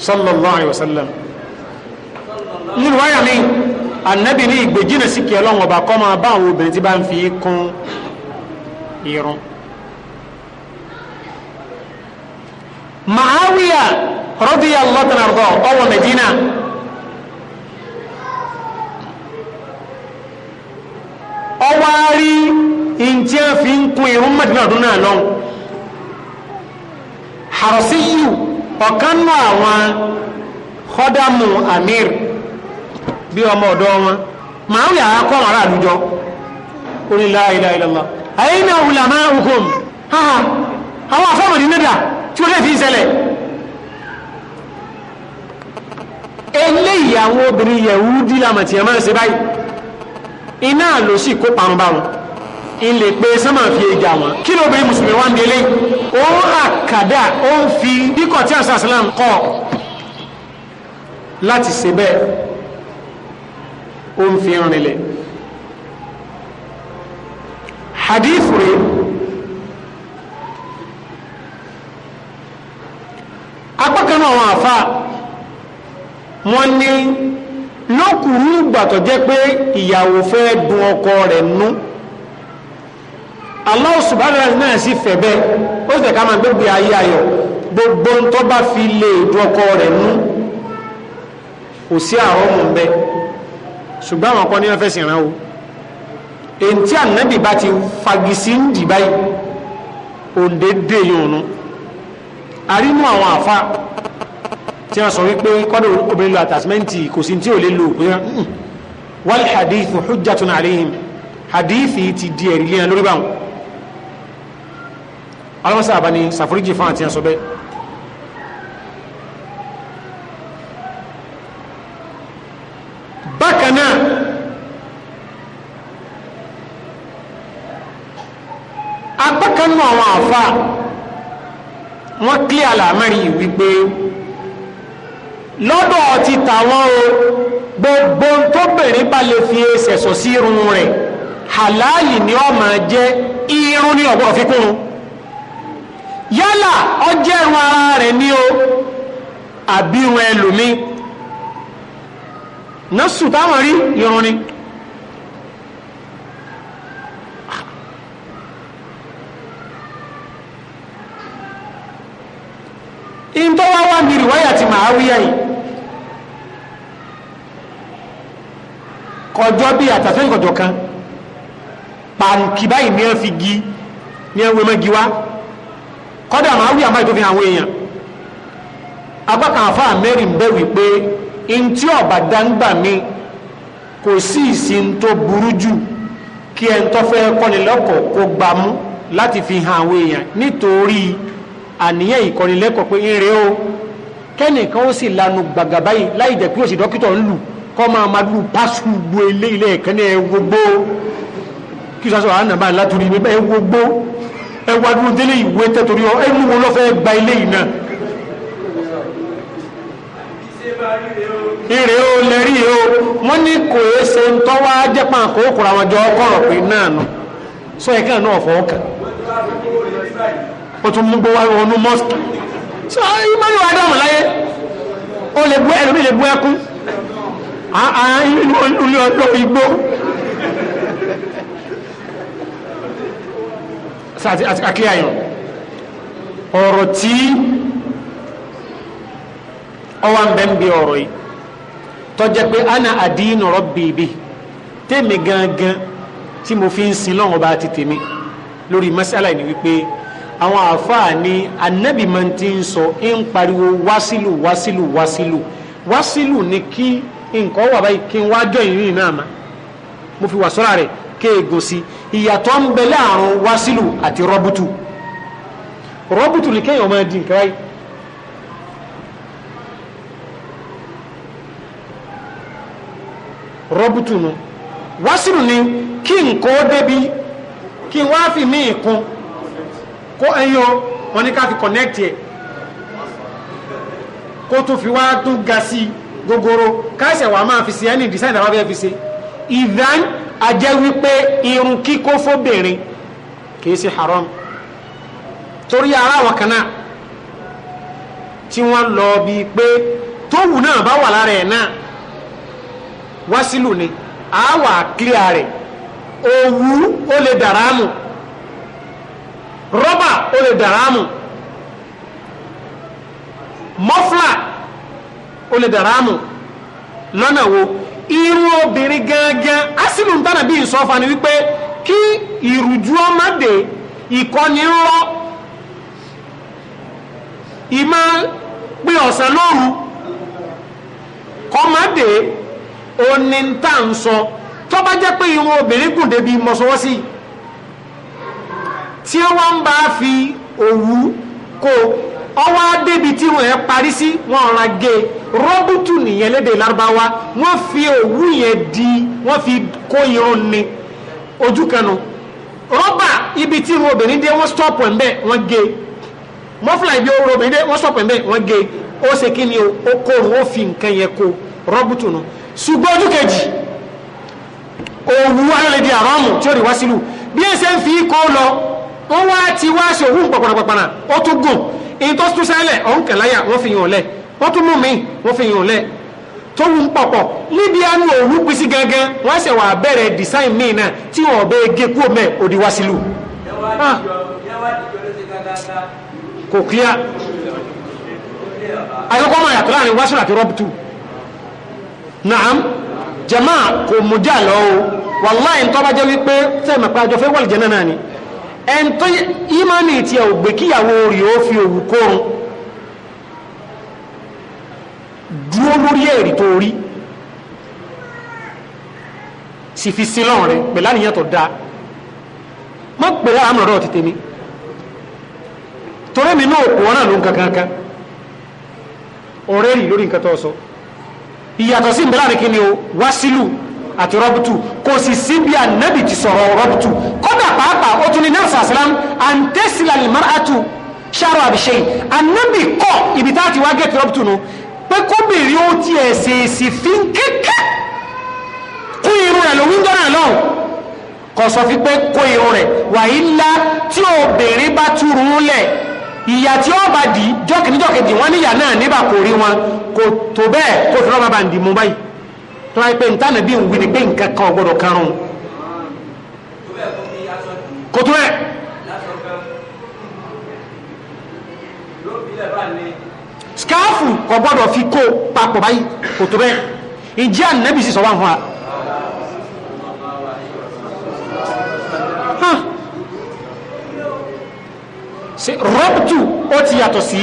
sallallahu alayhi wa sallam nínú wáyà mi ànábì ni ìgbèjìnà sí kí ọlọ́wọ̀n ọba kọ́ máa bá àwọn obìnrin tí bá ń fi kún irun Muawiya radiyallahu anhu ọwọ́ Medina ọwọ́ àárí ìntí à fi ń kun irun Medina ọdún náà lọ Harasiyu ọ̀kan nù àwọn kọ́dàmù amir bí ọmọ ọ̀dọ́ wọn Muawiya akọ́ àwọn aráàlú jọ onílàáìláìlọ́lá ayé àwọn afọ́mọ̀ ní nídà tí ó lè fi ṣẹlẹ̀ eléyìí àwọn obìnrin yẹ̀wúdí lámàtí ẹ̀mọ́ ṣe báyìí iná ló sì kó parun bá wọn ilé pé sọ́mà fi èjà wọn kí ló bẹ́ẹ̀ mùsùlùmí wá ń délé ó ń ó ń fi díkọ̀ tí àṣà islam kọ́ láti ṣe bẹ́ẹ̀ ó ń fi rinlẹ̀ hadith rèé apákan náà wọn àfa wọn ní lókùnrin ìgbà tó jẹ́ pé ìyàwó fẹ́ dun ọkọ rẹ̀ nú Allah subhanahu wa ta'ala náà sì fẹ́ bẹ́ẹ̀ ó sì fẹ́ ká máa gbégbé ayé ayọ̀ gbogbo ń tó bá fi lè dun ọkọ rẹ̀ nú kò sí àwọn ọmọ ńbẹ ṣùgbọ́n àwọn kan ní wọ́n fẹ́sìn rán o èyí tí ànábì bá ti fagisi ń dì báyìí yóò nù. No? arínú àwọn àfa tí wọ́n sọ wípé kọ́dọ̀ obìnrin lo àtàsímẹ́ǹtì kò sí tí ò lè lo òpin hmm. wal hadith hujjatun alayhim hadith ti di ẹ̀rí lẹ́yìn lórí báwọn alamasa abani saforíjì fún àti ẹ̀sọ́ bẹ́ẹ̀ bákan náà àwọn àfa wọ́n kílẹ̀ àlàmẹ́rin yìí wípé lọ́dọ̀ ti tàwọn o gbogbo tó bèrè bá lè fi ṣẹ̀sọ̀ sí irun rẹ̀ halali ni ó máa jẹ́ irun ní ọ̀gbọ́n fi kún un yálà ọjẹ́ irun ara rẹ̀ ni o àbí irun ẹlòmí násù táwọn rí irun ni. in tó wá wá mi rìwáyà ti màá wíyà yìí kọjọ bí kan pàǹkì báyìí ní ẹ fi gi ní ẹ wé mẹ́gi wá kọ́dà màá wíyà tó fi àwọn èèyàn apá kan mẹ́rin bẹ́ wípé in tí ọ̀bà dáńgbà mi kò sí ìsin tó burú jù kí ẹ ń tọ́fẹ́ kọ́ni kó fi hàn àwọn èèyàn nítorí àníyàn ìkọnilẹ́kọ̀ọ́ pé ń o kẹ́nìkan ó sì lanu gbàgà báyìí láì jẹ́ pé ó sì dókítà ń lù kọ́ máa ma lù pásù gbó ilé ilé ẹ̀kan ní ẹgbogbo kí sọ́sọ́ àánà máa látòrí ní ẹgbogbo ẹwà dúró délé ìwé tẹ́torí ọ ẹnu wo lọ́fẹ́ gba ilé yìí náà. ìrè o lẹ́rí o wọ́n ní kò é ṣe ń tọ́wọ́ ajẹ́pà kókòrò àwọn ọjọ́ ọkọ̀rọ̀ pé náà nù sọ ẹ̀ka náà fọ́ ó tún mú gbówá ọ̀nù mọ́sùkì sọ ìmọ̀lù adámù láyé ó lè bú ẹ̀rọ mi lè bú ẹkún ilé ọjọ́ igbó àti àkíyàyàn ọ̀rọ̀ tí ọwà ń bẹ́ ń bí ọ̀rọ̀ yìí tọ́jẹ́ pé ana àdínà rọ́bì ibi gangan tí mo fi ń sin lọ́wọ́ bá ti tèmi lórí masala ni wípé àwọn àfáà ní anabi máa ti ń sọ ń pariwo wásílù wásílù wásílù wásílù ni kí nǹkan wà báyìí kí n wá jọ ìrìn náà ma mo fi wà sọ́ra rẹ̀ kéègùn sí ìyàtọ̀ ń bẹ láàrin wásílù àti rọ́bùtù rọ́bùtù ni kéèyàn máa di nǹkan báyìí rọ́bùtù nu wásílù ni kí nǹkan ó débi kí n wá fi mí ìkun kó ẹyin o wọn ní ká fi connect yẹ kó tún fi wá tún ga sí gogoro káṣẹ̀ wàá máa fi ṣe ẹni design àwọn abẹ́ẹ́ fi ṣe ìdán ajẹ́ wípé irun kíkó fóbìnrin kìí ṣe haram torí ara àwọn kan náà tí wọ́n lọ bíi pé tóòwù náà bá wà lára ẹ̀ náà wá sílù ni àá clear rẹ̀ òwú ó lè dàrámù rọ́bà ó lè dàrámù mọ́flà ó lè dàrámù lọ́nà wo irú obìnrin gangan asínú tánà bí ìsọfà ni wípé kí ìrùjú ọmọdé ìkọni ńlọ ìmá pé ọ̀sán lóru kọmọdé oníntà ń sọ tó bá jẹ́ pé irun obìnrin gùn débi mọ̀sọ́wọ́sí yìí tí wọ́n ń bá fi òwú kó ọwọ́ débi tí wọ́n yẹn parí sí wọ́n ra gé rọ́bùtù nìyẹn lédè lárúbáwá wọ́n fi òwú yẹn di wọ́n fi kó irun ni ojú kanu rọ́bà ibi tí irun obìnrin dé wọ́n stọ́ọ̀pù ẹ̀ wọ́n gé mọ́fìlà ibi orun obìnrin dé wọ́n stọ́ọ̀pù ẹ̀ wọ́n gé ó ṣe kí ni ó kóòrùn ó fi nǹkan yẹn kó rọ́bùtù nu ṣùgbọ́n ojú kejì òwú ayọ̀lẹ̀dì àrọ́mù tí ó rí wá sílù bí ẹ wọ́n wá ti wá ṣe òhun pàpàràpàpàrà ó tún gùn èyí tó tún sẹ́lẹ̀ ọ̀hún kẹláyà wọ́n fi yàn lẹ̀ wọ́n tún mú mi wọ́n fi yàn lẹ̀ tó wù pọ̀pọ̀ níbi anú òhun pisi gangan wọ́n ṣẹ̀ wà bẹ̀rẹ̀ design míì náà tí wọ́n bẹ gé kú mẹ́ òdi wá sílù. Ah. kò máa yàtọ̀ naam jama kò mú jà lọ́wọ́ wàláì ń ẹn tó ìmánì tí ẹ̀ ògbé kíyàwó rí ó fi òwú kórun dúró lórí ẹ̀rí tó rí sì fi sílọ̀ rẹ̀ pẹ̀lú àníyàn tó dáa mọ́ pẹ̀lú àmọ̀rọ̀ ti tèmi torí mi náà kò wọ́n náà ló ń kankankan ọ̀rẹ́ rí lórí nǹkan tó sọ ìyàtọ̀ sí ìbẹ̀lá ní ni o wá sílù àti rọ́bùtù kò sì sí bí ànábì ti sọ̀rọ̀ rọ́bùtù kódà pàápàá ó tún ní náà sàṣàlám àǹtẹ́sílà lè máa tù ṣàrò àbíṣe ànábì kọ́ ibi tá a ti wá gẹ̀tì rọ́bùtù nu pé kóbìnrin ó ti ẹ̀ ṣèèṣì fi ń kéké kú irun rẹ̀ ló wíńdọ́ náà lọ́hùn kò sọ fi pé kó irun rẹ̀ wàyí ńlá tí obìnrin bá túrú lẹ̀ ìyà tí ó bá dì jọ́kìníjọ́kejì wọ́n níyà náà níbà kò rí wọn kò tó bẹ́ẹ̀ kó fi rọ́ bàbá ń báyìí tó wáyé pé ntànà bí ń wí ni pé nǹkan kan ọgbọ́dọ̀ karùn-ún kòtò ẹ̀. skaafu kò gbọ́dọ̀ fi kó papọ̀ báyìí kòtò bẹ́ẹ̀ ìjẹ́ ànábì sì sọ wá fún wa. rọ́pùtù ó ti yàtọ̀ sí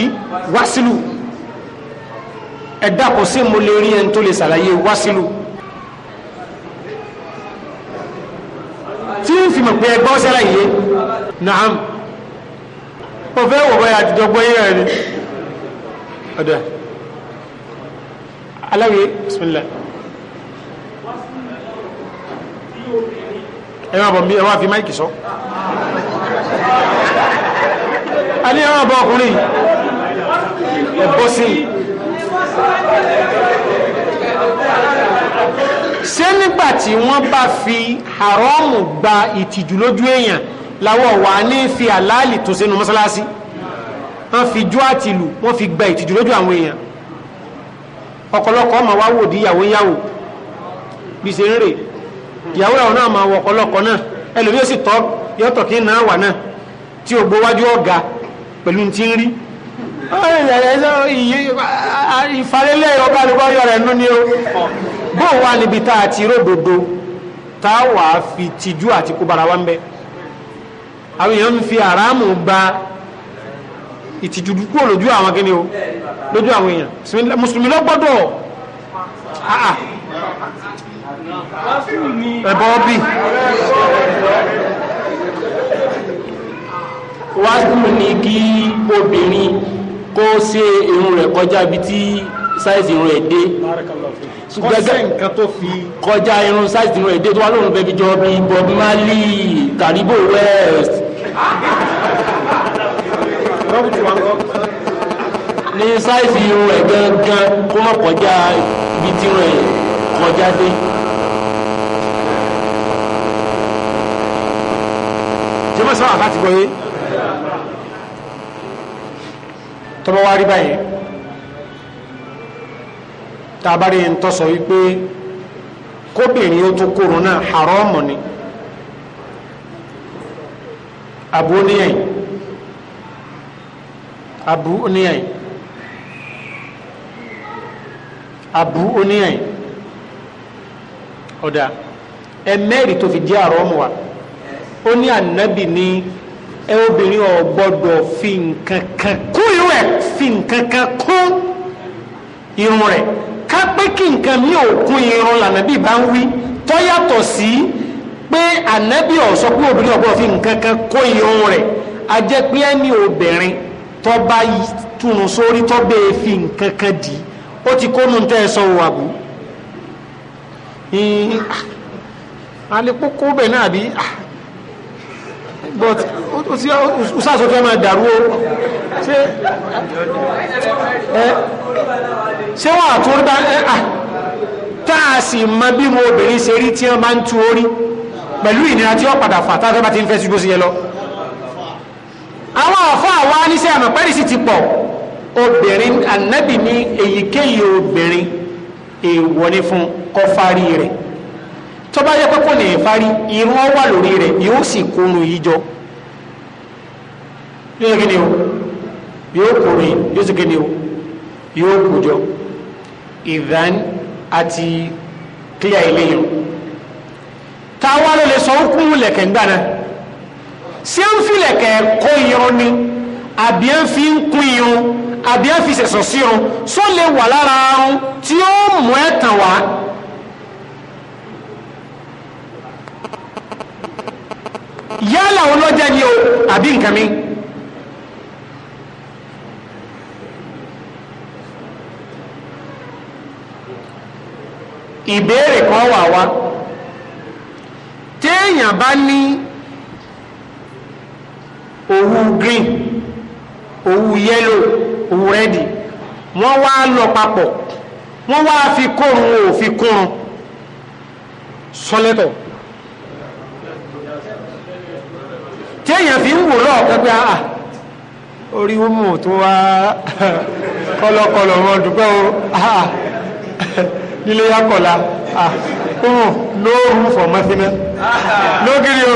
wásílù ẹ̀dá kò sí mo lè rí ẹni tó lè ṣàlàyé wásílù. ti mọ̀ pé ẹgbọ́n sẹ́lá yìí naam mo fẹ́ wò báyà àtijọ́ gbọ́ yín rẹ̀ ni ọ̀dọ̀ aláwìyé bismillah ẹ máa bọ̀ mí ẹ wá fi máìkì sọ a ní ẹ̀rọ ọ̀bọ ọkùnrin ẹ̀ bọ́ sí i ṣé nígbà tí wọ́n bá fi haramu gba ìtìjú lójú èèyàn láwọ̀ wà ní fi àlàálì tó sínú mọ́sálásí wọ́n fi jó àtìlù wọ́n fi gba ìtìjú lójú àwọn èèyàn ọ̀pọ̀lọpọ̀ ọmọ wa wò di ìyàwó yàwó bí ṣe ń rè ìyàwó yàwó náà máa wọ ọ̀pọ̀lọpọ̀ náà ẹlòmí ó sì tọ́ yọ́tọ̀ kí náà wà náà tí ó gbówájú ọ̀gá pẹ̀lú ti ń rí ìfarelé ọba àlùkọ́ yọ nú ni ó bóò wá níbi tá a ti ródòdó tá a wà fi tìjú àti kó bara wa ń bẹ àwọn èèyàn fi àràmù gba ìtìjú kúrò lójú àwọn kíni o lójú àwọn èèyàn mùsùlùmí lọ gbọ́dọ̀ ah, ah. ẹbọ bí wáṣíkù ní kí obìnrin kó ṣe irun rẹ̀ kọjá bí tí sáìsì rẹ̀ dé gẹ́gẹ́ nǹkan tó fi kọjá irun sáìsì rẹ̀ dé tó wà lóhùn bẹ́ẹ̀ fi jọ bí Bob Marley Taribo West. ní sáìsì irun rẹ̀ gangan kó má kọjá ibi tí rẹ̀ kọjá dé. jẹ́mọ̀ sọ́wọ́ àbá ti gbọ́ yé tọ́mọ wa rí báyìí tabari ń tọ́sọ wípé kóbìnrin ó tún kórun náà haramu ni abu oníyàn abu oníyàn abu oníyàn ọ̀dà ẹ̀mẹ́rì tó fi jẹ́ haramu wa ó ní ànábì ní ẹ obìnrin ò fi nǹkan kan kún irun fi nǹkan kan irun rẹ̀ ká pé kí nǹkan mi ò kún irun lànàbí bá ń wí tó yàtọ̀ sí pé ànábì ọ̀sọ́ pé obìnrin ọ̀gbọ́n fi nǹkan kan kó irun rẹ̀ a jẹ́ pé ẹni obìnrin tó bá túnú sórí tó bẹ́ẹ̀ fi nǹkan kan dì í ó ti kó nu tẹ́ ẹ sọ wà bú alẹ́ ah, kókó bẹ̀ náà bí ah, but ó sì sáàsọ fẹ́ máa dàrú ó ṣe ẹ ṣé wọ́n àtúrú bá ẹ à táà sì mọ bí mo obìnrin ṣe rí tí wọ́n bá ń tu orí pẹ̀lú ìnira tí ó padà fà táà fẹ́ bá ti ń fẹ́ sí bó yẹ lọ àwọn àfọ àwa níṣẹ́ àmọ̀ pẹ́rì sì ti pọ̀ obìnrin ànábì ní èyíkéyìí obìnrin èèwọ̀ ni fún kọfárí rẹ̀ tó bá yẹ pé kò lè parí irun ọ wà lórí rẹ̀ yóò sì kónu yìí jọ yóò gíní o yóò kónu yóò sì gíní o yóò kú jọ ìdán àti kíyà ilé yìí táwa ló lè sọ ó kú ńgbà náà ṣé ń fi lẹ̀kẹ̀ kó irun ni àbí ń fi ń kún irun àbí ń fi sẹ̀sọ̀ sí irun só lè wà lára arun tí ó mú ẹ̀tàn wá. yálà ọlọ́jà ni o àbí nǹkan mi. ìbéèrè kan wà wá téèyàn bá ní òwú green òwú yellow òwú rẹ́dì wọ́n wá lọ papọ̀ wọ́n wá fi kórun ò fi kórun sọ́lẹ́tọ̀. tí èèyàn fi ń wò lọ́ọ̀kẹ́ àà ah, ah, orí wúmù tó wá kọlọkọlọ wọn dùpẹ́ o ah, nílé yakọ̀la àà wúmù no room for mọ́fínà no o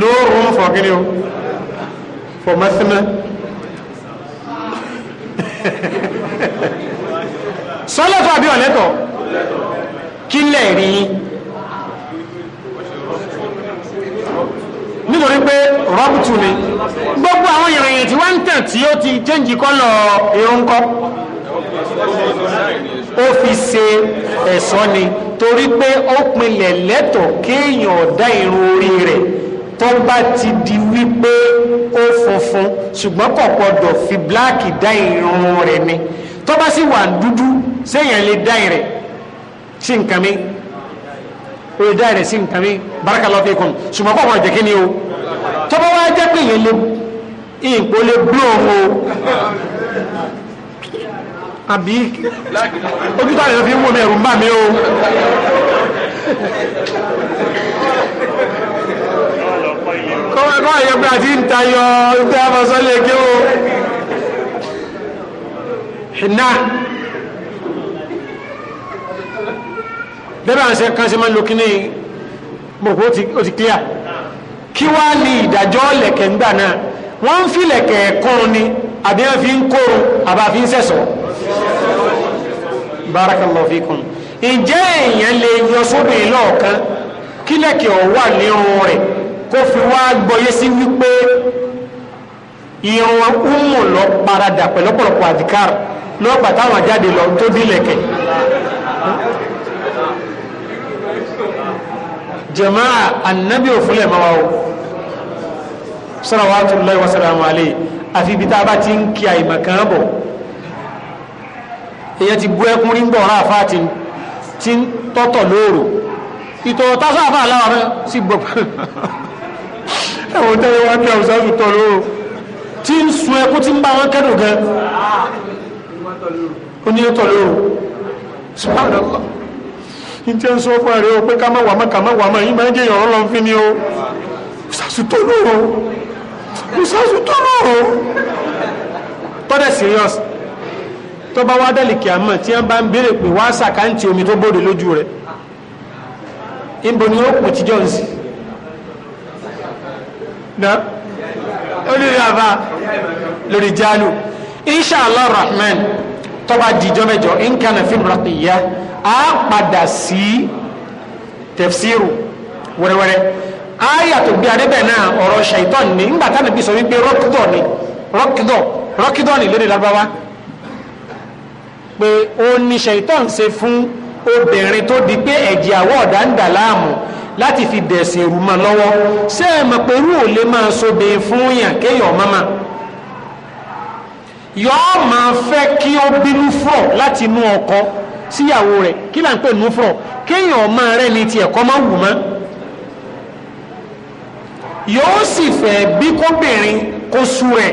no room for gírí o for mọ́fínà sọ́lọ́tọ̀ àbí ọ̀lẹ́tọ̀ kí lẹ́ẹ̀rí nítorí pé rọ́pùtù ni gbogbo àwọn ìrìnyìn tí wọ́n ń tàn tí ó ti jẹ́ǹjì kọ́lọ̀ erunkọ́ ó fi ṣe ẹ̀ṣọ́ ni torí pé ó pinlẹ̀ lẹ́tọ̀ kéèyàn ọ̀dá irun orí rẹ̀ tó bá ti di wípé ó funfun ṣùgbọ́n kò gbọdọ̀ fi bíláàkì dá irun rẹ̀ ni tó bá sì wà dúdú séèyàn lè dá irẹ̀ sí nǹkan mi ó lè dá ẹ̀rẹ̀ sí nǹkan mi barakallahu fikum ṣùgbọ́n kọ́ ọ̀rọ̀ jẹ́kí ni o tọ́bọ̀ wá jẹ́ pé yẹn lè ìpò lè bló o àbí ojútà rẹ̀ fi ń wọ́n ẹ̀rù ń bà mí o kọ́wọ́ ẹ̀yẹ pé àti ń tayọ ìgbé àfọ́sọ́lẹ̀ kí o ṣìnà bẹ́ẹ̀ bá ń ṣe kan ṣe máa ń lo kíní mọ̀pọ̀ ó ti clear kí wá ní ìdájọ́ lẹ̀kẹ̀ ńgbà náà wọ́n ń fi lẹ̀kẹ̀ kọrun ni àbí wọ́n fi ń kórun àbá fi ń sẹ̀sọ̀ barakallahu fikum ǹjẹ́ èèyàn lè yọ sóbìnrin lọ́ọ̀kan kí lẹ̀kẹ̀ ọ̀ wà ní fi wá gbọ́yé umu lọ paradà pẹ̀lọ́pọ̀lọpọ̀ àdìkárì lọ́gbà táwọn jáde lọ tó dín lẹ̀kẹ̀ jama'a annabi ò fúnlẹ̀ mọ́ wa o salawatullahi wa salamu alayhi àfi ibi tá a bá ti ń kí àìmọ̀ kan bọ̀ èyàn ti bú ẹkún rí ń bọ̀ ọ̀rá àfáà ti ń tọ́tọ̀ lóòrò ìtọ̀ tásọ̀ àfáà láwọn rẹ̀ sì bọ̀ ẹ̀wọ̀n tẹ́lẹ̀ wá ní àwùsá tó tọ̀ lóòrò tí ń sun ẹkún tí ń gan ó ní ó subhanallah njẹ́ ń sọ fún o pé ká má wà má ká má wà má yín fi ni o ìsàsùtò lóró ìsàsùtò lóró tọ́dẹ̀ serious tó bá wá a àmọ́ tí wọ́n bá ń béèrè pé wá sàkáǹtì omi tó bòde lójú rẹ̀ ìbò ni ó kù tí jọ́nsì lórí jálù rahman. tọ́ba dijọ́ mẹ́jọ nkànnà fi raqiya á padà sí tafsiru wẹ́rẹ́wẹ́rẹ́ áyà tó gbé adébẹ̀ náà ọ̀rọ̀ ṣàìtàn ni ńgbà táwọn ibi sọ wípé rọ́kìdọ̀ ni rọ́kìdọ̀ rọ́kìdọ̀ ni lóde lágbáwá pé ó ní ṣàìtàn ṣe fún obìnrin tó di pé ẹ̀jẹ̀ àwọ̀ ọ̀dà ń dà láàmú láti fi dẹ̀sìn rú mọ́ lọ́wọ́ ẹ mọ̀ pé irú ò lè máa sobe fún yàn kéèyàn mọ́mọ́ yọọ máa fẹ́ kí ó bínú fúrọ̀ láti inú ọkọ síyàwó rẹ̀ kí là ń pè nú fúrọ̀ kéèyàn ọmọ rẹ̀ ní tiẹ̀ kọ́ máa wù mọ́ yóò sì fẹ́ bí kóbìnrin kó sú rẹ̀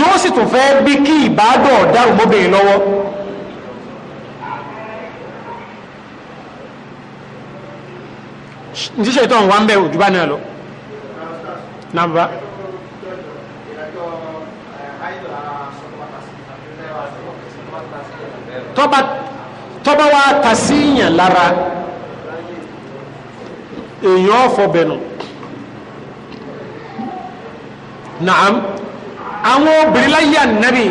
yóò sì tún fẹ́ bí kí ìbádọ̀ dárò mọ́bìnrin lọ́wọ́ ní ṣíṣe ìtọ́ àwọn wa ń bẹ̀rù jù náà lọ nàbà. tọ́ba tọ́ba wa ta sí yàn lára èèyàn ọ̀fọ̀bẹ̀nù naam àwọn obìnrin láyé ànábì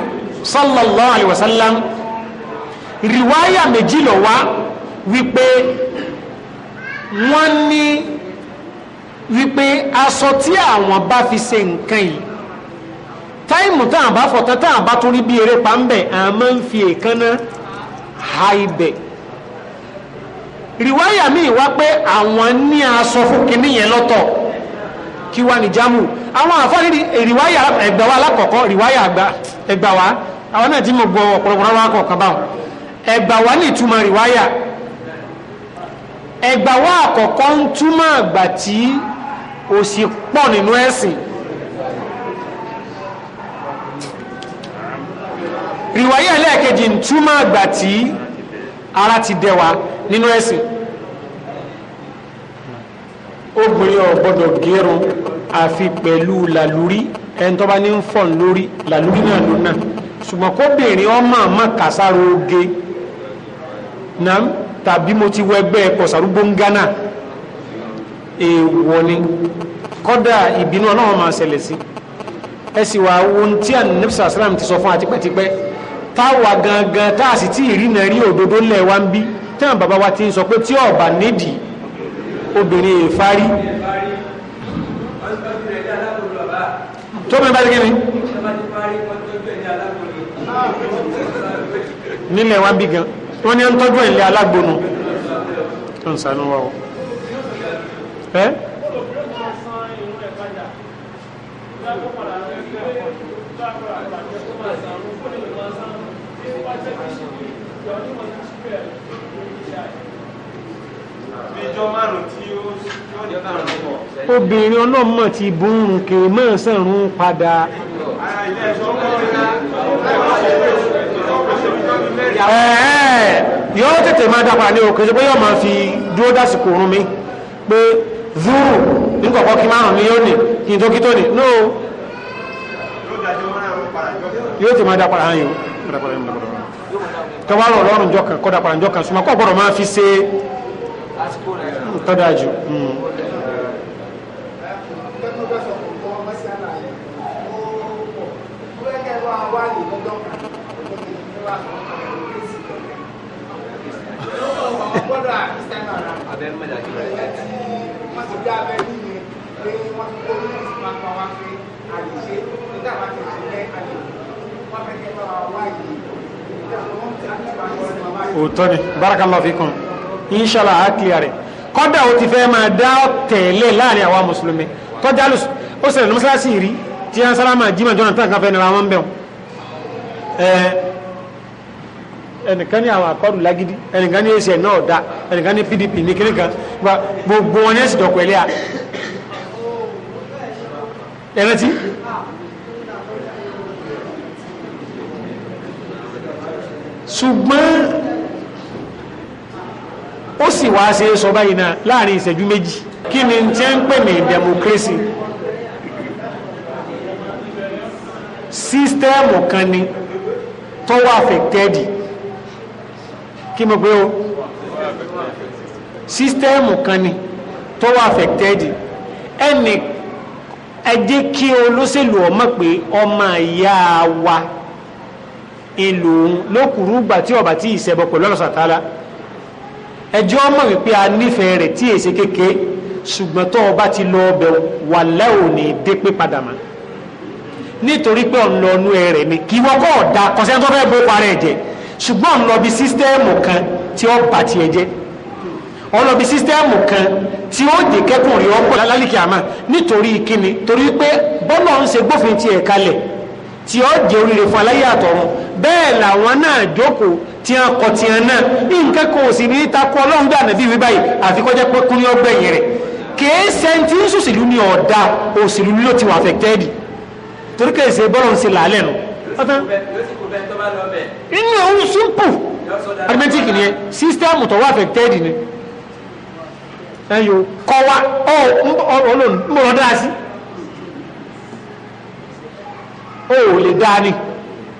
sallallahu alayhi wa sallam riwaya méjì lọ wá wípé wọ́n ní wípé aṣọ tí àwọn bá fi ṣe nǹkan yìí táìmù táwọn bá fọ̀tán táwọn bá tún rí bí eré pa ń bẹ̀ àwọn ń fi èékánná ha ibẹ̀ rìwáyà míì wá pé àwọn ní aṣọ fún kinní yẹn lọ́tọ̀ kí wá ní jámù àwọn àfọ́lì rìwáyà ẹgbà wa alákọ̀ọ́kọ́ rìwáyà ẹgbà wa àwọn náà tí mo gbọ́ ọ̀pọ̀lọpọ̀ wa kọ̀ọ̀kan báwọn ẹgbà wa ní ìtumọ̀ rìwáyà ẹgbà àkọ́kọ́ ń túmọ̀ àgbà tí òsì pọ̀ nínú ẹ̀sìn rìwáyà lẹ́ẹ̀kejì ń túmọ̀ àgbà tí ara ti dẹ wa nínú ẹ̀sìn obìnrin ò gbọ́dọ̀ gẹrun àfi pẹ̀lú làlúrí ẹni tó bá ní ń fọ̀n lórí làlúrí náà ló náà ṣùgbọ́n kóbìnrin ọmọ àmọ́ kàsáró oge náà tàbí mo ti wọ ẹgbẹ́ kọ̀sárúgbó ń gánà èèwọ̀ ni kọ́dà ìbínú ọlọ́run máa ṣẹlẹ̀ sí ẹ sì wá ohun tí àníbísà sàlámù ti sọ fún àtipẹ́tipẹ́ táwa gangan táà sì tí ìrìnà rí òdodo lẹ̀ wá ń bí táwọn bàbá wa ti ń sọ pé tí ọ̀bà nídìí obìnrin èèfárí tó mẹ́rin bá ti kíni nílẹ̀ wá bí gan wọ́n ní ń tọ́jú ẹ̀lẹ́ alágbónú ọ̀nsánú wa ọ́ ẹ́ obìnrin ọlọ́mọ ti bùn kè mọ́ sẹ̀rún padà yóò tètè máa dápa ní òkè tó pé yóò máa fi dúró dásìkò orun mi pé zuru nígbàkọ́ kí márùn ní yóò nì kí n tó kí tó nì no yóò tè máa dápa ráyìn kọwàá rọ̀ lọ́rùn jọ kan kọ́dápa ráyìn jọ kan ṣùgbọ́n kọ́ gbọ́dọ̀ máa fi ṣe tọ́da jù. Hmm. òótọ́ ni barakallahu fikum inshallah á kílíà rẹ̀ kọ́dà ó ti fẹ́ máa dá tẹ̀lé láàrin àwa mùsùlùmí tọ́jà lùsù ó ṣẹlẹ̀ ní mọ́sálásí rí tí a ń sálámà jimá jọ́nà tán kan fẹ́ nira wọn bẹ̀rù ẹnìkan ní àwọn akọ́dù lágídí ẹnìkan ní èsì ẹ̀ náà dá PDP ní kiri kan gbogbo wọn yẹn sì dọ̀kọ̀ ẹ̀lẹ́à ẹ̀rẹ́tí ṣùgbọ́n ó sì wá si sọ báyìí náà láàrin ìṣẹ́jú méjì kí ni ń democracy sistemu kan ni tó affected kí mo o kan ni tó affected ẹnì ẹ kí olóṣèlú ọmọ pé ọmọ ìyá wa ìlú lókùrú gbà tí ọba tí ìṣẹ́bọ̀ pẹ̀lú ọ̀nà ẹjọ́ mọ̀ wípé a nífẹ̀ẹ́ rẹ̀ tí èsì kéke ṣùgbọ́n tó ọba ti lọ ọbẹ̀ wà lẹ́wọ̀n ní dépé padà mọ́ nítorí pé ọ̀nà ọ̀nù ẹ̀rẹ̀ ni kí wọ́n kọ́ ọ̀dà kọ́sẹ́ńtọ́ fẹ́ bó parẹ́ ẹ̀jẹ̀ ṣùgbọ́n ọ̀nlọ́bi sísítẹ́ẹ̀mù kan tí ó bà tiẹ̀ jẹ́ ọ̀nlọ́bi sísítẹ́ẹ̀mù kan tí ó dè kẹ́kùnrin ọgbọ̀n lálẹ́ kìámà nítorí kíni torí pé bọ́lọ̀ ń tí ó jẹ́ oríire fún aláyé àtọ̀run bẹ́ẹ̀ làwọn náà jókòó tí wọn kọ tí wọn náà nǹkan kò sì ní takọ ọlọ́run bí ànábì wí báyìí àfi kọjá pé kúnlẹ̀ ọgbẹ̀yìn rẹ̀ kìí sẹ́ńtì ń sòsìlú ní ọ̀dà òsìlú ló ti wà fẹ́tẹ́ẹ̀dì torí kìí ṣe bọ́lọ̀ ń ṣe làálẹ̀ nù. inú òun simple arithmetic ni ẹ system tó wà fẹ́tẹ́ẹ̀dì ni ẹ̀yọ kọ́ wa ọ̀ ọ̀lọ́run mọ̀rọ̀ dáa sí. ó lè ni.